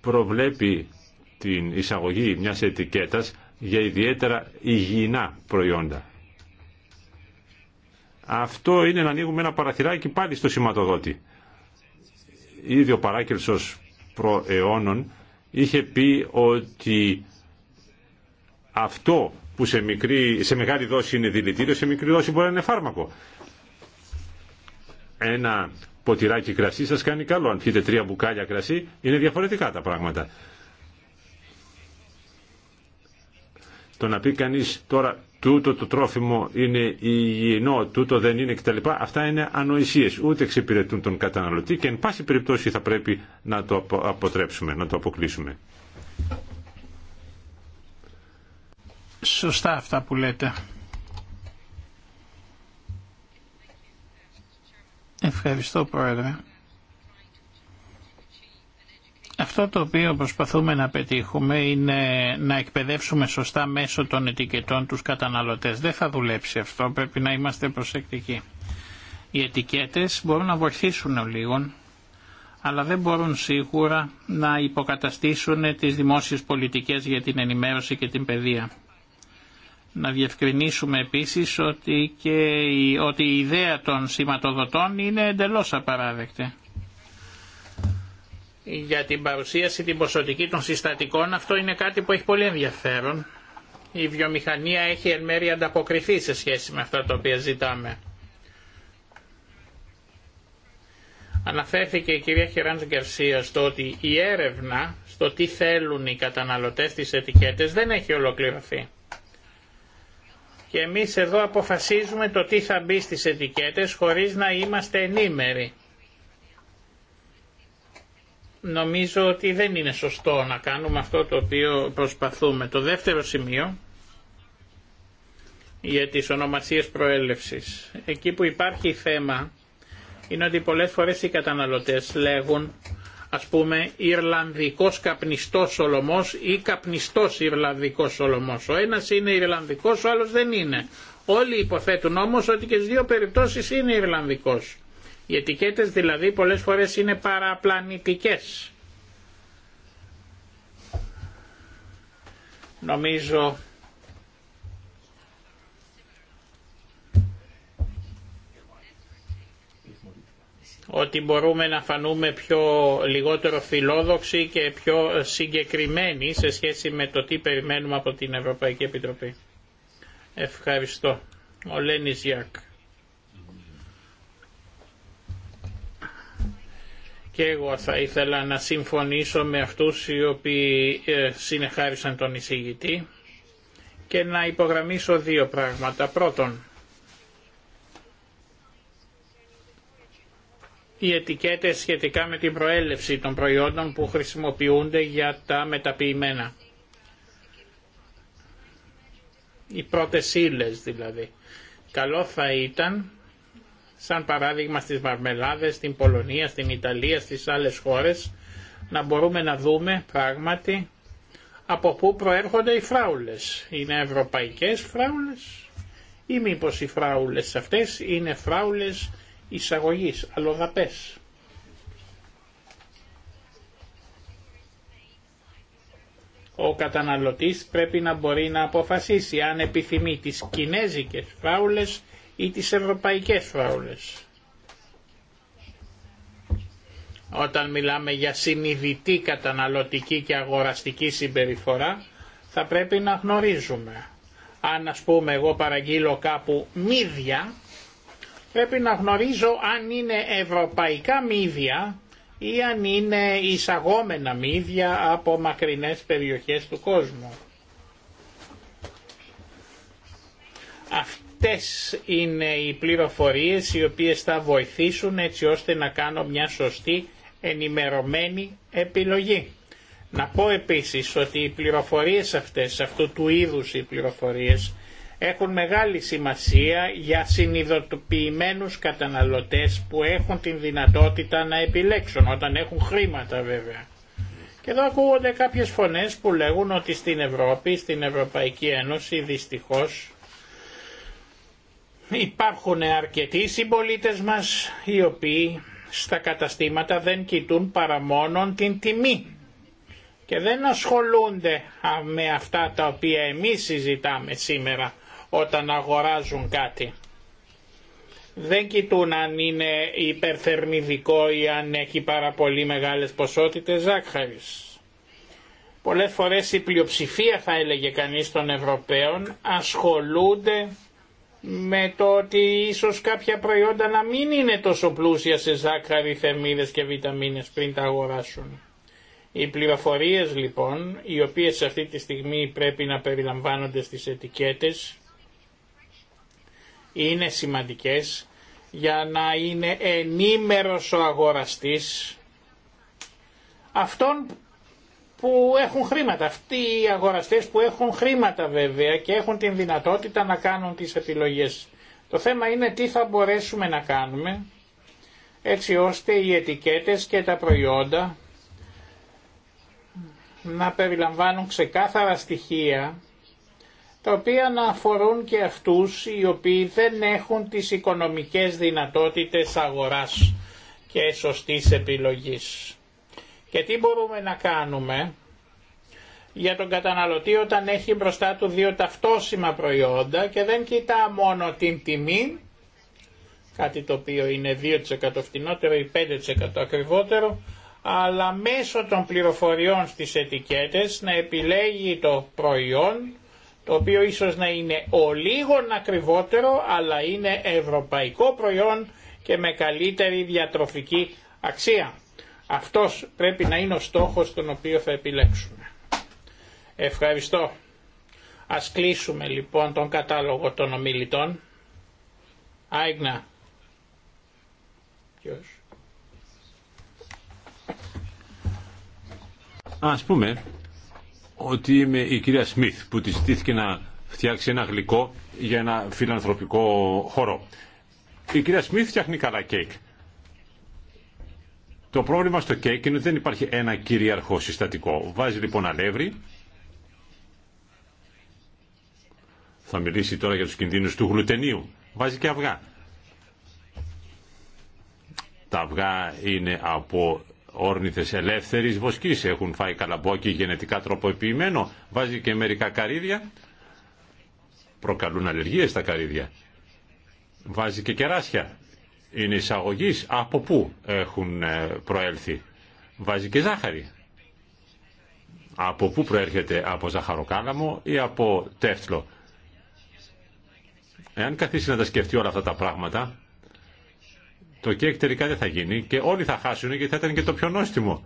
προβλέπει την εισαγωγή μιας ετικέτας για ιδιαίτερα υγιεινά προϊόντα. Αυτό είναι να ανοίγουμε ένα παραθυράκι πάλι στο σηματοδότη. Ήδη ο Παράκελσος προαιώνων είχε πει ότι αυτό που σε, μικρή, σε μεγάλη δόση είναι δηλητήριο, σε μικρή δόση μπορεί να είναι φάρμακο. Ένα ποτηράκι κρασί σας κάνει καλό. Αν πιείτε τρία μπουκάλια κρασί, είναι διαφορετικά τα πράγματα. Το να πει κανείς τώρα τούτο το τρόφιμο είναι υγιεινό, τούτο δεν είναι κτλ. Αυτά είναι ανοησίες, ούτε εξυπηρετούν τον καταναλωτή και εν πάση περιπτώσει θα πρέπει να το αποτρέψουμε, να το αποκλείσουμε σωστά αυτά που λέτε. Ευχαριστώ Πρόεδρε. Αυτό το οποίο προσπαθούμε να πετύχουμε είναι να εκπαιδεύσουμε σωστά μέσω των ετικετών τους καταναλωτές. Δεν θα δουλέψει αυτό, πρέπει να είμαστε προσεκτικοί. Οι ετικέτες μπορούν να βοηθήσουν λίγο, αλλά δεν μπορούν σίγουρα να υποκαταστήσουν τις δημόσιες πολιτικές για την ενημέρωση και την παιδεία. Να διευκρινίσουμε επίσης ότι, και η, ότι η ιδέα των σηματοδοτών είναι εντελώς απαράδεκτη. Για την παρουσίαση την ποσοτική των συστατικών αυτό είναι κάτι που έχει πολύ ενδιαφέρον. Η βιομηχανία έχει εν μέρει ανταποκριθεί σε σχέση με αυτά τα οποία ζητάμε. Αναφέρθηκε η κυρία Χεράντζ Γκαρσία στο ότι η έρευνα στο τι θέλουν οι καταναλωτές τις ετικέτες δεν έχει ολοκληρωθεί. Και εμείς εδώ αποφασίζουμε το τι θα μπει στις ετικέτες χωρίς να είμαστε ενήμεροι. Νομίζω ότι δεν είναι σωστό να κάνουμε αυτό το οποίο προσπαθούμε. Το δεύτερο σημείο για τις ονομασίες προέλευσης. Εκεί που υπάρχει θέμα είναι ότι πολλές φορές οι καταναλωτές λέγουν ας πούμε Ιρλανδικός καπνιστός Σολομός ή καπνιστός Ιρλανδικός Σολομός. Ο ένας είναι Ιρλανδικός, ο άλλος δεν είναι. Όλοι υποθέτουν όμως ότι και στις δύο περιπτώσεις είναι Ιρλανδικός. Οι ετικέτες δηλαδή πολλές φορές είναι παραπλανητικές. Νομίζω ότι μπορούμε να φανούμε πιο λιγότερο φιλόδοξοι και πιο συγκεκριμένοι σε σχέση με το τι περιμένουμε από την Ευρωπαϊκή Επιτροπή. Ευχαριστώ. Ο Λένις Ιακ. Και εγώ θα ήθελα να συμφωνήσω με αυτούς οι οποίοι ε, συνεχάρισαν τον εισηγητή και να υπογραμμίσω δύο πράγματα. Πρώτον, οι ετικέτες σχετικά με την προέλευση των προϊόντων που χρησιμοποιούνται για τα μεταποιημένα. Οι πρώτες ύλες δηλαδή. Καλό θα ήταν, σαν παράδειγμα στις Μαρμελάδες, στην Πολωνία, στην Ιταλία, στις άλλες χώρες, να μπορούμε να δούμε πράγματι από πού προέρχονται οι φράουλες. Είναι ευρωπαϊκές φράουλες ή μήπως οι φράουλες αυτές είναι φράουλες εισαγωγής, αλλοδαπές. Ο καταναλωτής πρέπει να μπορεί να αποφασίσει αν επιθυμεί τις κινέζικες φάουλες ή τις ευρωπαϊκές φάουλες. Όταν μιλάμε για συνειδητή καταναλωτική και αγοραστική συμπεριφορά, θα πρέπει να γνωρίζουμε. Αν ας πούμε εγώ παραγγείλω κάπου μύδια, πρέπει να γνωρίζω αν είναι ευρωπαϊκά μύδια ή αν είναι εισαγόμενα μύδια από μακρινές περιοχές του κόσμου. Αυτές είναι οι πληροφορίες οι οποίες θα βοηθήσουν έτσι ώστε να κάνω μια σωστή ενημερωμένη επιλογή. Να πω επίσης ότι οι πληροφορίες αυτές, αυτού του είδους οι πληροφορίες, έχουν μεγάλη σημασία για συνειδητοποιημένους καταναλωτές που έχουν την δυνατότητα να επιλέξουν όταν έχουν χρήματα βέβαια. Και εδώ ακούγονται κάποιες φωνές που λέγουν ότι στην Ευρώπη, στην Ευρωπαϊκή Ένωση δυστυχώς υπάρχουν αρκετοί συμπολίτε μας οι οποίοι στα καταστήματα δεν κοιτούν παρά μόνον την τιμή και δεν ασχολούνται με αυτά τα οποία εμείς συζητάμε σήμερα όταν αγοράζουν κάτι. Δεν κοιτούν αν είναι υπερθερμιδικό ή αν έχει πάρα πολύ μεγάλες ποσότητες ζάχαρης. Πολλές φορές η πλειοψηφία θα έλεγε κανείς των Ευρωπαίων ασχολούνται με το ότι ίσως κάποια προϊόντα να μην είναι τόσο πλούσια σε ζάχαρη, θερμίδες και βιταμίνες πριν τα αγοράσουν. Οι πληροφορίες λοιπόν, οι οποίες αυτή τη στιγμή πρέπει να περιλαμβάνονται στις ετικέτες, είναι σημαντικές για να είναι ενήμερος ο αγοραστής αυτών που έχουν χρήματα. Αυτοί οι αγοραστές που έχουν χρήματα βέβαια και έχουν την δυνατότητα να κάνουν τις επιλογές. Το θέμα είναι τι θα μπορέσουμε να κάνουμε έτσι ώστε οι ετικέτες και τα προϊόντα να περιλαμβάνουν ξεκάθαρα στοιχεία τα οποία να αφορούν και αυτούς οι οποίοι δεν έχουν τις οικονομικές δυνατότητες αγοράς και σωστής επιλογής. Και τι μπορούμε να κάνουμε για τον καταναλωτή όταν έχει μπροστά του δύο ταυτόσιμα προϊόντα και δεν κοιτά μόνο την τιμή, κάτι το οποίο είναι 2% φτηνότερο ή 5% ακριβότερο, αλλά μέσω των πληροφοριών στις ετικέτες να επιλέγει το προϊόν το οποίο ίσως να είναι ο λίγο ακριβότερο αλλά είναι ευρωπαϊκό προϊόν και με καλύτερη διατροφική αξία. Αυτός πρέπει να είναι ο στόχος τον οποίο θα επιλέξουμε. Ευχαριστώ. Ας κλείσουμε λοιπόν τον κατάλογο των ομιλητών. Άγνα. Ας πούμε ότι είμαι η κυρία Σμιθ που τη στήθηκε να φτιάξει ένα γλυκό για ένα φιλανθρωπικό χώρο. Η κυρία Σμιθ φτιάχνει καλά κέικ. Το πρόβλημα στο κέικ είναι ότι δεν υπάρχει ένα κυρίαρχο συστατικό. Βάζει λοιπόν αλεύρι. Θα μιλήσει τώρα για τους κινδύνους του γλουτενίου. Βάζει και αυγά. Τα αυγά είναι από όρνηθες ελεύθερης βοσκής. Έχουν φάει καλαμπόκι γενετικά τροποποιημένο, βάζει και μερικά καρύδια, προκαλούν αλλεργίες τα καρύδια. Βάζει και κεράσια. Είναι εισαγωγή από πού έχουν ε, προέλθει. Βάζει και ζάχαρη. Από πού προέρχεται, από ζαχαροκάλαμο ή από τέφτλο. Εάν καθίσει να τα σκεφτεί όλα αυτά τα πράγματα, το κέικ τελικά δεν θα γίνει και όλοι θα χάσουν γιατί θα ήταν και το πιο νόστιμο.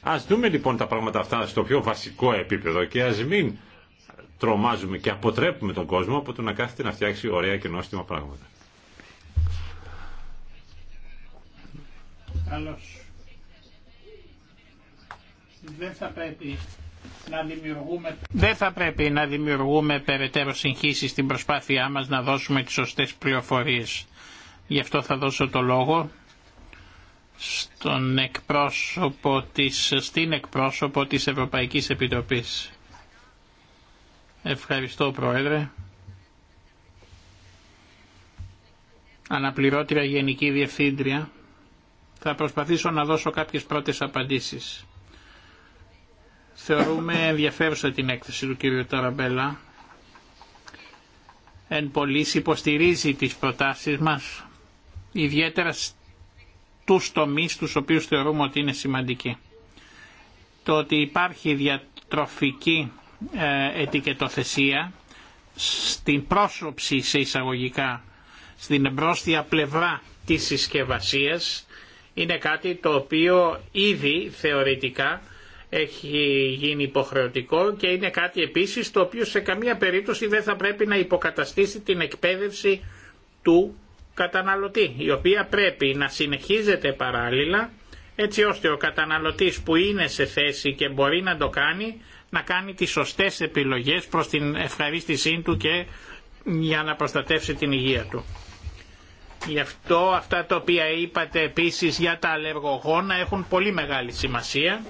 Α δούμε λοιπόν τα πράγματα αυτά στο πιο βασικό επίπεδο και α μην τρομάζουμε και αποτρέπουμε τον κόσμο από το να κάθεται να φτιάξει ωραία και νόστιμα πράγματα. Δεν θα πρέπει να δημιουργούμε... Δεν θα πρέπει να δημιουργούμε περαιτέρω συγχύσεις στην προσπάθειά μας να δώσουμε τις σωστές πληροφορίες. Γι' αυτό θα δώσω το λόγο στον εκπρόσωπο της, στην εκπρόσωπο της Ευρωπαϊκής Επιτροπής. Ευχαριστώ Πρόεδρε. Αναπληρώτηρα Γενική Διευθύντρια. Θα προσπαθήσω να δώσω κάποιες πρώτες απαντήσεις. Θεωρούμε ενδιαφέρουσα την έκθεση του κ. Ταραμπέλα. Εν πωλής υποστηρίζει τις προτάσεις μας ιδιαίτερα στους τομείς τους οποίους θεωρούμε ότι είναι σημαντικοί. Το ότι υπάρχει διατροφική ε, ετικετοθεσία στην πρόσωψη σε εισαγωγικά στην εμπρόστια πλευρά της συσκευασία είναι κάτι το οποίο ήδη θεωρητικά έχει γίνει υποχρεωτικό και είναι κάτι επίσης το οποίο σε καμία περίπτωση δεν θα πρέπει να υποκαταστήσει την εκπαίδευση του καταναλωτή, η οποία πρέπει να συνεχίζεται παράλληλα έτσι ώστε ο καταναλωτής που είναι σε θέση και μπορεί να το κάνει να κάνει τις σωστές επιλογές προς την ευχαρίστησή του και για να προστατεύσει την υγεία του. Γι' αυτό αυτά τα οποία είπατε επίσης για τα αλλεργογόνα έχουν πολύ μεγάλη σημασία,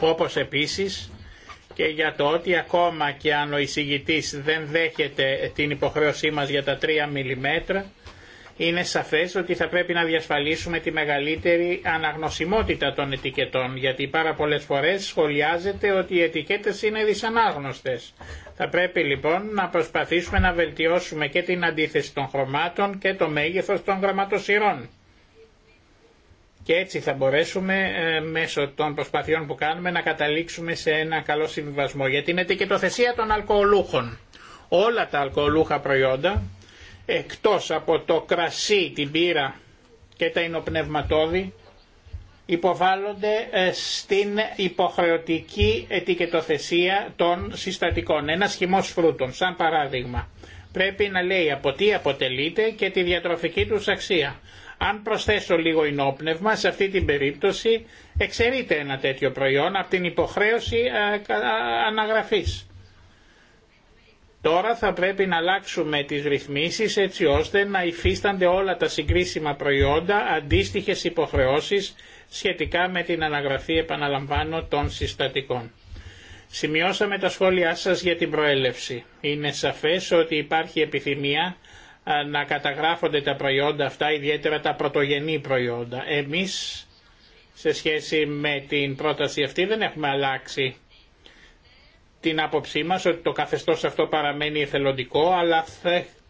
όπως επίσης και για το ότι ακόμα και αν ο εισηγητής δεν δέχεται την υποχρέωσή μας για τα 3 μιλιμέτρα, είναι σαφές ότι θα πρέπει να διασφαλίσουμε τη μεγαλύτερη αναγνωσιμότητα των ετικετών, γιατί πάρα πολλές φορές σχολιάζεται ότι οι ετικέτες είναι δυσανάγνωστες. Θα πρέπει λοιπόν να προσπαθήσουμε να βελτιώσουμε και την αντίθεση των χρωμάτων και το μέγεθος των γραμματοσυρών. Και έτσι θα μπορέσουμε ε, μέσω των προσπαθειών που κάνουμε να καταλήξουμε σε ένα καλό συμβιβασμό για την ετικετοθεσία των αλκοολούχων. Όλα τα αλκοολούχα προϊόντα εκτός από το κρασί, την πύρα και τα υνοπνευματόδη υποβάλλονται ε, στην υποχρεωτική ετικετοθεσία των συστατικών. ένα χυμός φρούτων, σαν παράδειγμα, πρέπει να λέει από τι αποτελείται και τη διατροφική του αξία. Αν προσθέσω λίγο υνοπνεύμα σε αυτή την περίπτωση εξαιρείται ένα τέτοιο προϊόν από την υποχρέωση ε, αναγραφής. Τώρα θα πρέπει να αλλάξουμε τις ρυθμίσεις έτσι ώστε να υφίστανται όλα τα συγκρίσιμα προϊόντα αντίστοιχες υποχρεώσεις σχετικά με την αναγραφή επαναλαμβάνω των συστατικών. Σημειώσαμε τα σχόλιά σας για την προέλευση. Είναι σαφές ότι υπάρχει επιθυμία να καταγράφονται τα προϊόντα αυτά, ιδιαίτερα τα πρωτογενή προϊόντα. Εμείς σε σχέση με την πρόταση αυτή δεν έχουμε αλλάξει την άποψή μα ότι το καθεστώς αυτό παραμένει εθελοντικό, αλλά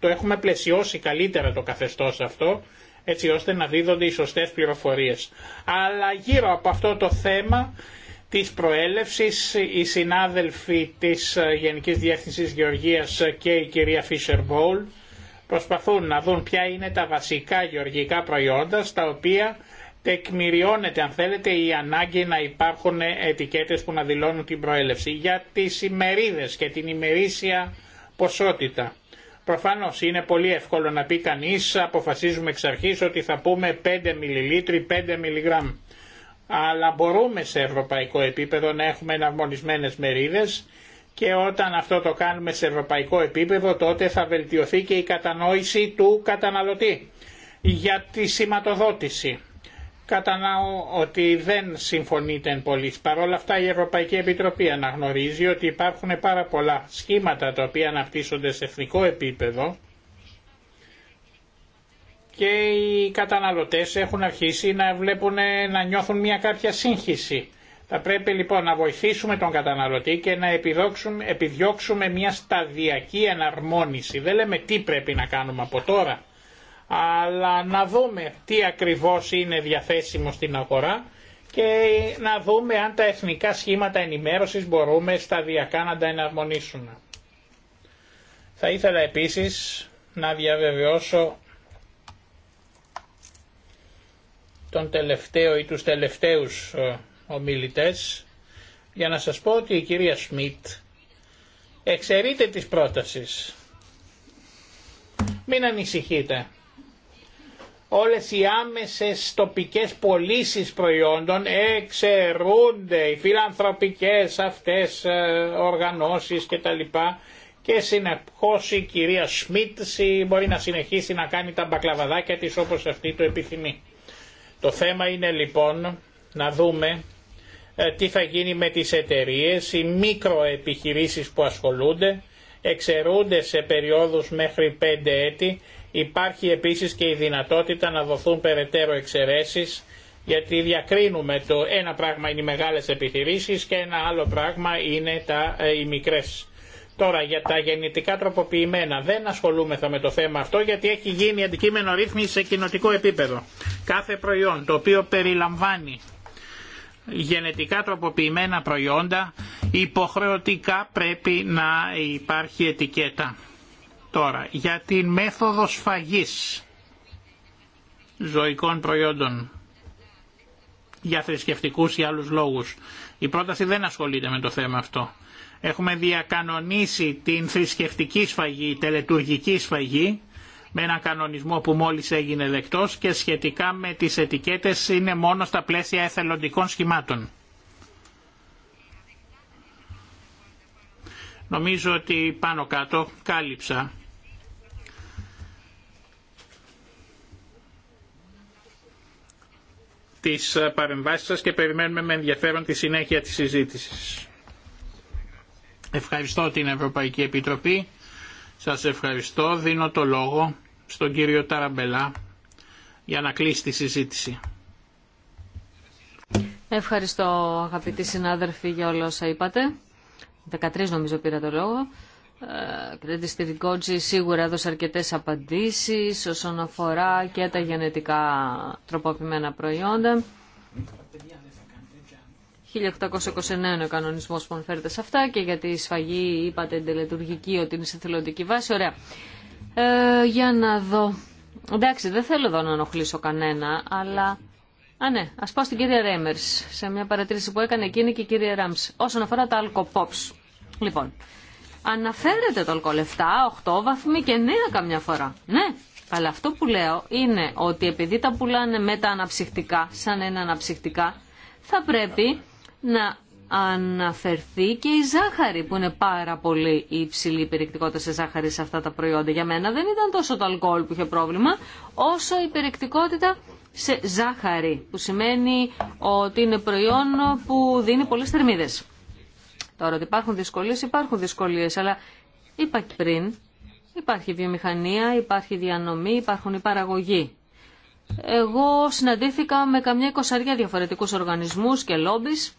το έχουμε πλαισιώσει καλύτερα το καθεστώς αυτό, έτσι ώστε να δίδονται οι σωστέ πληροφορίες. Αλλά γύρω από αυτό το θέμα της προέλευσης, οι συνάδελφοι της ε, Γενικής Διεύθυνσης Γεωργίας και η κυρία Φίσερ Μπόλ προσπαθούν να δουν ποια είναι τα βασικά γεωργικά προϊόντα στα οποία τεκμηριώνεται αν θέλετε η ανάγκη να υπάρχουν ετικέτες που να δηλώνουν την προέλευση για τις ημερίδες και την ημερήσια ποσότητα. Προφανώς είναι πολύ εύκολο να πει κανείς, αποφασίζουμε εξ αρχής ότι θα πούμε 5 μιλιλίτρι, 5 μιλιγράμμ. Αλλά μπορούμε σε ευρωπαϊκό επίπεδο να έχουμε εναρμονισμένες μερίδες και όταν αυτό το κάνουμε σε ευρωπαϊκό επίπεδο τότε θα βελτιωθεί και η κατανόηση του καταναλωτή για τη σηματοδότηση Κατανάω ότι δεν συμφωνείτε εν πολύ. Παρ' όλα αυτά η Ευρωπαϊκή Επιτροπή αναγνωρίζει ότι υπάρχουν πάρα πολλά σχήματα τα οποία αναπτύσσονται σε εθνικό επίπεδο και οι καταναλωτές έχουν αρχίσει να βλέπουν να νιώθουν μια κάποια σύγχυση. Θα πρέπει λοιπόν να βοηθήσουμε τον καταναλωτή και να επιδιώξουμε μια σταδιακή εναρμόνιση. Δεν λέμε τι πρέπει να κάνουμε από τώρα αλλά να δούμε τι ακριβώς είναι διαθέσιμο στην αγορά και να δούμε αν τα εθνικά σχήματα ενημέρωσης μπορούμε σταδιακά να τα εναρμονίσουμε. Θα ήθελα επίσης να διαβεβαιώσω τον τελευταίο ή τους τελευταίους ε, ομιλητές για να σας πω ότι η κυρία Σμιτ εξαιρείται της πρότασης. Μην ανησυχείτε όλες οι άμεσες τοπικές πωλήσει προϊόντων εξαιρούνται οι φιλανθρωπικές αυτές ε, οργανώσεις λοιπά Και συνεχώς η κυρία Σμίτση μπορεί να συνεχίσει να κάνει τα μπακλαβαδάκια της όπως αυτή το επιθυμεί. Το θέμα είναι λοιπόν να δούμε ε, τι θα γίνει με τις εταιρείες, οι μικροεπιχειρήσεις που ασχολούνται, εξαιρούνται σε περιόδους μέχρι πέντε έτη Υπάρχει επίσης και η δυνατότητα να δοθούν περαιτέρω εξαιρέσεις γιατί διακρίνουμε το ένα πράγμα είναι οι μεγάλες επιχειρήσεις και ένα άλλο πράγμα είναι τα, ε, οι μικρές. Τώρα για τα γεννητικά τροποποιημένα δεν ασχολούμεθα με το θέμα αυτό γιατί έχει γίνει αντικείμενο ρύθμιση σε κοινοτικό επίπεδο. Κάθε προϊόν το οποίο περιλαμβάνει γενετικά τροποποιημένα προϊόντα υποχρεωτικά πρέπει να υπάρχει ετικέτα Τώρα, για την μέθοδο σφαγής ζωικών προϊόντων για θρησκευτικούς ή άλλους λόγους. Η πρόταση δεν ασχολείται με το θέμα αυτό. Έχουμε διακανονίσει την θρησκευτική σφαγή, τελετουργική σφαγή, με ένα κανονισμό που μόλις έγινε δεκτός και σχετικά με τις ετικέτες είναι μόνο στα πλαίσια εθελοντικών σχημάτων. Νομίζω ότι πάνω κάτω κάλυψα τις ε, παρεμβάσεις σας και περιμένουμε με ενδιαφέρον τη συνέχεια της συζήτησης. Ευχαριστώ την Ευρωπαϊκή Επιτροπή. Σας ευχαριστώ. Δίνω το λόγο στον κύριο Ταραμπελά για να κλείσει τη συζήτηση. Ευχαριστώ αγαπητοί συνάδελφοι για όλα όσα είπατε. 13 νομίζω πήρα το λόγο. Ε, Κρέντιστη σίγουρα έδωσε αρκετές απαντήσεις όσον αφορά και τα γενετικά τροποποιημένα προϊόντα. 1829 ο κανονισμός που αναφέρεται σε αυτά και για τη σφαγή είπατε εντελετουργική ότι είναι σε θελοντική βάση. Ωραία. Ε, για να δω. Εντάξει, δεν θέλω εδώ να ενοχλήσω κανένα, αλλά... Α, ναι, ας πάω στην κυρία Ρέμερς, σε μια παρατήρηση που έκανε εκείνη και η κυρία Ράμς, όσον αφορά τα αλκοπόψ αναφέρεται το αλκοόλ 7, 8 βαθμοί και 9 καμιά φορά. Ναι, αλλά αυτό που λέω είναι ότι επειδή τα πουλάνε με τα αναψυχτικά, σαν ένα αναψυχτικά, θα πρέπει να αναφερθεί και η ζάχαρη που είναι πάρα πολύ υψηλή η περιεκτικότητα σε ζάχαρη σε αυτά τα προϊόντα. Για μένα δεν ήταν τόσο το αλκοόλ που είχε πρόβλημα, όσο η περιεκτικότητα σε ζάχαρη, που σημαίνει ότι είναι προϊόν που δίνει πολλές θερμίδες. Τώρα ότι υπάρχουν δυσκολίες, υπάρχουν δυσκολίες, αλλά είπα και πριν, υπάρχει βιομηχανία, υπάρχει διανομή, υπάρχουν οι παραγωγοί. Εγώ συναντήθηκα με καμιά εικοσαριά διαφορετικούς οργανισμούς και λόμπις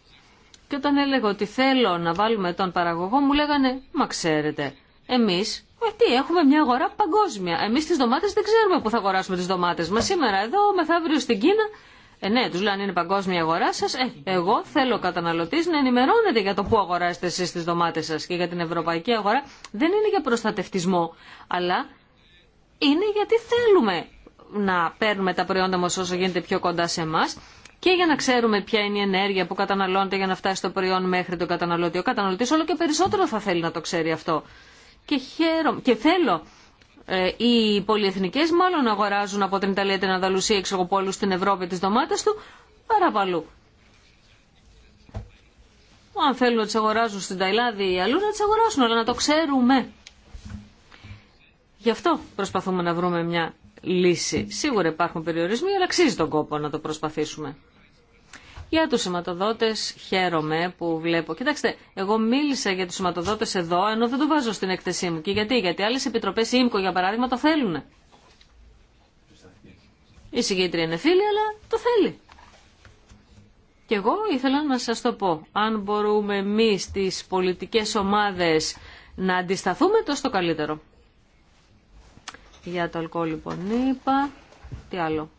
και όταν έλεγα ότι θέλω να βάλουμε τον παραγωγό μου λέγανε «Μα ξέρετε, εμείς ε, τι, έχουμε μια αγορά παγκόσμια. Εμείς τις ντομάτες δεν ξέρουμε που θα αγοράσουμε τις ντομάτες μας. Σήμερα εδώ, μεθαύριο στην Κίνα ε, ναι, του λένε είναι παγκόσμια αγορά σα. Ε, εγώ θέλω καταναλωτή να ενημερώνεται για το πού αγοράζετε εσεί τι ντομάτε σα και για την ευρωπαϊκή αγορά. Δεν είναι για προστατευτισμό, αλλά είναι γιατί θέλουμε να παίρνουμε τα προϊόντα μα όσο γίνεται πιο κοντά σε εμά και για να ξέρουμε ποια είναι η ενέργεια που καταναλώνεται για να φτάσει το προϊόν μέχρι τον καταναλωτή. Ο καταναλωτή όλο και περισσότερο θα θέλει να το ξέρει αυτό. Και, χαίρομαι, και θέλω ε, οι πολυεθνικές μάλλον αγοράζουν από την Ιταλία την Ανταλουσία εξωγοπόλου στην Ευρώπη τις ντομάτες του παλού. Αν θέλουν να τις αγοράζουν στην Ταϊλάδη ή αλλού να τις αγοράσουν, αλλά να το ξέρουμε. Γι' αυτό προσπαθούμε να βρούμε μια λύση. Σίγουρα υπάρχουν περιορισμοί, αλλά αξίζει τον κόπο να το προσπαθήσουμε. Για τους σηματοδότες χαίρομαι που βλέπω. Κοιτάξτε, εγώ μίλησα για τους σηματοδότες εδώ, ενώ δεν το βάζω στην έκθεσή μου. Και γιατί, γιατί άλλες επιτροπές, η ΙΜΚΟ για παράδειγμα, το θέλουν. Η συγκήτρια είναι φίλη, αλλά το θέλει. Και εγώ ήθελα να σας το πω. Αν μπορούμε εμεί τις πολιτικές ομάδες να αντισταθούμε, τόσο το καλύτερο. Για το αλκοόλ λοιπόν είπα. Τι άλλο.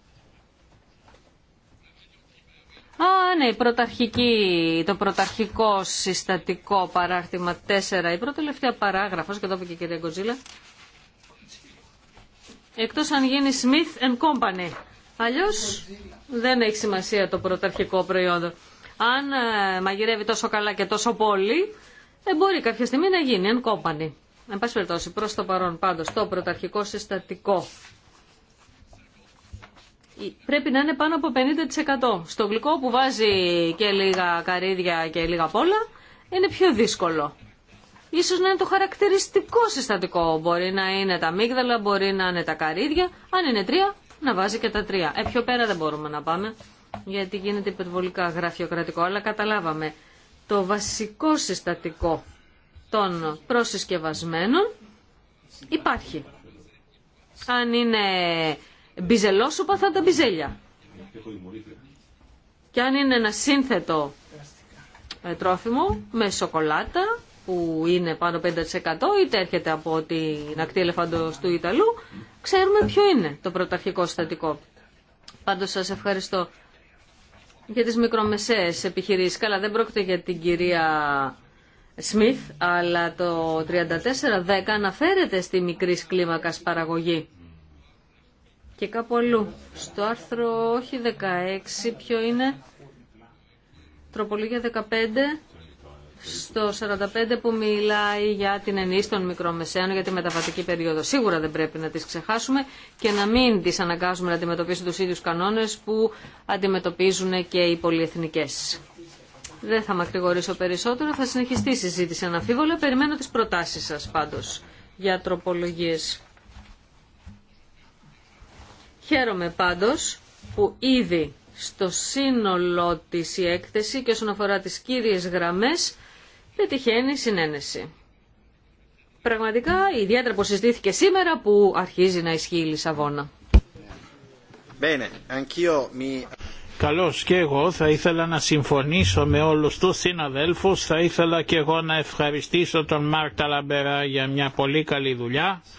Α, ναι, η πρωταρχική, το πρωταρχικό συστατικό παράρτημα 4, η πρώτη παράγραφος, και εδώ και η κυρία Γκοζίλα, εκτός αν γίνει Smith and Company. Αλλιώς δεν έχει σημασία το πρωταρχικό προϊόντο. Αν ε, μαγειρεύει τόσο καλά και τόσο πολύ, δεν μπορεί κάποια στιγμή να γίνει εν company. Εν πάση περιπτώσει, προς το παρόν πάντως το πρωταρχικό συστατικό πρέπει να είναι πάνω από 50%. Στο γλυκό που βάζει και λίγα καρύδια και λίγα πόλα είναι πιο δύσκολο. Ίσως να είναι το χαρακτηριστικό συστατικό. Μπορεί να είναι τα αμύγδαλα, μπορεί να είναι τα καρύδια. Αν είναι τρία, να βάζει και τα τρία. Ε, πιο πέρα δεν μπορούμε να πάμε, γιατί γίνεται υπερβολικά γραφειοκρατικό. Αλλά καταλάβαμε το βασικό συστατικό των προσυσκευασμένων υπάρχει. Αν είναι μπιζελόσουπα θα τα μπιζέλια. Και αν είναι ένα σύνθετο ε, τρόφιμο με σοκολάτα που είναι πάνω 5% είτε έρχεται από την ακτή ελεφαντος του Ιταλού, ξέρουμε ποιο είναι το πρωταρχικό συστατικό. Πάντως σας ευχαριστώ για τις μικρομεσαίες επιχειρήσεις. Καλά δεν πρόκειται για την κυρία Σμιθ, αλλά το 3410 αναφέρεται στη μικρή κλίμακας παραγωγή και κάπου αλλού. Στο άρθρο όχι 16, ποιο είναι, τροπολογία 15, στο 45 που μιλάει για την ενίσχυση των μικρομεσαίων για τη μεταβατική περίοδο. Σίγουρα δεν πρέπει να τις ξεχάσουμε και να μην τις αναγκάζουμε να αντιμετωπίσουν τους ίδιους κανόνες που αντιμετωπίζουν και οι πολυεθνικές. Δεν θα μακρηγορήσω περισσότερο, θα συνεχιστεί η συζήτηση αναφίβολα. Περιμένω τις προτάσεις σας πάντως για τροπολογίες. Χαίρομαι πάντως που ήδη στο σύνολο της η έκθεση και όσον αφορά τις κύριες γραμμές πετυχαίνει συνένεση. Πραγματικά ιδιαίτερα που συζητήθηκε σήμερα που αρχίζει να ισχύει η Λισαβόνα. Καλώς και εγώ θα ήθελα να συμφωνήσω με όλους τους συναδέλφους. Θα ήθελα και εγώ να ευχαριστήσω τον Μάρκ Ταλαμπερά για μια πολύ καλή δουλειά